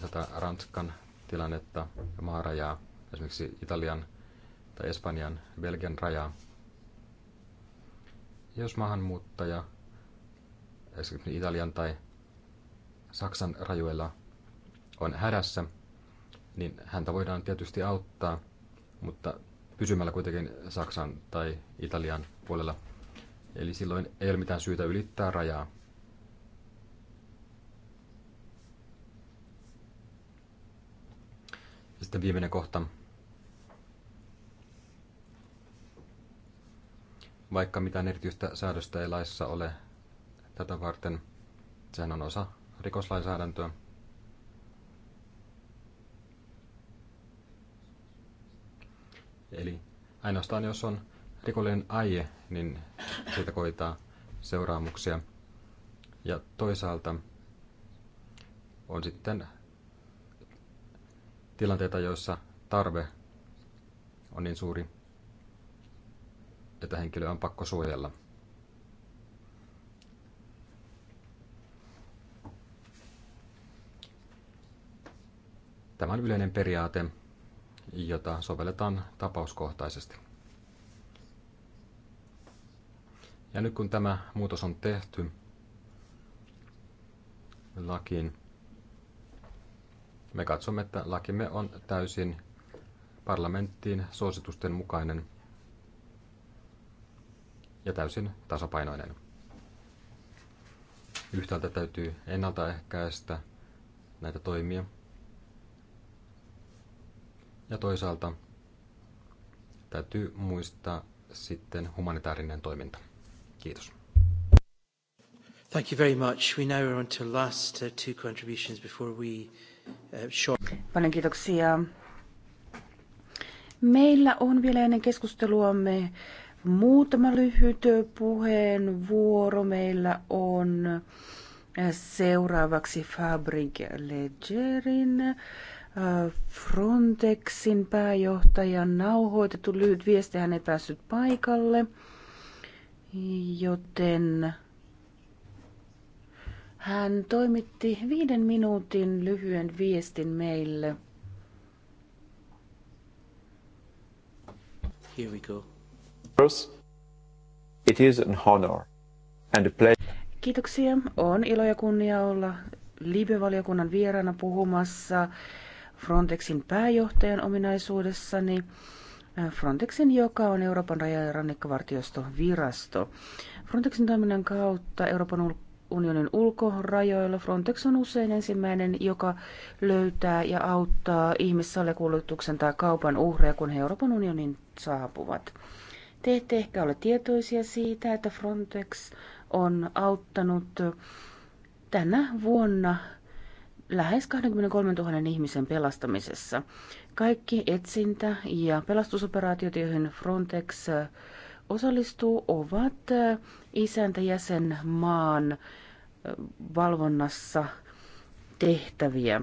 Tätä Ranskan tilannetta ja maarajaa, esimerkiksi Italian tai Espanjan, Belgian rajaa. Jos maahanmuuttaja esimerkiksi Italian tai Saksan rajoilla on hädässä, niin häntä voidaan tietysti auttaa, mutta pysymällä kuitenkin Saksan tai Italian puolella. Eli silloin ei ole mitään syytä ylittää rajaa. Sitten viimeinen kohta. Vaikka mitään erityistä säädöstä ei laissa ole tätä varten, sehän on osa rikoslainsäädäntöä. Eli ainoastaan jos on rikollinen aie, niin siitä koitaa seuraamuksia. Ja toisaalta on sitten tilanteita, joissa tarve on niin suuri, että henkilö on pakko suojella. Tämä on yleinen periaate, jota sovelletaan tapauskohtaisesti. Ja nyt kun tämä muutos on tehty lakiin, me katsomme, että lakimme on täysin parlamenttiin suositusten mukainen ja täysin tasapainoinen. Yhtäältä täytyy ennaltaehkäistä näitä toimia ja toisaalta täytyy muistaa sitten humanitaarinen toiminta. Kiitos. Thank you very much. We now are on to last uh, two contributions before we uh, short. Paljon kiitoksia. Meillä on vielä ennen keskusteluamme muutama lyhyt puheenvuoro. Meillä on äh, seuraavaksi Fabrik Legerin Frontexin pääjohtajan nauhoitettu lyhyt viesti, hän ei päässyt paikalle, joten hän toimitti viiden minuutin lyhyen viestin meille. Here we go. First, it is an honor and a pleasure. Kiitoksia. On ilo ja kunnia olla Libe-valiokunnan vieraana puhumassa Frontexin pääjohtajan ominaisuudessani. Äh, Frontexin, joka on Euroopan raja- ja virasto. Frontexin toiminnan kautta Euroopan unionin ulkorajoilla. Frontex on usein ensimmäinen, joka löytää ja auttaa ihmissalakuljetuksen tai kaupan uhreja, kun he Euroopan unionin saapuvat. Te ette ehkä ole tietoisia siitä, että Frontex on auttanut tänä vuonna lähes 23 000 ihmisen pelastamisessa. Kaikki etsintä- ja pelastusoperaatiot, joihin Frontex osallistuu, ovat isäntäjäsenmaan valvonnassa tehtäviä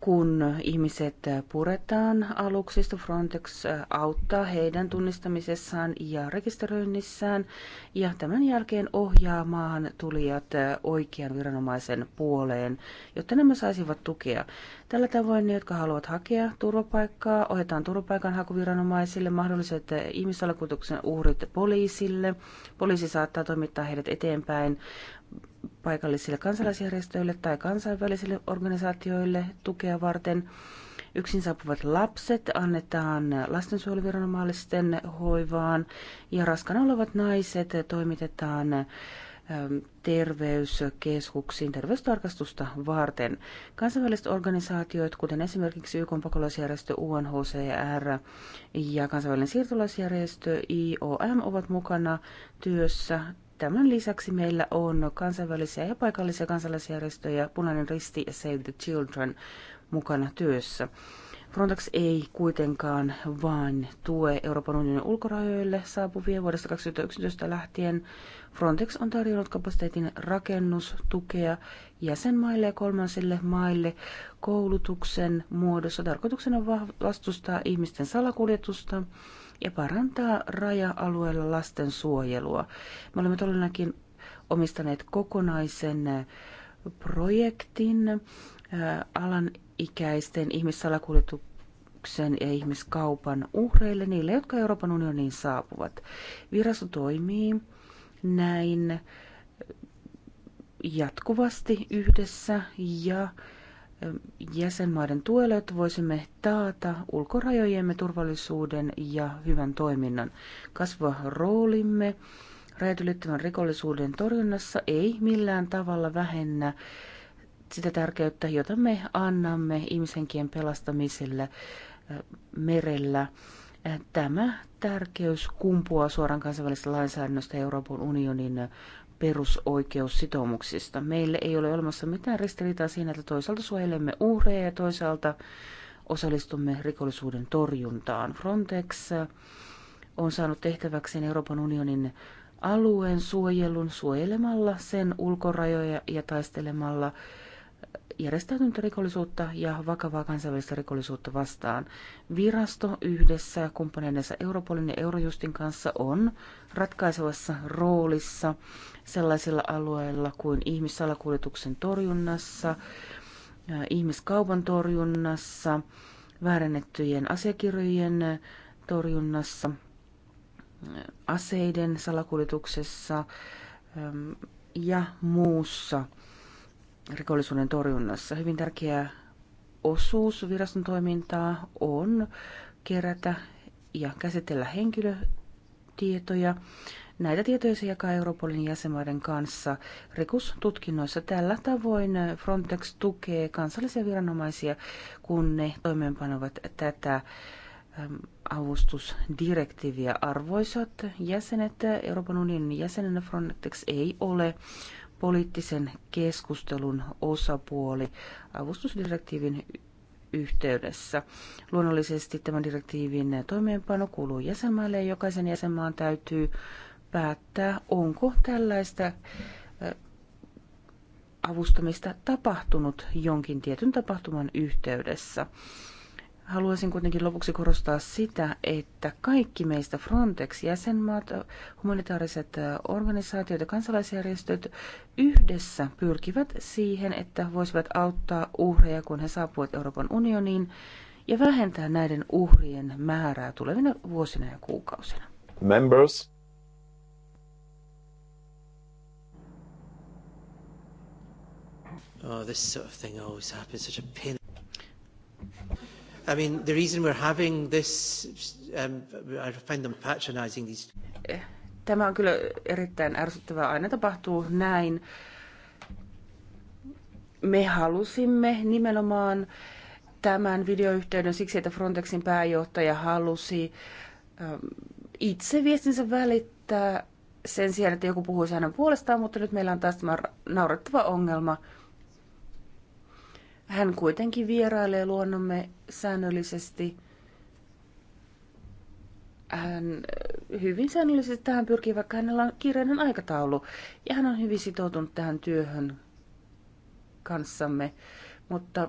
kun ihmiset puretaan aluksista, Frontex auttaa heidän tunnistamisessaan ja rekisteröinnissään ja tämän jälkeen ohjaa maahan tulijat oikean viranomaisen puoleen, jotta nämä saisivat tukea. Tällä tavoin ne, jotka haluavat hakea turvapaikkaa, ohjataan turvapaikanhakuviranomaisille, mahdolliset ihmissalakuljetuksen uhrit poliisille. Poliisi saattaa toimittaa heidät eteenpäin paikallisille kansalaisjärjestöille tai kansainvälisille organisaatioille tukea varten. Yksin saapuvat lapset annetaan lastensuojeluviranomaisten hoivaan ja raskana olevat naiset toimitetaan ähm, terveyskeskuksiin terveystarkastusta varten. Kansainväliset organisaatiot, kuten esimerkiksi YK pakolaisjärjestö UNHCR ja kansainvälinen siirtolaisjärjestö IOM, ovat mukana työssä Tämän lisäksi meillä on kansainvälisiä ja paikallisia kansalaisjärjestöjä, Punainen Risti ja Save the Children mukana työssä. Frontex ei kuitenkaan vain tue Euroopan unionin ulkorajoille saapuvia vuodesta 2011 lähtien. Frontex on tarjonnut kapasiteetin rakennustukea jäsenmaille ja kolmansille maille koulutuksen muodossa. Tarkoituksena on vastustaa ihmisten salakuljetusta ja parantaa raja-alueella lasten suojelua. Me olemme todellakin omistaneet kokonaisen projektin alan ikäisten ihmissalakuljetuksen ja ihmiskaupan uhreille, niille, jotka Euroopan unioniin saapuvat. Virasto toimii näin jatkuvasti yhdessä ja ähm, jäsenmaiden tuella, että voisimme taata ulkorajojemme turvallisuuden ja hyvän toiminnan. Kasva roolimme rajat rikollisuuden torjunnassa ei millään tavalla vähennä sitä tärkeyttä, jota me annamme ihmisenkien pelastamiselle merellä. Tämä tärkeys kumpuaa suoraan kansainvälisestä lainsäädännöstä Euroopan unionin perusoikeussitoumuksista. Meille ei ole olemassa mitään ristiriitaa siinä, että toisaalta suojelemme uhreja ja toisaalta osallistumme rikollisuuden torjuntaan. Frontex on saanut tehtäväkseen Euroopan unionin alueen suojelun suojelemalla sen ulkorajoja ja taistelemalla järjestäytynyttä rikollisuutta ja vakavaa kansainvälistä rikollisuutta vastaan. Virasto yhdessä kumppaneidensa Europolin ja Eurojustin kanssa on ratkaisevassa roolissa sellaisilla alueilla kuin ihmissalakuljetuksen torjunnassa, äh, ihmiskaupan torjunnassa, väärennettyjen asiakirjojen torjunnassa, äh, aseiden salakuljetuksessa ja muussa rikollisuuden torjunnassa. Hyvin tärkeä osuus viraston toimintaa on kerätä ja käsitellä henkilötietoja. Näitä tietoja se jakaa Europolin jäsenmaiden kanssa rikostutkinnoissa. Tällä tavoin Frontex tukee kansallisia viranomaisia, kun ne toimeenpanovat tätä avustusdirektiiviä. Arvoisat jäsenet, Euroopan unionin jäsenenä Frontex ei ole poliittisen keskustelun osapuoli avustusdirektiivin yhteydessä. Luonnollisesti tämän direktiivin toimeenpano kuuluu jäsenmaille ja jokaisen jäsenmaan täytyy päättää, onko tällaista avustamista tapahtunut jonkin tietyn tapahtuman yhteydessä. Haluaisin kuitenkin lopuksi korostaa sitä, että kaikki meistä Frontex-jäsenmaat, humanitaariset organisaatiot ja kansalaisjärjestöt yhdessä pyrkivät siihen, että voisivat auttaa uhreja, kun he saapuvat Euroopan unioniin ja vähentää näiden uhrien määrää tulevina vuosina ja kuukausina. Members. Oh, this sort of thing always happens. Such a pain I mean, the reason we're having this, um, I find them patronizing these. Eh, tämä on kyllä erittäin ärsyttävää. Aina tapahtuu näin. Me halusimme nimenomaan tämän videoyhteyden siksi, että Frontexin pääjohtaja halusi ähm, itse viestinsä välittää sen sijaan, että joku puhuisi hänen puolestaan, mutta nyt meillä on taas tämä naurettava ongelma – hän kuitenkin vierailee luonnomme säännöllisesti. Hän eh, hyvin säännöllisesti tähän pyrkii, vaikka hänellä on kiireinen aikataulu. Ja hän on hyvin sitoutunut tähän työhön kanssamme. Mutta...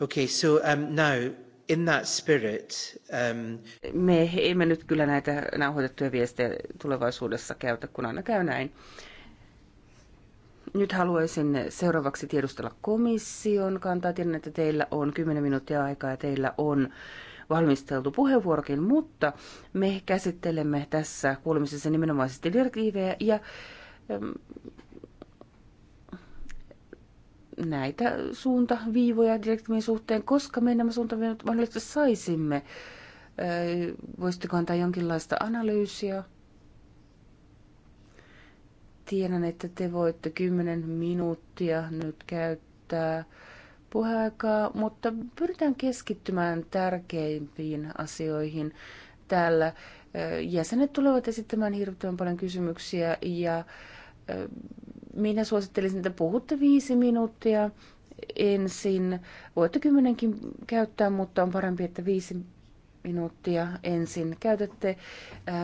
Okay, so um, now in that spirit, um... Me emme nyt kyllä näitä nauhoitettuja viestejä tulevaisuudessa käytä, kun aina käy näin. Uh, nyt haluaisin seuraavaksi tiedustella komission kantaa. Tiedän, että teillä on 10 minuuttia aikaa ja teillä on valmisteltu puheenvuorokin, mutta me käsittelemme tässä kuulemisessa nimenomaisesti direktiivejä ja näitä suuntaviivoja direktiivin suhteen, koska me nämä suuntaviivat mahdollisesti saisimme. Voisitteko antaa jonkinlaista analyysiä? Tiedän, että te voitte 10 minuuttia nyt käyttää puheaikaa, mutta pyritään keskittymään tärkeimpiin asioihin täällä. Jäsenet tulevat esittämään hirvittävän paljon kysymyksiä ja minä suosittelisin, että puhutte viisi minuuttia ensin. Voitte kymmenenkin käyttää, mutta on parempi, että viisi minuuttia ensin käytätte.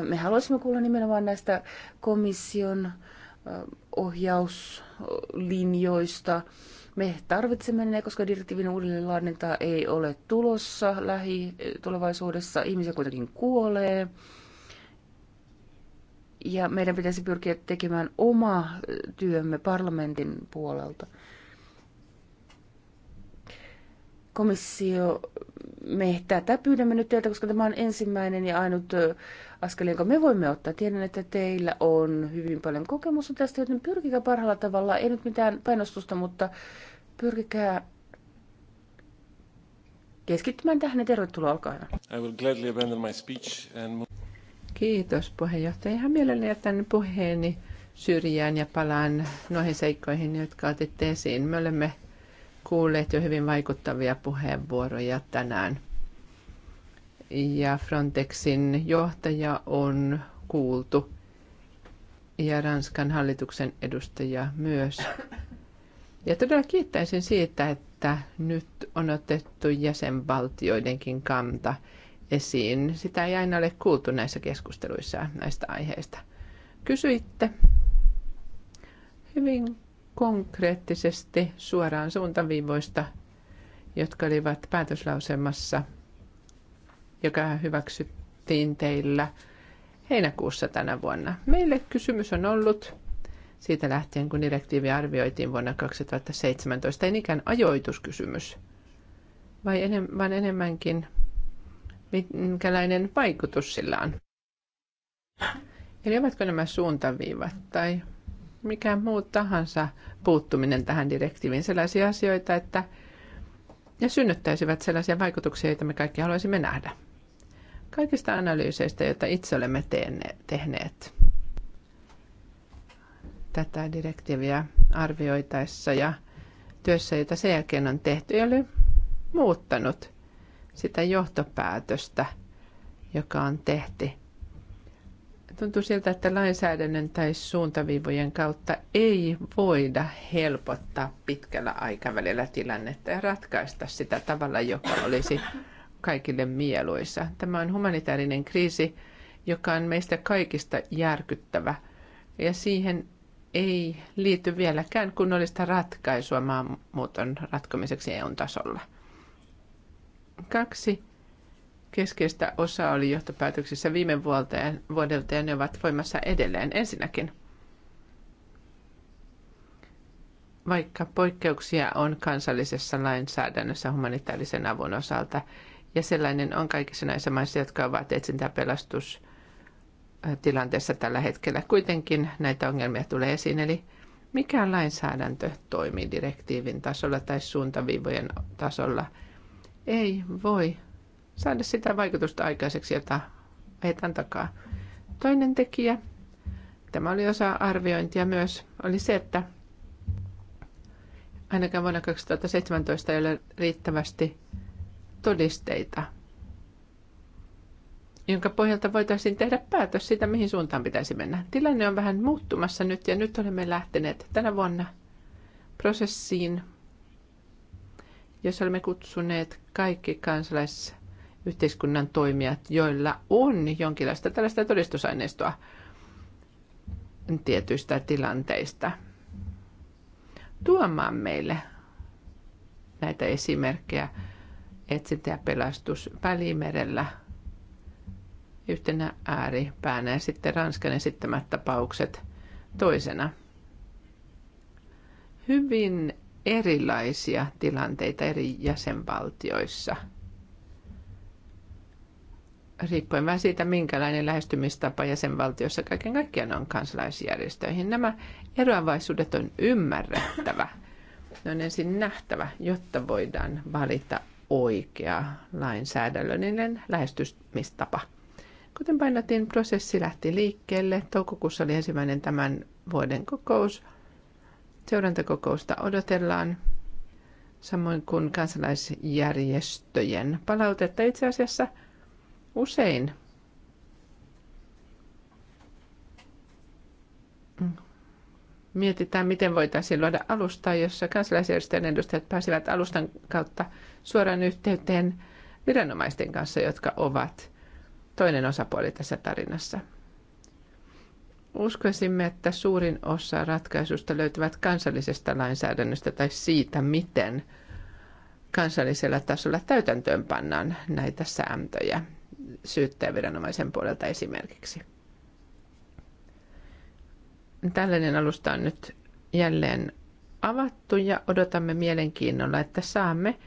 Me haluaisimme kuulla nimenomaan näistä komission ohjauslinjoista. Me tarvitsemme ne, koska direktiivin uudelleenlaadintaa ei ole tulossa lähitulevaisuudessa. Ihmisiä kuitenkin kuolee. Ja meidän pitäisi pyrkiä tekemään oma työmme parlamentin puolelta. Komissio, me tätä pyydämme nyt teiltä, koska tämä on ensimmäinen ja ainut askel, jonka me voimme ottaa. Tiedän, että teillä on hyvin paljon kokemusta tästä, joten pyrkikää parhaalla tavalla, ei nyt mitään painostusta, mutta pyrkikää keskittymään tähän ja tervetuloa, olkaa hyvä. I will gladly abandon my speech and... Kiitos puheenjohtaja. Ihan mielelläni jätän puheeni syrjään ja palaan noihin seikkoihin, jotka otitte esiin. Me olemme kuulleet jo hyvin vaikuttavia puheenvuoroja tänään ja Frontexin johtaja on kuultu ja Ranskan hallituksen edustaja myös. Ja todella kiittäisin siitä, että nyt on otettu jäsenvaltioidenkin kanta esiin. Sitä ei aina ole kuultu näissä keskusteluissa näistä aiheista. Kysyitte hyvin konkreettisesti suoraan suuntaviivoista, jotka olivat päätöslausemassa – joka hyväksyttiin teillä heinäkuussa tänä vuonna. Meille kysymys on ollut siitä lähtien, kun direktiivi arvioitiin vuonna 2017, ei ikään ajoituskysymys, vai enem- vaan enemmänkin minkälainen vaikutus sillä on. Eli ovatko nämä suuntaviivat tai mikä muu tahansa puuttuminen tähän direktiiviin sellaisia asioita, että ne synnyttäisivät sellaisia vaikutuksia, joita me kaikki haluaisimme nähdä kaikista analyyseistä, joita itse olemme tehneet tätä direktiiviä arvioitaessa ja työssä, jota sen jälkeen on tehty, ei ole muuttanut sitä johtopäätöstä, joka on tehty. Tuntuu siltä, että lainsäädännön tai suuntaviivojen kautta ei voida helpottaa pitkällä aikavälillä tilannetta ja ratkaista sitä tavalla, joka olisi kaikille mieluisa. Tämä on humanitaarinen kriisi, joka on meistä kaikista järkyttävä. Ja siihen ei liity vieläkään kunnollista ratkaisua maahanmuuton ratkomiseksi EUn tasolla. Kaksi keskeistä osaa oli johtopäätöksissä viime vuodelta ja ne ovat voimassa edelleen. Ensinnäkin, vaikka poikkeuksia on kansallisessa lainsäädännössä humanitaarisen avun osalta, ja sellainen on kaikissa näissä maissa, jotka ovat etsintäpelastustilanteessa tällä hetkellä. Kuitenkin näitä ongelmia tulee esiin, eli mikä lainsäädäntö toimii direktiivin tasolla tai suuntaviivojen tasolla, ei voi saada sitä vaikutusta aikaiseksi, jota heitän takaa. Toinen tekijä, tämä oli osa arviointia myös, oli se, että ainakaan vuonna 2017 ei ole riittävästi todisteita, jonka pohjalta voitaisiin tehdä päätös siitä, mihin suuntaan pitäisi mennä. Tilanne on vähän muuttumassa nyt ja nyt olemme lähteneet tänä vuonna prosessiin, jossa olemme kutsuneet kaikki kansalaisyhteiskunnan toimijat, joilla on jonkinlaista tällaista todistusaineistoa tietyistä tilanteista, tuomaan meille näitä esimerkkejä etsintä ja pelastus Välimerellä yhtenä ääripäänä ja sitten Ranskan esittämät tapaukset toisena. Hyvin erilaisia tilanteita eri jäsenvaltioissa. Riippuen vähän siitä, minkälainen lähestymistapa jäsenvaltiossa kaiken kaikkiaan on kansalaisjärjestöihin. Nämä eroavaisuudet on ymmärrettävä. Ne on ensin nähtävä, jotta voidaan valita oikea lainsäädännöllinen lähestymistapa. Kuten painotin, prosessi lähti liikkeelle. Toukokuussa oli ensimmäinen tämän vuoden kokous. Seurantakokousta odotellaan, samoin kuin kansalaisjärjestöjen palautetta. Itse asiassa usein mietitään, miten voitaisiin luoda alustaa, jossa kansalaisjärjestöjen edustajat pääsevät alustan kautta suoraan yhteyteen viranomaisten kanssa, jotka ovat toinen osapuoli tässä tarinassa. Uskoisimme, että suurin osa ratkaisusta löytyvät kansallisesta lainsäädännöstä tai siitä, miten kansallisella tasolla täytäntöön pannaan näitä sääntöjä syyttäjäviranomaisen puolelta esimerkiksi. Tällainen alusta on nyt jälleen avattu ja odotamme mielenkiinnolla, että saamme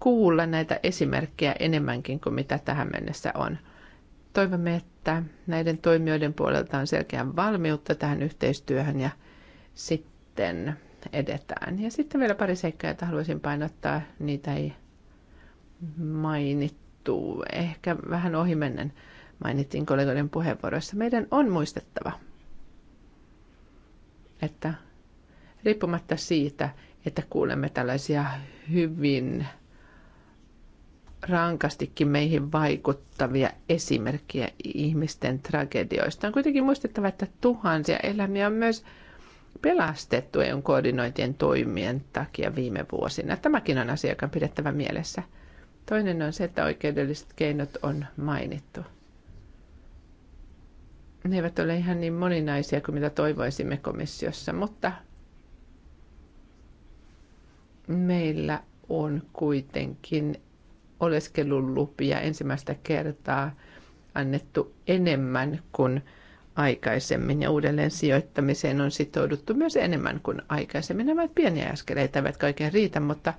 kuulla näitä esimerkkejä enemmänkin kuin mitä tähän mennessä on. Toivomme, että näiden toimijoiden puolelta on selkeää valmiutta tähän yhteistyöhön ja sitten edetään. Ja sitten vielä pari seikkaa, että haluaisin painottaa, niitä ei mainittu, ehkä vähän ohimennen mainittiin kollegoiden puheenvuoroissa. Meidän on muistettava, että riippumatta siitä, että kuulemme tällaisia hyvin rankastikin meihin vaikuttavia esimerkkejä ihmisten tragedioista. On kuitenkin muistettava, että tuhansia elämiä on myös pelastettu EUn koordinointien toimien takia viime vuosina. Tämäkin on asia, joka on pidettävä mielessä. Toinen on se, että oikeudelliset keinot on mainittu ne eivät ole ihan niin moninaisia kuin mitä toivoisimme komissiossa, mutta meillä on kuitenkin oleskelulupia ensimmäistä kertaa annettu enemmän kuin aikaisemmin ja uudelleen sijoittamiseen on sitouduttu myös enemmän kuin aikaisemmin. Nämä ovat pieniä askeleita, eivät kaiken riitä, mutta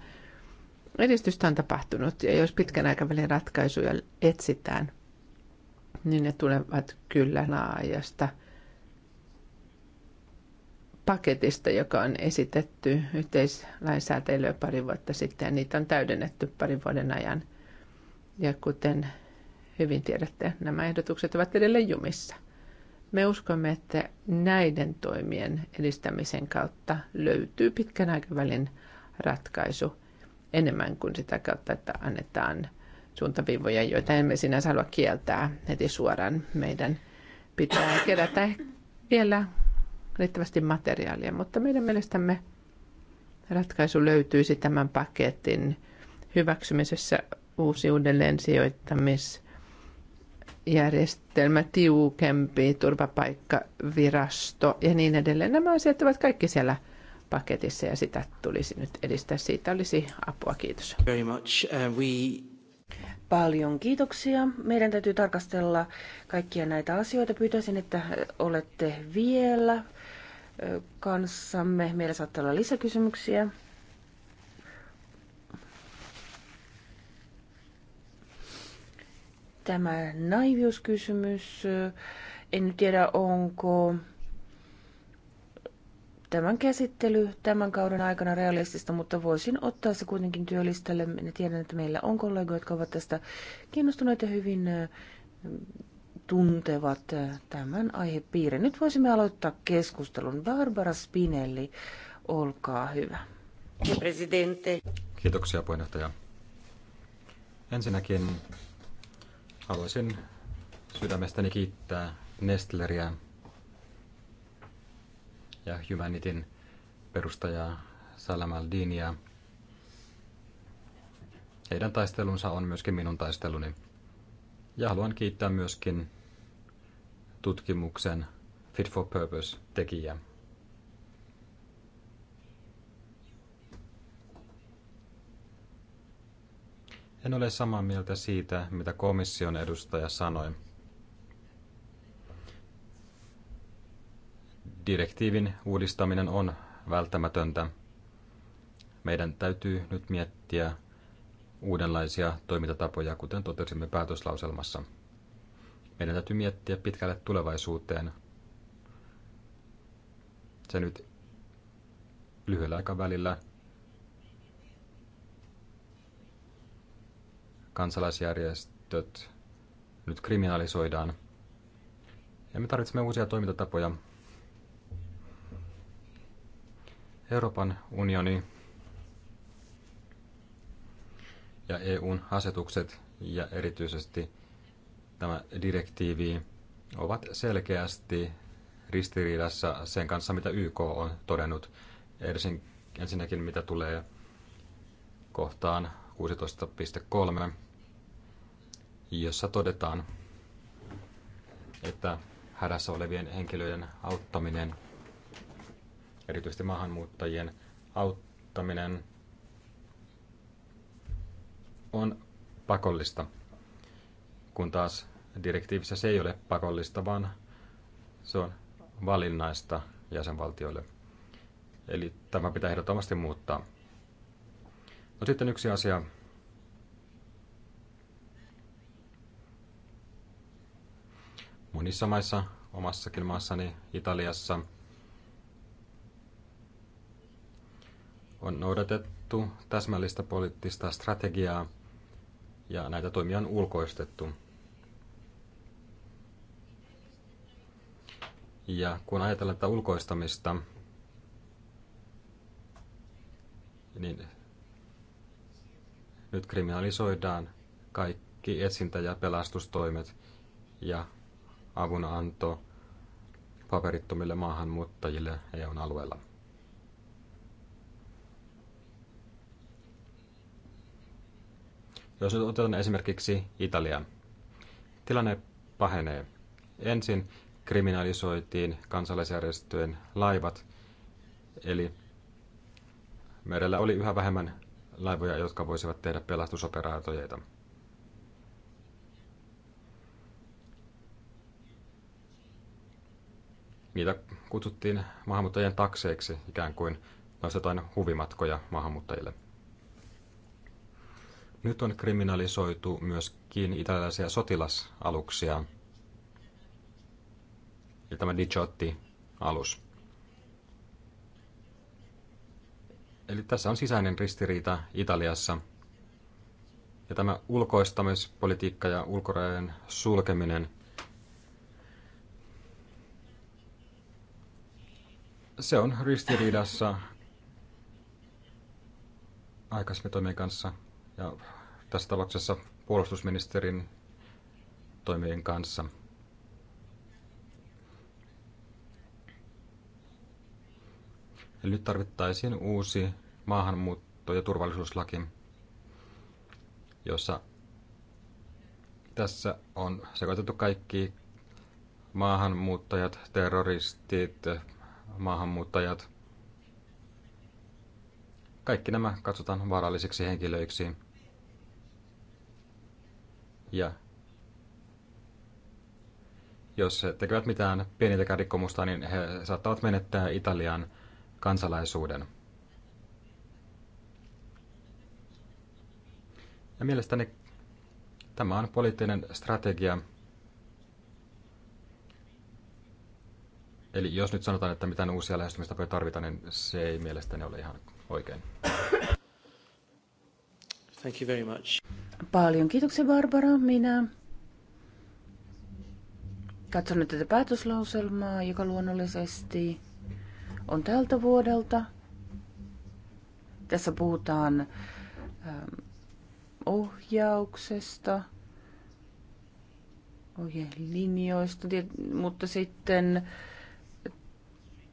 edistystä on tapahtunut ja jos pitkän aikavälin ratkaisuja etsitään, niin ne tulevat kyllä laajasta paketista, joka on esitetty yhteislainsäätelyä pari vuotta sitten ja niitä on täydennetty parin vuoden ajan. Ja kuten hyvin tiedätte, nämä ehdotukset ovat edelleen jumissa. Me uskomme, että näiden toimien edistämisen kautta löytyy pitkän aikavälin ratkaisu enemmän kuin sitä kautta, että annetaan – suuntaviivoja, joita emme sinänsä halua kieltää heti suoraan. Meidän pitää kerätä vielä riittävästi materiaalia, mutta meidän mielestämme ratkaisu löytyisi tämän paketin hyväksymisessä uusi uudelleen sijoittamisjärjestelmä, tiukempi turvapaikkavirasto ja niin edelleen. Nämä asiat ovat kaikki siellä paketissa ja sitä tulisi nyt edistää. Siitä olisi apua. Kiitos. Very much. Uh, we Paljon kiitoksia. Meidän täytyy tarkastella kaikkia näitä asioita. Pyytäisin, että olette vielä kanssamme. Meillä saattaa olla lisäkysymyksiä. Tämä naiviuskysymys. En nyt tiedä, onko tämän käsittely tämän kauden aikana realistista, mutta voisin ottaa se kuitenkin työlistalle. Minä tiedän, että meillä on kollegoja, jotka ovat tästä kiinnostuneita hyvin tuntevat tämän aihepiirin. Nyt voisimme aloittaa keskustelun. Barbara Spinelli, olkaa hyvä. Kiitoksia puheenjohtaja. Ensinnäkin haluaisin sydämestäni kiittää Nestleriä ja Humanitin perustajaa Salam al-Dinia. Heidän taistelunsa on myöskin minun taisteluni. Ja haluan kiittää myöskin tutkimuksen Fit for Purpose tekijä. En ole samaa mieltä siitä, mitä komission edustaja sanoi. direktiivin uudistaminen on välttämätöntä. Meidän täytyy nyt miettiä uudenlaisia toimintatapoja, kuten totesimme päätöslauselmassa. Meidän täytyy miettiä pitkälle tulevaisuuteen. Se nyt lyhyellä aikavälillä kansalaisjärjestöt nyt kriminalisoidaan. Ja me tarvitsemme uusia toimintatapoja, Euroopan unioni ja EUn asetukset ja erityisesti tämä direktiivi ovat selkeästi ristiriidassa sen kanssa, mitä YK on todennut. Ensinnäkin mitä tulee kohtaan 16.3, jossa todetaan, että hädässä olevien henkilöiden auttaminen – erityisesti maahanmuuttajien auttaminen on pakollista, kun taas direktiivissä se ei ole pakollista, vaan se on valinnaista jäsenvaltioille. Eli tämä pitää ehdottomasti muuttaa. No sitten yksi asia. Monissa maissa, omassakin maassani Italiassa – on noudatettu täsmällistä poliittista strategiaa ja näitä toimia on ulkoistettu. Ja kun ajatellaan tätä ulkoistamista, niin nyt kriminalisoidaan kaikki etsintä- ja pelastustoimet ja avunanto paperittomille maahanmuuttajille eu alueella. Jos nyt otetaan esimerkiksi Italia, tilanne pahenee. Ensin kriminalisoitiin kansalaisjärjestöjen laivat, eli merellä oli yhä vähemmän laivoja, jotka voisivat tehdä pelastusoperaatioita. Niitä kutsuttiin maahanmuuttajien takseiksi, ikään kuin noissa jotain huvimatkoja maahanmuuttajille. Nyt on kriminalisoitu myöskin italialaisia sotilasaluksia. Ja tämä Dicciotti-alus. Eli tässä on sisäinen ristiriita Italiassa. Ja tämä ulkoistamispolitiikka ja ulkorajojen sulkeminen se on ristiriidassa aikaisemmin toimien kanssa ja tässä tapauksessa puolustusministerin toimien kanssa. Eli nyt tarvittaisiin uusi maahanmuutto- ja turvallisuuslaki, jossa tässä on sekoitettu kaikki maahanmuuttajat, terroristit, maahanmuuttajat, kaikki nämä katsotaan vaarallisiksi henkilöiksi. Ja jos he tekevät mitään pienintäkään rikkomusta, niin he saattavat menettää Italian kansalaisuuden. Ja mielestäni tämä on poliittinen strategia. Eli jos nyt sanotaan, että mitään uusia lähestymistapoja tarvitaan, niin se ei mielestäni ole ihan oikein. Thank you very much. Paljon kiitoksia Barbara. Minä katson nyt tätä päätöslauselmaa, joka luonnollisesti on tältä vuodelta. Tässä puhutaan ähm, ohjauksesta, ohjelinjoista, mutta sitten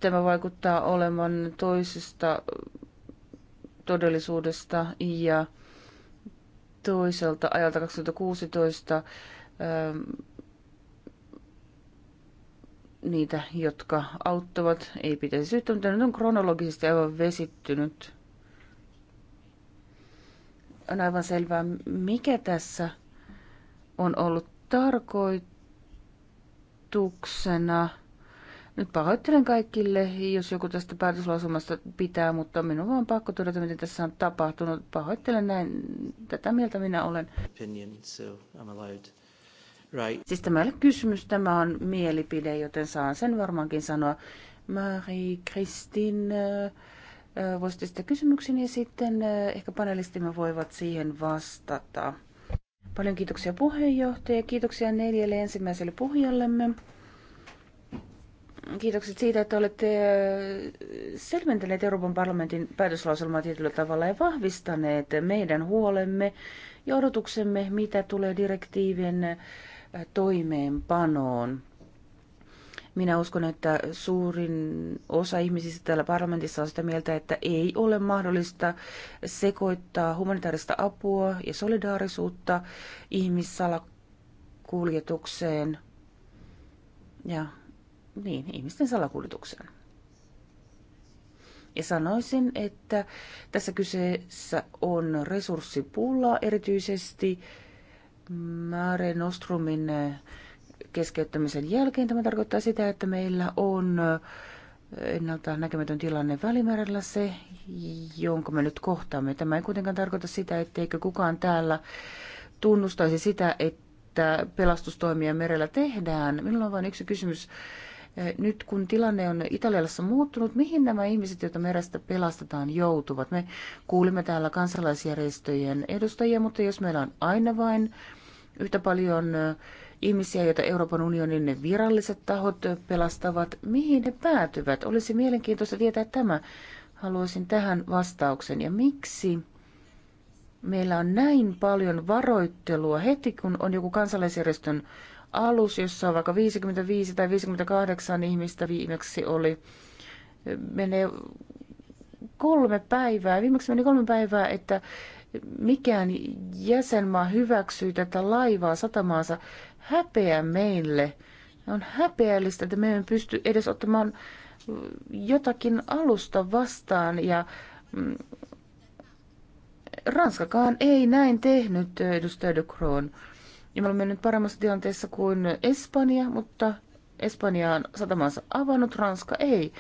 tämä vaikuttaa olevan toisesta todellisuudesta ja toiselta ajalta 2016 ähm, niitä, jotka auttavat, ei pitäisi syyttää, mutta nyt on kronologisesti aivan vesittynyt. On aivan selvää, mikä tässä on ollut tarkoituksena. Nyt pahoittelen kaikille, jos joku tästä päätöslausumasta pitää, mutta minun on pakko todeta, miten tässä on tapahtunut. Pahoittelen näin. Tätä mieltä minä olen. Opinion, so I'm allowed. Right. Siis tämä ei ole kysymys, tämä on mielipide, joten saan sen varmaankin sanoa. Marie, Kristin, äh, äh, voisitte sitä kysymyksen ja sitten äh, ehkä panelistimme voivat siihen vastata. Paljon kiitoksia puheenjohtaja, kiitoksia neljälle ensimmäiselle puhujallemme. Kiitokset siitä, että olette äh, selventäneet Euroopan parlamentin päätöslauselmaa tietyllä tavalla ja vahvistaneet meidän huolemme ja odotuksemme, mitä tulee direktiivin äh, toimeenpanoon. Minä uskon, että suurin osa ihmisistä täällä parlamentissa on sitä mieltä, että ei ole mahdollista sekoittaa humanitaarista apua ja solidaarisuutta ihmissalakuljetukseen ja niin, ihmisten salakuljetukseen. Ja sanoisin, että tässä kyseessä on resurssipulla erityisesti Mare Nostrumin keskeyttämisen jälkeen. Tämä tarkoittaa sitä, että meillä on ennalta näkemätön tilanne välimerellä se, jonka me nyt kohtaamme. Tämä ei kuitenkaan tarkoita sitä, etteikö kukaan täällä tunnustaisi sitä, että pelastustoimia merellä tehdään. Minulla on vain yksi kysymys nyt kun tilanne on Italiassa muuttunut, mihin nämä ihmiset, joita merestä pelastetaan, joutuvat? Me kuulimme täällä kansalaisjärjestöjen edustajia, mutta jos meillä on aina vain yhtä paljon ihmisiä, joita Euroopan unionin viralliset tahot pelastavat, mihin ne päätyvät? Olisi mielenkiintoista tietää tämä. Haluaisin tähän vastauksen. Ja miksi meillä on näin paljon varoittelua heti, kun on joku kansalaisjärjestön alus, jossa on vaikka 55 tai 58 ihmistä viimeksi oli, menee kolme päivää, viimeksi meni kolme päivää, että mikään jäsenmaa hyväksyy tätä laivaa satamaansa. Häpeä meille. On häpeällistä, että me emme pysty edes ottamaan jotakin alusta vastaan ja mm, Ranskakaan ei näin tehnyt, edustaja De Croon. Ja me olemme nyt paremmassa tilanteessa kuin Espanja, mutta Espanja on satamansa avannut, Ranska ei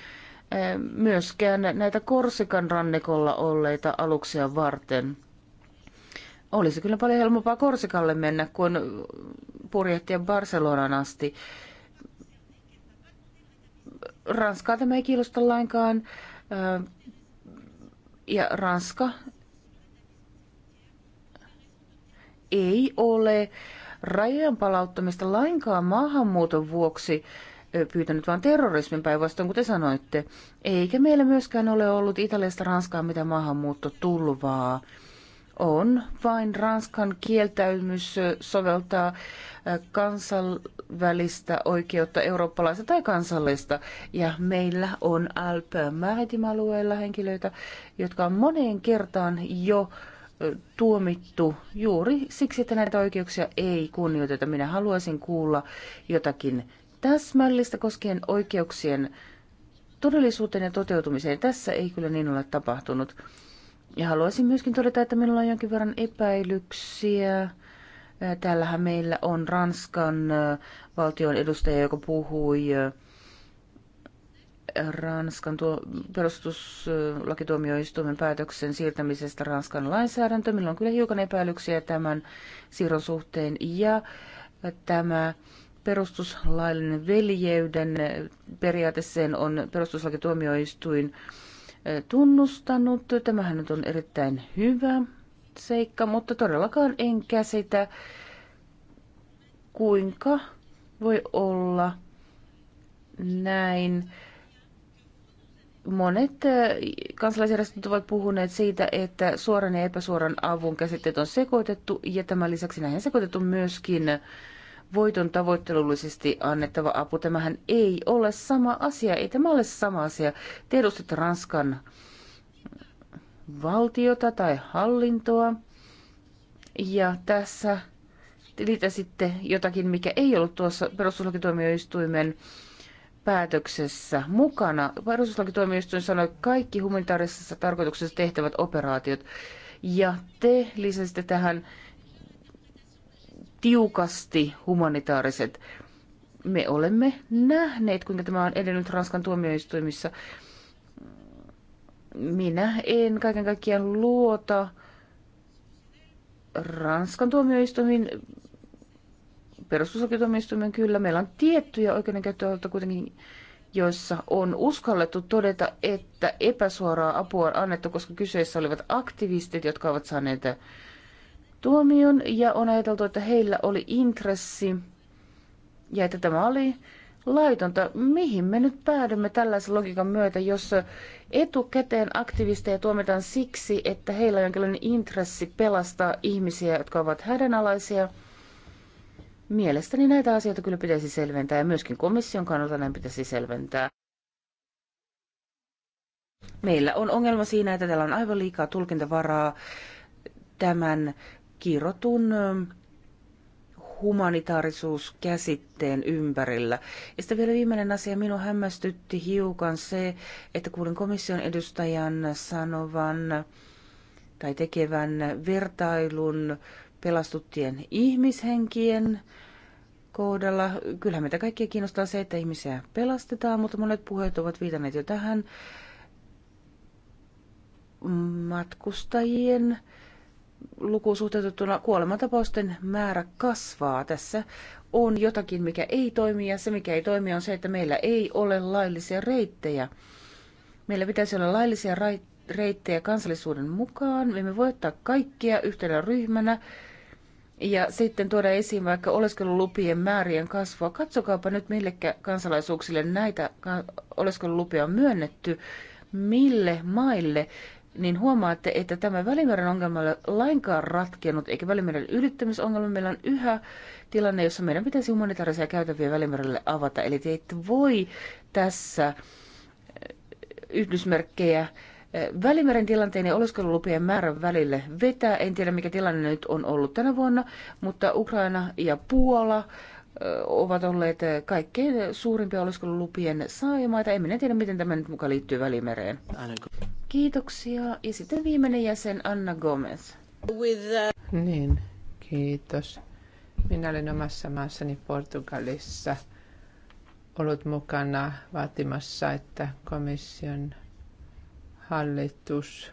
myöskään näitä Korsikan rannikolla olleita aluksia varten. Olisi kyllä paljon helpompaa Korsikalle mennä kuin purjehtia Barcelonan asti. Ranskaa tämä ei kiinnosta lainkaan. Ja Ranska ei ole rajojen palauttamista lainkaan maahanmuuton vuoksi pyytänyt vain terrorismin päinvastoin, kuten sanoitte. Eikä meillä myöskään ole ollut Italiasta Ranskaan mitä tulvaa On vain Ranskan kieltäymys soveltaa kansainvälistä oikeutta eurooppalaista tai kansallista. Ja meillä on Alpe Maritim alueella henkilöitä, jotka on moneen kertaan jo äh, tuomittu juuri siksi, että näitä oikeuksia ei kunnioiteta. Minä haluaisin kuulla jotakin täsmällistä koskien oikeuksien todellisuuteen ja toteutumiseen. Tässä ei kyllä niin ole tapahtunut. Ja haluaisin myöskin todeta, että minulla on jonkin verran epäilyksiä. Täällähän meillä on Ranskan valtion edustaja, joka puhui Ranskan tuo perustuslakituomioistuimen päätöksen siirtämisestä Ranskan lainsäädäntöön. Meillä on kyllä hiukan epäilyksiä tämän siirron suhteen ja tämä perustuslaillinen veljeyden periaate sen on perustuslakituomioistuin eh, tunnustanut. Tämähän nyt on erittäin hyvä seikka, mutta todellakaan en käsitä, kuinka voi olla näin monet äh, kansalaisjärjestöt ovat puhuneet siitä, että suoran ja epäsuoran avun käsitteet on sekoitettu ja tämän lisäksi näihin sekoitettu myöskin voiton tavoittelullisesti annettava apu. Tämähän ei ole sama asia, ei tämä ole sama asia. Tiedustat Ranskan valtiota tai hallintoa ja tässä sitten jotakin, mikä ei ollut tuossa perustuslakituomioistuimen päätöksessä mukana. Perustuslakituomioistuin sanoi, että kaikki humanitaarisessa tarkoituksessa tehtävät operaatiot. Ja te lisäsitte tähän tiukasti humanitaariset. Me olemme nähneet, kuinka tämä on edennyt Ranskan tuomioistuimissa. Minä en kaiken kaikkiaan luota Ranskan tuomioistuimin perustuslakituomioistuimen kyllä. Meillä on tiettyjä oikeudenkäyttöalueita kuitenkin, joissa on uskallettu todeta, että epäsuoraa apua on annettu, koska kyseessä olivat aktivistit, jotka ovat saaneet tuomion ja on ajateltu, että heillä oli intressi ja että tämä oli laitonta. Mihin me nyt päädymme tällaisen logiikan myötä, jos etukäteen aktivisteja tuomitaan siksi, että heillä on jonkinlainen intressi pelastaa ihmisiä, jotka ovat hädänalaisia – Mielestäni näitä asioita kyllä pitäisi selventää ja myöskin komission kannalta näin pitäisi selventää. Meillä on ongelma siinä, että täällä on aivan liikaa tulkintavaraa tämän kirotun humanitaarisuuskäsitteen ympärillä. Ja sitten vielä viimeinen asia, minua hämmästytti hiukan se, että kuulin komission edustajan sanovan tai tekevän vertailun Pelastuttien ihmishenkien kohdalla. Kyllähän meitä kaikkia kiinnostaa se, että ihmisiä pelastetaan, mutta monet puheet ovat viitanneet jo tähän matkustajien lukuun suhteutettuna kuolematapausten määrä kasvaa. Tässä on jotakin, mikä ei toimi, ja se, mikä ei toimi, on se, että meillä ei ole laillisia reittejä. Meillä pitäisi olla laillisia reittejä kansallisuuden mukaan. Me emme voi ottaa kaikkia yhtenä ryhmänä ja sitten tuoda esiin vaikka oleskelulupien määrien kasvua. Katsokaapa nyt, mille kansalaisuuksille näitä oleskelulupia on myönnetty, mille maille, niin huomaatte, että tämä Välimeren ongelma ei ole lainkaan ratkennut, eikä Välimeren ylittämisongelma. Meillä on yhä tilanne, jossa meidän pitäisi humanitaarisia käytäviä Välimerelle avata. Eli te ette voi tässä eh, yhdysmerkkejä Välimeren tilanteen ja oleskelulupien määrän välille vetää. En tiedä, mikä tilanne nyt on ollut tänä vuonna, mutta Ukraina ja Puola ovat olleet kaikkein suurimpia oleskelulupien saajamaita. En minä tiedä, miten tämä nyt mukaan liittyy Välimereen. Kiitoksia. Ja sitten viimeinen jäsen Anna Gomez. Uh, niin, kiitos. Minä olin omassa maassani Portugalissa ollut mukana vaatimassa, että komission hallitus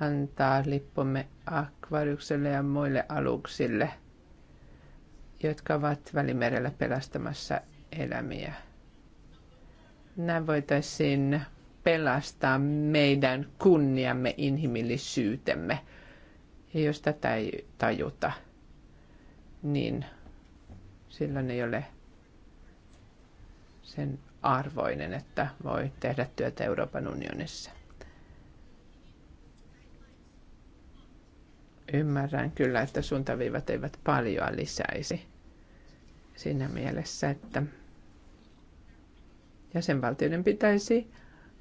antaa lippumme akvariukselle ja muille aluksille, jotka ovat välimerellä pelastamassa elämiä. Näin voitaisiin pelastaa meidän kunniamme, inhimillisyytemme. Ja jos tätä ei tajuta, niin silloin ei ole sen arvoinen, että voi tehdä työtä Euroopan unionissa. Ymmärrän kyllä, että suuntaviivat eivät paljoa lisäisi siinä mielessä, että jäsenvaltioiden pitäisi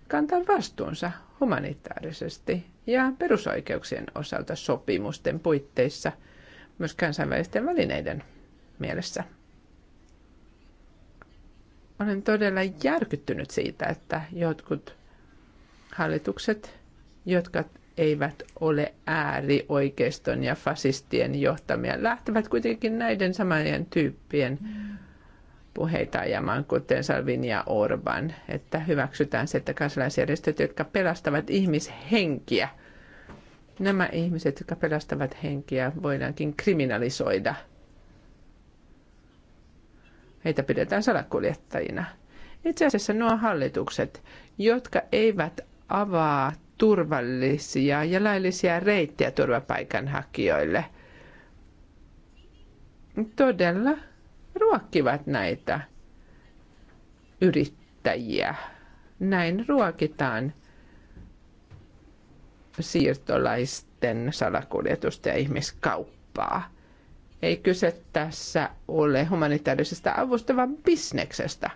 kantaa vastuunsa humanitaarisesti ja perusoikeuksien osalta sopimusten puitteissa, myös kansainvälisten välineiden mielessä. Olen todella järkyttynyt siitä, että jotkut hallitukset, jotka eivät ole äärioikeiston ja fasistien johtamia, lähtevät kuitenkin näiden samojen tyyppien puheita ajamaan, kuten Salvin ja Orban, että hyväksytään se, että kansalaisjärjestöt, jotka pelastavat ihmishenkiä, nämä ihmiset, jotka pelastavat henkiä, voidaankin kriminalisoida – heitä pidetään salakuljettajina. Itse asiassa nuo hallitukset, jotka eivät avaa turvallisia ja laillisia reittejä turvapaikanhakijoille, todella ruokkivat näitä yrittäjiä. Näin ruokitaan siirtolaisten salakuljetusta ja ihmiskauppaa. Ei kyse tässä ole humanitaarisesta avusta, vaan bisneksestä.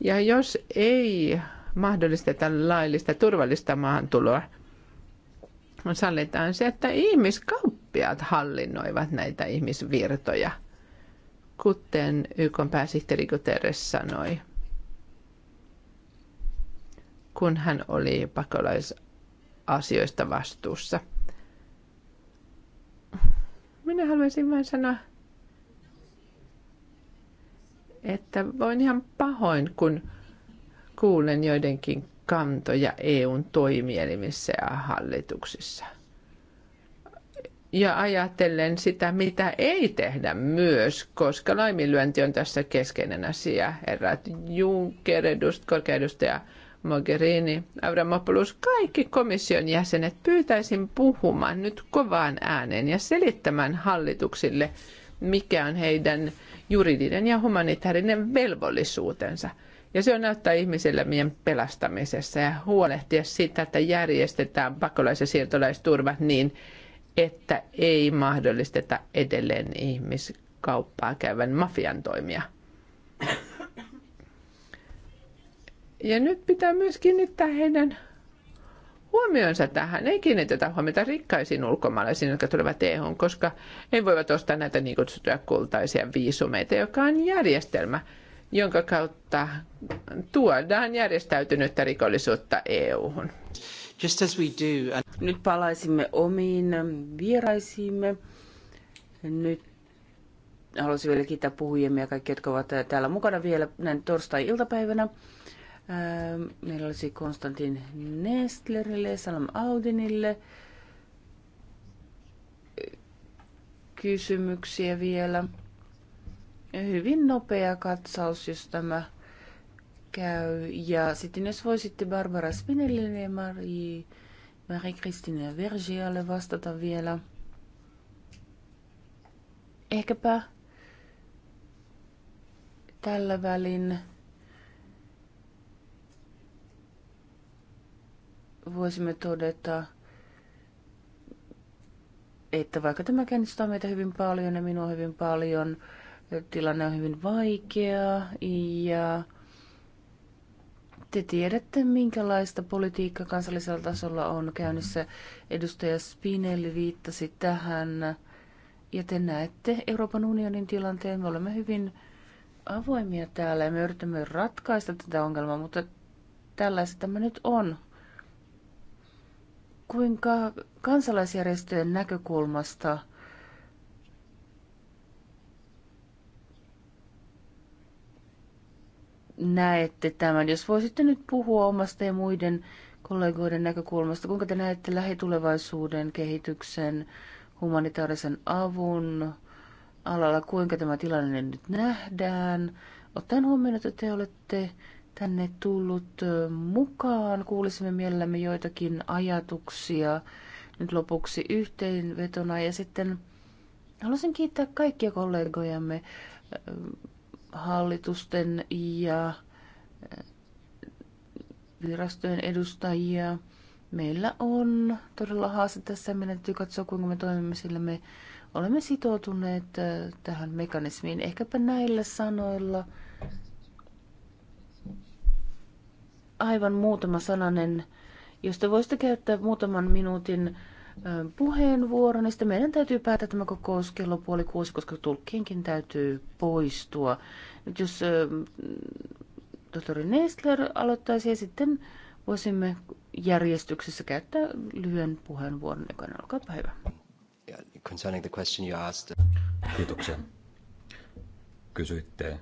Ja jos ei mahdollisteta laillista turvallista maahantuloa, sallitaan se, että ihmiskauppiaat hallinnoivat näitä ihmisvirtoja, kuten YK pääsihteeri Guterres sanoi, kun hän oli pakolaisasioista vastuussa – minä haluaisin vain sanoa, että voin ihan pahoin, kun kuulen joidenkin kantoja EUn toimielimissä ja hallituksissa. Ja ajatellen sitä, mitä ei tehdä myös, koska laiminlyönti on tässä keskeinen asia. Herrat Juncker, edust, ja Mogherini, Avramopoulos, kaikki komission jäsenet pyytäisin puhumaan nyt kovaan ääneen ja selittämään hallituksille, mikä on heidän juridinen ja humanitaarinen velvollisuutensa. Ja se on näyttää meidän pelastamisessa ja huolehtia sitä, että järjestetään pakolais- ja siirtolaisturvat niin, että ei mahdollisteta edelleen ihmiskauppaa käyvän mafian toimia. Ja nyt pitää myös kiinnittää heidän huomionsa tähän. Ei kiinnitetä huomiota rikkaisiin ulkomaalaisiin, jotka tulevat EU:hun, koska he voivat ostaa näitä niin kutsuttuja kultaisia viisumeita, joka on järjestelmä, jonka kautta tuodaan järjestäytynyttä rikollisuutta EU:hun. Just as we do. Nyt palaisimme omiin vieraisiimme. Nyt haluaisin vielä kiittää puhujia ja kaikki, jotka ovat täällä mukana vielä näin torstai-iltapäivänä. Ähm, meillä olisi Konstantin Nestlerille, Salam Audinille kysymyksiä vielä. Hyvin nopea katsaus, jos tämä käy. Ja sitten jos voisitte Barbara Spinellille ja Marie, Marie-Christine Vergialle vastata vielä. Ehkäpä tällä välin voisimme todeta, että vaikka tämä käännistää meitä hyvin paljon ja minua hyvin paljon, tilanne on hyvin vaikea ja te tiedätte, minkälaista politiikka kansallisella tasolla on käynnissä. Edustaja Spinelli viittasi tähän ja te näette Euroopan unionin tilanteen. Me olemme hyvin avoimia täällä ja me yritämme ratkaista tätä ongelmaa, mutta tällaista tämä nyt on kuinka kansalaisjärjestöjen näkökulmasta näette tämän? Jos voisitte nyt puhua omasta ja muiden kollegoiden näkökulmasta, kuinka te näette lähitulevaisuuden kehityksen, humanitaarisen avun alalla, kuinka tämä tilanne nyt nähdään, ottaen huomioon, että te olette tänne tullut mukaan. Kuulisimme mielellämme joitakin ajatuksia nyt lopuksi yhteenvetona ja sitten haluaisin kiittää kaikkia kollegojamme hallitusten ja virastojen edustajia. Meillä on todella haaste tässä. Meidän täytyy katsoa, kuinka me toimimme, sillä me olemme sitoutuneet tähän mekanismiin. Ehkäpä näillä sanoilla aivan muutama sananen, josta voisitte käyttää muutaman minuutin puheenvuoron, niin sitten meidän täytyy päätä tämä kokous kello puoli kuusi, koska tulkkiinkin täytyy poistua. Nyt jos tohtori Nestler aloittaisi ja sitten voisimme järjestyksessä käyttää lyhyen puheenvuoron ekana. Olkaapa hyvä. Concerning the question you asked. Kiitoksia. Kysyitte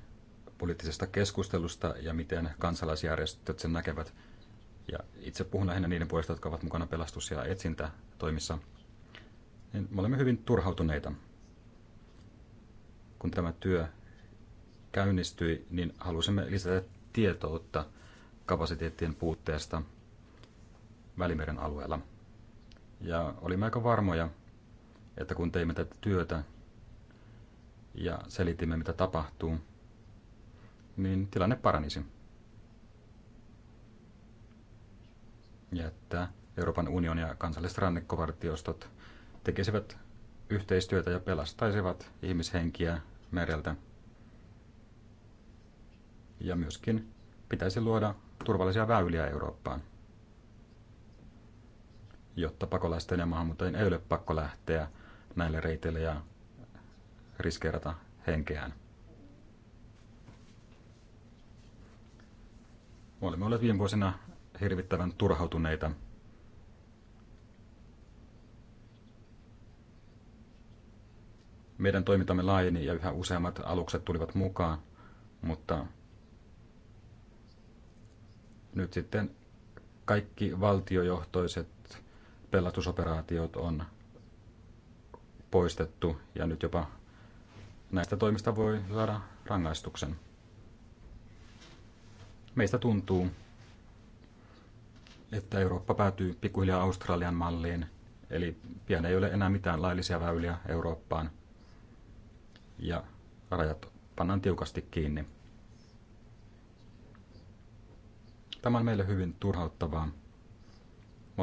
poliittisesta keskustelusta ja miten kansalaisjärjestöt sen näkevät. Ja itse puhun lähinnä niiden puolesta, jotka ovat mukana pelastus- ja etsintätoimissa. Niin me olemme hyvin turhautuneita. Kun tämä työ käynnistyi, niin halusimme lisätä tietoutta kapasiteettien puutteesta Välimeren alueella. Ja olimme aika varmoja, että kun teimme tätä työtä ja selitimme, mitä tapahtuu, niin tilanne paranisi. Ja että Euroopan unioni ja kansalliset rannikkovartiostot tekisivät yhteistyötä ja pelastaisivat ihmishenkiä mereltä. Ja myöskin pitäisi luoda turvallisia väyliä Eurooppaan, jotta pakolaisten ja maahanmuuttajien ei ole pakko lähteä näille reiteille ja riskeerata henkeään. Olemme olleet viime vuosina hirvittävän turhautuneita. Meidän toimintamme laajeni ja yhä useammat alukset tulivat mukaan, mutta nyt sitten kaikki valtiojohtoiset pelastusoperaatiot on poistettu ja nyt jopa näistä toimista voi saada rangaistuksen. Meistä tuntuu, että Eurooppa päätyy pikkuhiljaa Australian malliin, eli pian ei ole enää mitään laillisia väyliä Eurooppaan, ja rajat pannaan tiukasti kiinni. Tämä on meille hyvin turhauttavaa. Me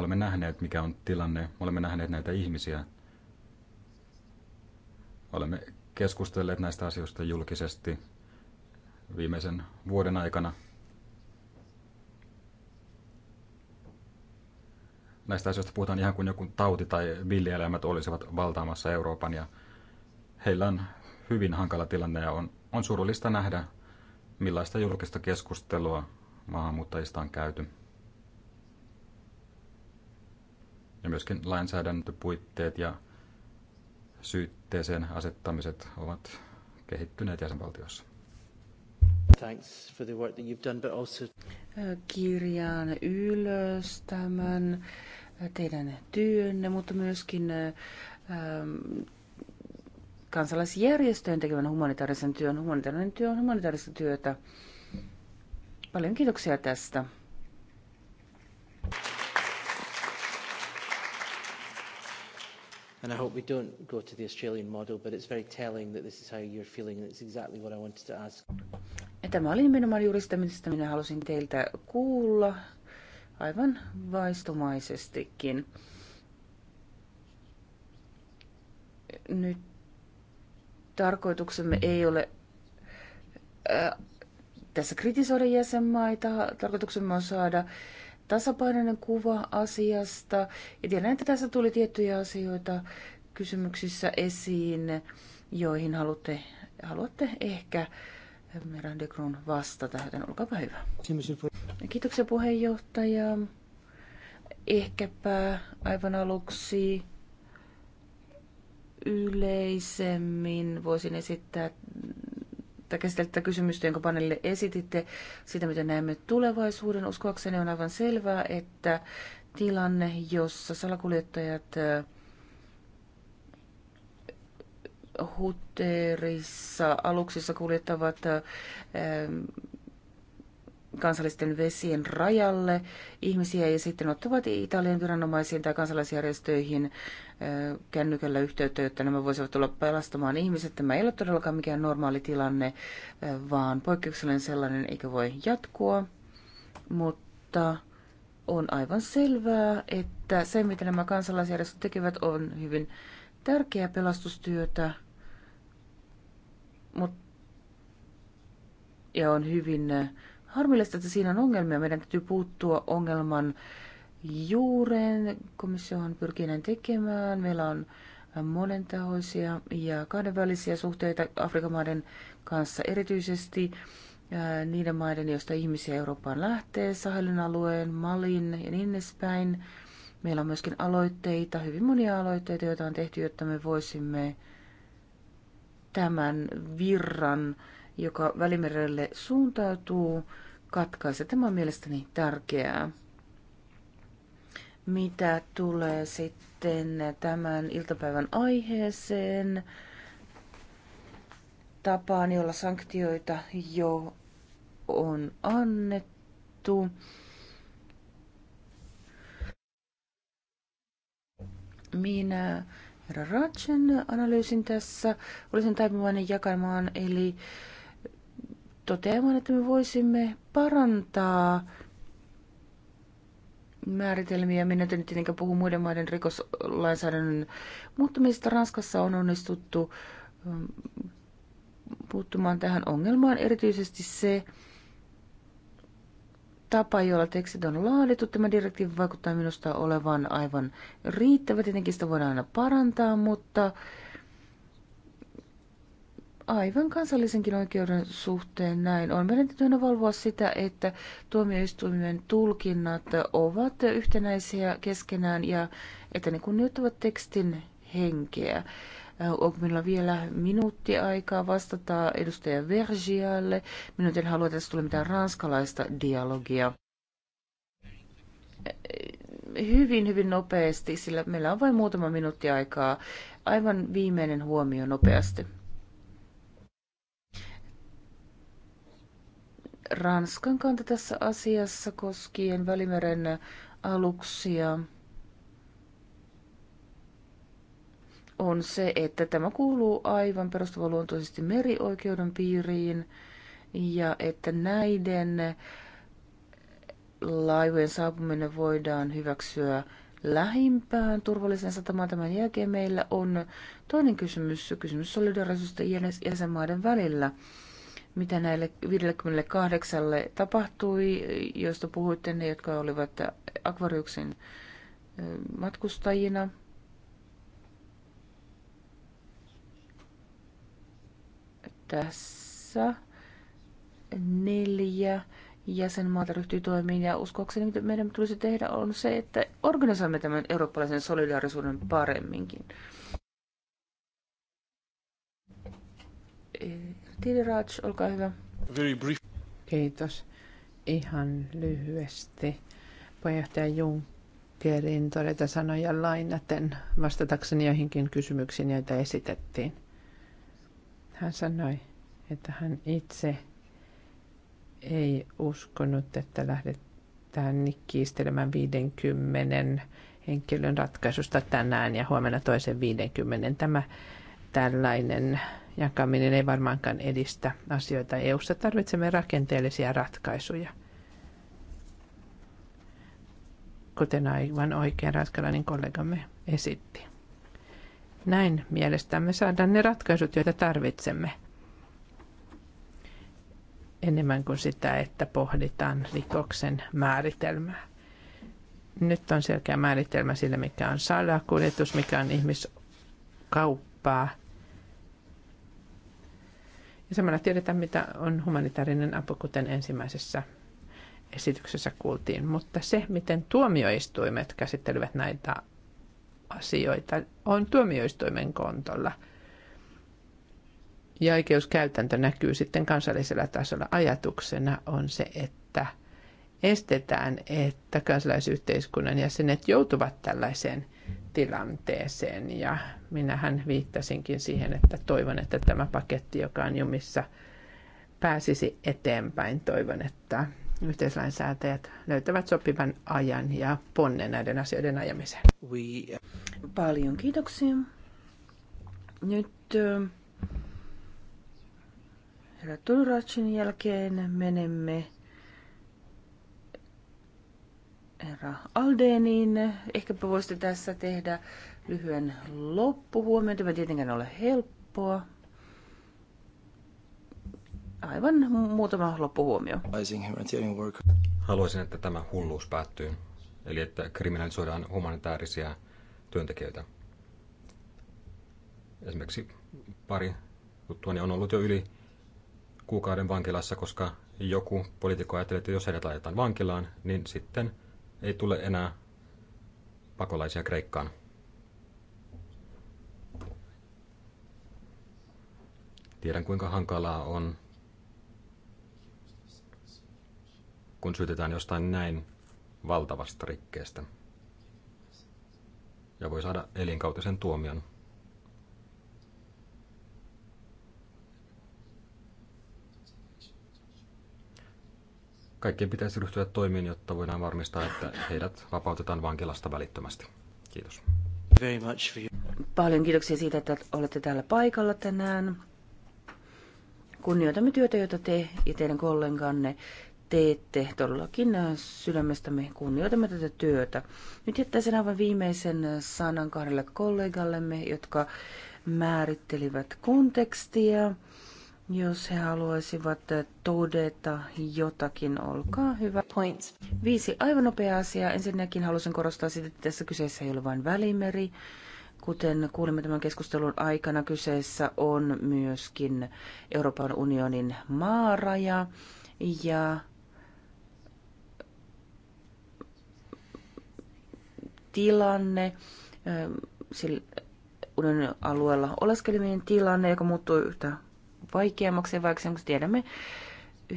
olemme nähneet, mikä on tilanne, me olemme nähneet näitä ihmisiä. Olemme keskustelleet näistä asioista julkisesti viimeisen vuoden aikana – näistä asioista puhutaan ihan kuin joku tauti tai villieläimet olisivat valtaamassa Euroopan ja heillä on hyvin hankala tilanne ja on, on surullista nähdä, millaista julkista keskustelua maahanmuuttajista on käyty. Ja myöskin lainsäädäntöpuitteet ja syytteeseen asettamiset ovat kehittyneet jäsenvaltiossa. Thanks for the work that you've done, but also... Kirjaan ylös tämän teidän työnne, mutta myöskin ähm, kansalaisjärjestöjen tekemän humanitaarisen työn. Humanitaarinen työ on humanitaarista työtä. Paljon kiitoksia tästä. And I hope we don't go to the Australian model, but it's very telling that this is how you're feeling, and it's exactly what I wanted to ask. Ja tämä oli nimenomaan juuri sitä, mistä minä halusin teiltä kuulla aivan vaistomaisestikin. Nyt tarkoituksemme ei ole ää, äh, tässä kritisoida jäsenmaita. Tarkoituksemme on saada tasapainoinen kuva asiasta. Ja tiedän, että tässä tuli tiettyjä asioita kysymyksissä esiin, joihin haluatte, haluatte ehkä Miranda Kron vastata, joten olkaa hyvä. Kiitoksia puheenjohtaja. Ehkäpä aivan aluksi yleisemmin voisin esittää tai käsitellä tätä kysymystä, jonka panelille esititte, sitä mitä näemme tulevaisuuden. Uskoakseni on aivan selvää, että tilanne, jossa salakuljettajat huterissa aluksissa kuljettavat kansallisten vesien rajalle ihmisiä ja sitten ottavat Italian viranomaisiin tai kansalaisjärjestöihin kännykällä yhteyttä, jotta nämä voisivat tulla pelastamaan ihmiset. Tämä ei ole todellakaan mikään normaali tilanne, vaan poikkeuksellinen sellainen eikä voi jatkua, mutta on aivan selvää, että se mitä nämä kansalaisjärjestöt tekevät on hyvin tärkeää pelastustyötä, mutta ja on hyvin harmillista, että siinä on ongelmia. Meidän täytyy puuttua ongelman juureen. komissio on näin tekemään. Meillä on monentahoisia ja kahdenvälisiä suhteita Afrikan maiden kanssa erityisesti niiden maiden, joista ihmisiä Eurooppaan lähtee, Sahelin alueen, Malin ja niin edespäin. Meillä on myöskin aloitteita, hyvin monia aloitteita, joita on tehty, jotta me voisimme tämän virran, joka Välimerelle suuntautuu, katkaise. Tämä on mielestäni tärkeää. Mitä tulee sitten tämän iltapäivän aiheeseen, tapaan, jolla sanktioita jo on annettu. Minä herra Ratchen analyysin tässä. Olisin taipuvainen jakamaan, eli äh, toteamaan, että me voisimme parantaa määritelmiä. Minä nyt tietenkään puhu muiden maiden rikoslainsäädännön muuttamisesta. Ranskassa on onnistuttu mm, puuttumaan tähän ongelmaan, erityisesti se tapa, jolla tekstit on laadittu. Tämä direktiivi vaikuttaa minusta olevan aivan riittävä. Tietenkin sitä voidaan aina parantaa, mutta Aivan kansallisenkin oikeuden suhteen näin on. Meidän täytyy valvoa sitä, että tuomioistuimien tulkinnat ovat yhtenäisiä keskenään ja että ne kunnioittavat tekstin henkeä. Onko meillä vielä minuutti aikaa vastata edustaja Vergialle? Minun en halua tässä tulee mitään ranskalaista dialogia. Hyvin, hyvin nopeasti, sillä meillä on vain muutama minuutti aikaa. Aivan viimeinen huomio nopeasti. Ranskan kanta tässä asiassa koskien Välimeren aluksia on se, että tämä kuuluu aivan perustavanluontoisesti merioikeuden piiriin ja että näiden laivojen saapuminen voidaan hyväksyä lähimpään turvalliseen satamaan. Tämän jälkeen meillä on toinen kysymys, kysymys solidarisuudesta jäsenmaiden välillä mitä näille 58 tapahtui, joista puhuitte, ne jotka olivat Akvariuksen matkustajina. Tässä neljä jäsenmaata ryhtyy toimiin ja uskoakseni mitä meidän tulisi tehdä on se, että organisoimme tämän eurooppalaisen solidaarisuuden paremminkin Tiliraj, olkaa hyvä. Very brief. Kiitos. Ihan lyhyesti. Puheenjohtaja Junckerin todeta sanoja lainaten vastatakseni joihinkin kysymyksiin, joita esitettiin. Hän sanoi, että hän itse ei uskonut, että lähdetään kiistelemään 50 henkilön ratkaisusta tänään ja huomenna toisen 50. Tämä tällainen jakaminen ei varmaankaan edistä asioita EU-ssa. Tarvitsemme rakenteellisia ratkaisuja. Kuten aivan oikein ranskalainen kollegamme esitti. Näin mielestämme saadaan ne ratkaisut, joita tarvitsemme. Enemmän kuin sitä, että pohditaan rikoksen määritelmää. Nyt on selkeä määritelmä sille, mikä on salakuljetus, mikä on ihmiskauppaa – ja samalla tiedetään, mitä on humanitaarinen apu, kuten ensimmäisessä esityksessä kuultiin. Mutta se, miten tuomioistuimet käsittelevät näitä asioita, on tuomioistuimen kontolla. Ja oikeuskäytäntö näkyy sitten kansallisella tasolla. Ajatuksena on se, että estetään, että kansalaisyhteiskunnan jäsenet joutuvat tällaiseen tilanteeseen ja minähän viittasinkin siihen, että toivon, että tämä paketti, joka on jumissa, pääsisi eteenpäin. Toivon, että yhteislainsäätäjät löytävät sopivan ajan ja ponnen näiden asioiden ajamiseen. We... Paljon kiitoksia. Nyt äh, herra Tulracin jälkeen menemme herra Aldeniin. Ehkäpä voisitte tässä tehdä lyhyen loppuhuomioon. Tämä tietenkään ole helppoa. Aivan muutama loppuhuomio. Haluaisin, että tämä hulluus päättyy. Eli että kriminalisoidaan humanitaarisia työntekijöitä. Esimerkiksi pari tuttuani on ollut jo yli kuukauden vankilassa, koska joku poliitikko ajattelee, että jos heidät laitetaan vankilaan, niin sitten – ei tule enää pakolaisia Kreikkaan. Tiedän kuinka hankalaa on, kun syytetään jostain näin valtavasta rikkeestä. Ja voi saada elinkautisen tuomion. kaikkien pitäisi ryhtyä toimiin, jotta voidaan varmistaa, että heidät vapautetaan vankilasta välittömästi. Kiitos. Paljon kiitoksia siitä, että olette täällä paikalla tänään. Kunnioitamme työtä, jota te ja teidän kolleganne teette todellakin sydämestämme kunnioitamme tätä työtä. Nyt jättäisin aivan viimeisen sanan kahdelle kollegallemme, jotka määrittelivät kontekstia. Jos he haluaisivat todeta jotakin, olkaa hyvä. Points. Viisi aivan nopea asiaa. Ensinnäkin halusin korostaa sitä, että tässä kyseessä ei ole vain välimeri. Kuten kuulimme tämän keskustelun aikana, kyseessä on myöskin Euroopan unionin maaraja ja tilanne sillä unionin alueella oleskeleminen tilanne, joka muuttuu yhtä vaikeammaksi ja vaikeammaksi. Tiedämme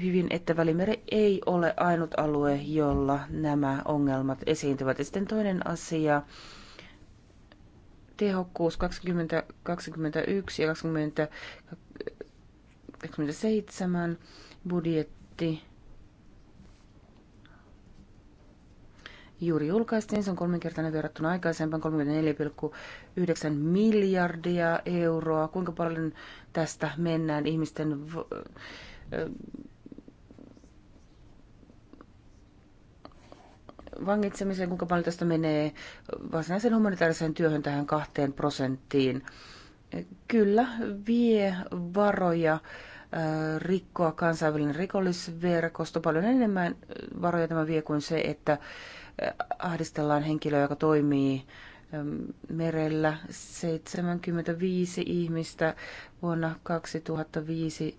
hyvin, että Välimeri ei ole ainut alue, jolla nämä ongelmat esiintyvät. Ja sitten toinen asia, tehokkuus 2021 ja 2027 budjetti juuri julkaistiin. Se on kolminkertainen verrattuna aikaisempaan 34,9 miljardia euroa. Kuinka paljon tästä mennään ihmisten vangitsemiseen, kuinka paljon tästä menee varsinaiseen humanitaariseen työhön tähän kahteen prosenttiin. Kyllä, vie varoja rikkoa kansainvälinen rikollisverkosto paljon enemmän varoja tämä vie kuin se, että ahdistellaan henkilöä, joka toimii ähm, merellä 75 ihmistä vuonna 2005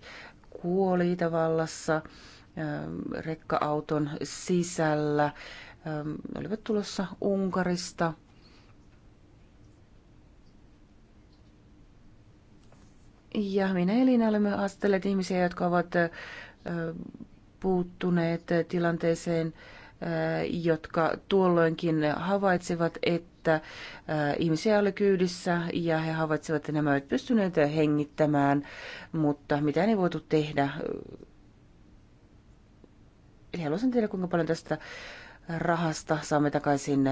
kuoli Itävallassa ähm, rekka-auton sisällä. Ähm, ne olivat tulossa Unkarista. Ja minä Elina olemme astelleet ihmisiä, jotka ovat äh, puuttuneet tilanteeseen jotka tuolloinkin havaitsivat, että ihmisiä oli kyydissä ja he havaitsivat, että nämä eivät pystyneet hengittämään, mutta mitä ei voitu tehdä. Eli haluaisin tiedä, kuinka paljon tästä rahasta saamme takaisin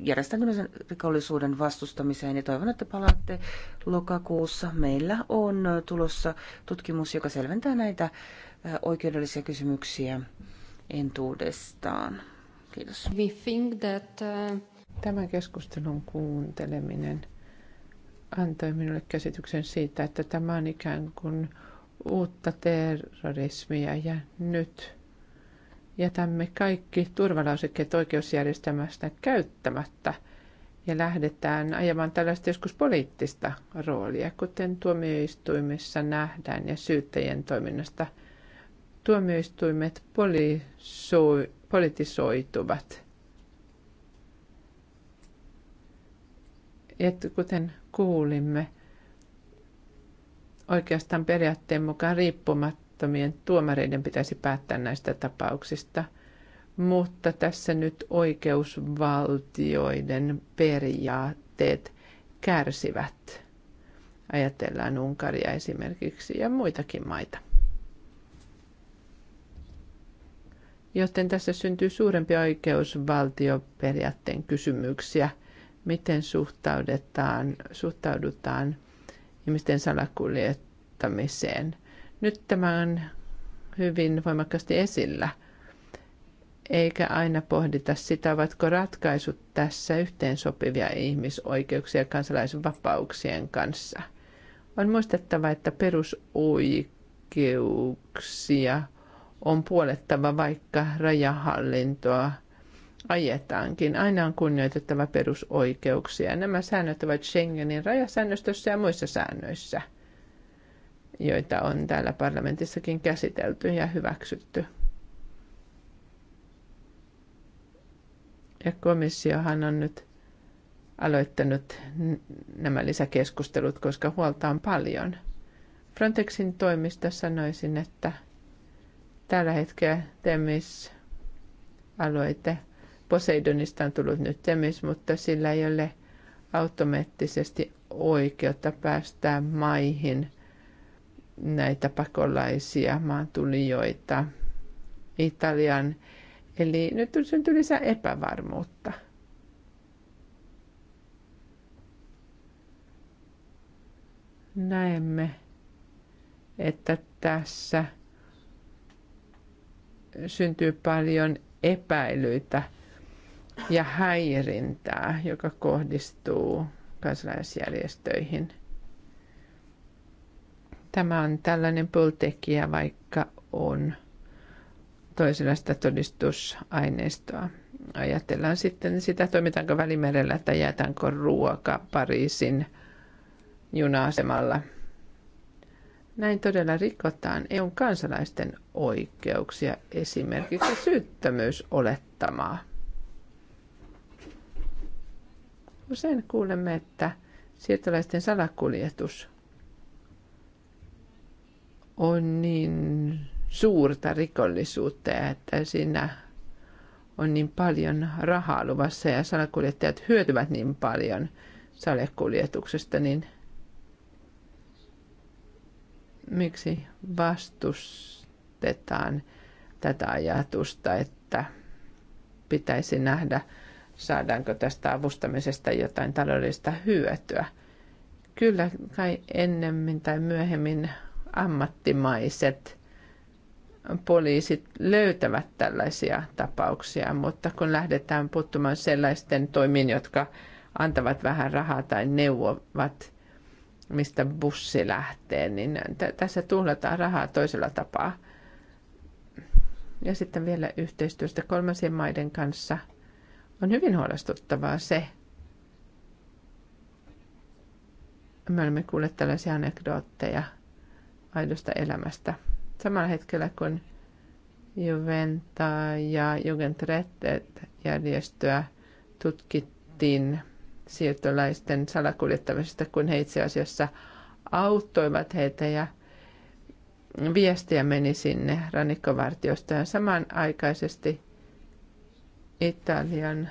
järjestäytymisen rikollisuuden vastustamiseen ja toivon, että palaatte lokakuussa. Meillä on tulossa tutkimus, joka selventää näitä oikeudellisia kysymyksiä entuudestaan. Kiitos. We think that, uh... Tämän keskustelun kuunteleminen antoi minulle käsityksen siitä, että tämä on ikään kuin uutta terrorismia ja nyt jätämme kaikki turvalausekkeet oikeusjärjestelmästä käyttämättä ja lähdetään ajamaan tällaista joskus poliittista roolia, kuten tuomioistuimissa nähdään ja syyttäjien toiminnasta – tuomioistuimet politisoituvat. Et kuten kuulimme, oikeastaan periaatteen mukaan riippumattomien tuomareiden pitäisi päättää näistä tapauksista, mutta tässä nyt oikeusvaltioiden periaatteet kärsivät. Ajatellaan Unkaria esimerkiksi ja muitakin maita. Joten tässä syntyy suurempi oikeusvaltioperiaatteen kysymyksiä, miten suhtaudutaan, suhtaudutaan ihmisten salakuljettamiseen. Nyt tämä on hyvin voimakkaasti esillä, eikä aina pohdita sitä, ovatko ratkaisut tässä yhteensopivia ihmisoikeuksia kansalaisvapauksien kanssa. On muistettava, että perusoikeuksia – on puolettava, vaikka rajahallintoa ajetaankin. Aina on kunnioitettava perusoikeuksia. Nämä säännöt ovat Schengenin rajasäännöstössä ja muissa säännöissä, joita on täällä parlamentissakin käsitelty ja hyväksytty. Ja komissiohan on nyt aloittanut nämä lisäkeskustelut, koska huolta on paljon. Frontexin toimista sanoisin, että – Tällä hetkellä Temis-aloite Poseidonista on tullut nyt Temis, mutta sillä ei ole automaattisesti oikeutta päästää maihin näitä pakolaisia maantulijoita Italian. Eli nyt syntyy lisää epävarmuutta. Näemme, että tässä – syntyy paljon epäilyitä ja häirintää, joka kohdistuu kansalaisjärjestöihin. Tämä on tällainen pultekijä, vaikka on toisenlaista todistusaineistoa. Ajatellaan sitten sitä, toimitaanko välimerellä tai jäätäänkö ruoka Pariisin juna-asemalla – näin todella rikotaan EUn kansalaisten oikeuksia, esimerkiksi syyttömyysolettamaa. Usein kuulemme, että siirtolaisten salakuljetus on niin suurta rikollisuutta, että siinä on niin paljon rahaa luvassa ja salakuljettajat hyötyvät niin paljon salakuljetuksesta, niin – miksi vastustetaan tätä ajatusta, että pitäisi nähdä, saadaanko tästä avustamisesta jotain taloudellista hyötyä. Kyllä kai ennemmin tai myöhemmin ammattimaiset poliisit löytävät tällaisia tapauksia, mutta kun lähdetään puuttumaan sellaisten toimiin, jotka antavat vähän rahaa tai neuvovat, mistä bussi lähtee, niin tässä tuhlataan rahaa toisella tapaa. Ja sitten vielä yhteistyöstä kolmansien maiden kanssa. On hyvin huolestuttavaa se, me olemme kuulleet tällaisia anekdootteja aidosta elämästä. Samalla hetkellä kun Juventa ja Jugendrettet järjestöä tutkittiin siirtolaisten salakuljettamisesta, kun he itse asiassa auttoivat heitä ja viestiä meni sinne rannikkovartiosta ja samanaikaisesti Italian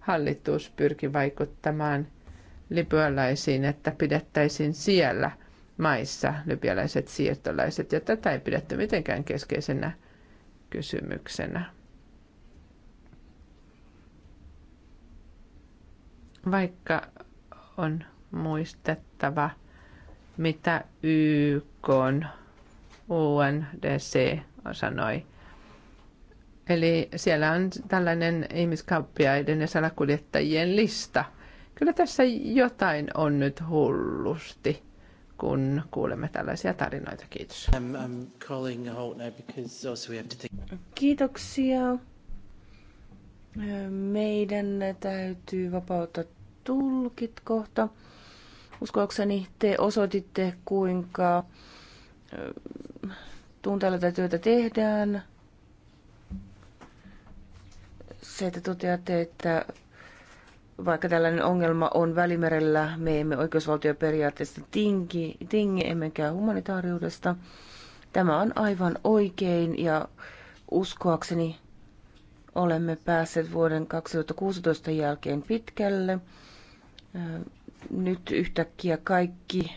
hallitus pyrki vaikuttamaan libyalaisiin, että pidettäisiin siellä maissa libyalaiset siirtolaiset, ja tätä ei pidetty mitenkään keskeisenä kysymyksenä. Vaikka on muistettava, mitä YK on UNDC sanoi. Eli siellä on tällainen ihmiskauppiaiden ja salakuljettajien lista. Kyllä tässä jotain on nyt hullusti, kun kuulemme tällaisia tarinoita. Kiitos. Kiitoksia. Meidän täytyy vapauttaa tulkit kohta. Uskoakseni te osoititte, kuinka tunteella tätä työtä tehdään. Se, että toteatte, että vaikka tällainen ongelma on välimerellä, me emme oikeusvaltioperiaatteesta tingi, tingi emmekä humanitaariudesta. Tämä on aivan oikein ja uskoakseni olemme päässeet vuoden 2016 jälkeen pitkälle. Nyt yhtäkkiä kaikki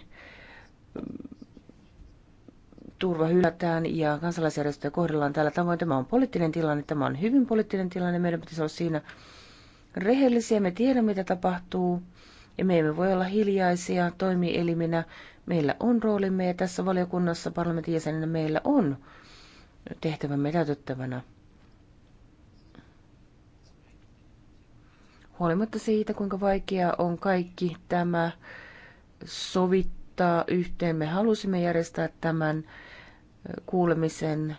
turva hylätään ja kansalaisjärjestöjä kohdellaan tällä tavoin. Tämä on poliittinen tilanne, tämä on hyvin poliittinen tilanne. Meidän pitäisi olla siinä rehellisiä, me tiedämme mitä tapahtuu ja me emme voi olla hiljaisia toimielimenä. Meillä on roolimme ja tässä valiokunnassa parlamentin jäsenenä meillä on tehtävämme täytettävänä. Huolimatta siitä, kuinka vaikeaa on kaikki tämä sovittaa yhteen, me halusimme järjestää tämän kuulemisen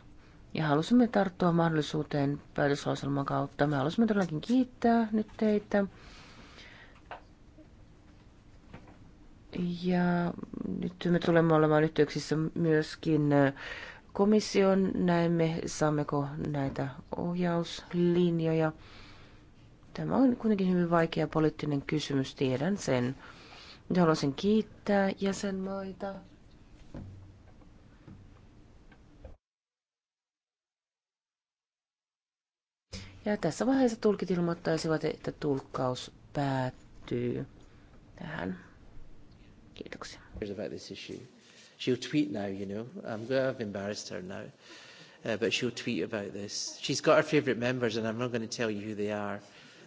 ja halusimme tarttua mahdollisuuteen päätöslauselman kautta. Me halusimme todellakin kiittää nyt teitä. Ja nyt me tulemme olemaan yhteyksissä myöskin komission. Näemme, saammeko näitä ohjauslinjoja. Tämä on kuitenkin hyvin vaikea poliittinen kysymys, tiedän sen. Ja haluaisin kiittää jäsenmaita. Ja tässä vaiheessa tulkit ilmoittaisivat, että tulkkaus päättyy tähän. Kiitoksia. About this issue. She'll tweet now, you know. I'm going to have embarrassed her now. Uh, but she'll tweet about this. She's got her favourite members, and I'm not going to tell you who they are.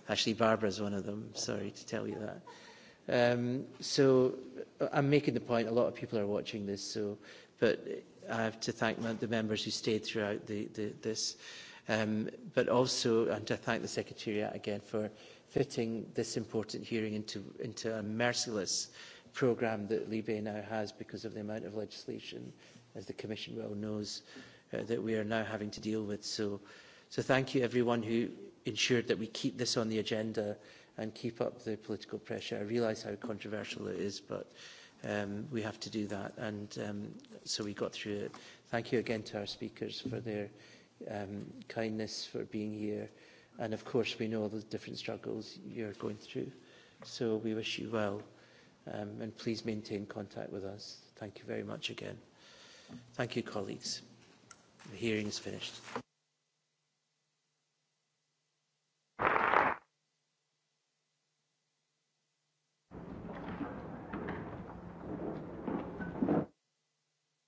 Actually, Barbara's one of them. Sorry to tell you that. Um, so uh, I'm making the point, a lot of people are watching this, so, but I have to thank the members who stayed throughout the, the, this, um, but also, and to thank the Secretariat again for fitting this important hearing into, into a merciless programme that Libe now has because of the amount of legislation, as the Commission well knows, uh, that we are now having to deal with. So, so thank you everyone who ensured that we keep this on the agenda and keep up the political pressure. I realise how controversial it is, but um, we have to do that. And um, so we got through it. Thank you again to our speakers for their um, kindness, for being here. And of course, we know all the different struggles you're going through. So we wish you well. Um, and please maintain contact with us. Thank you very much again. Thank you, colleagues. The hearing is finished.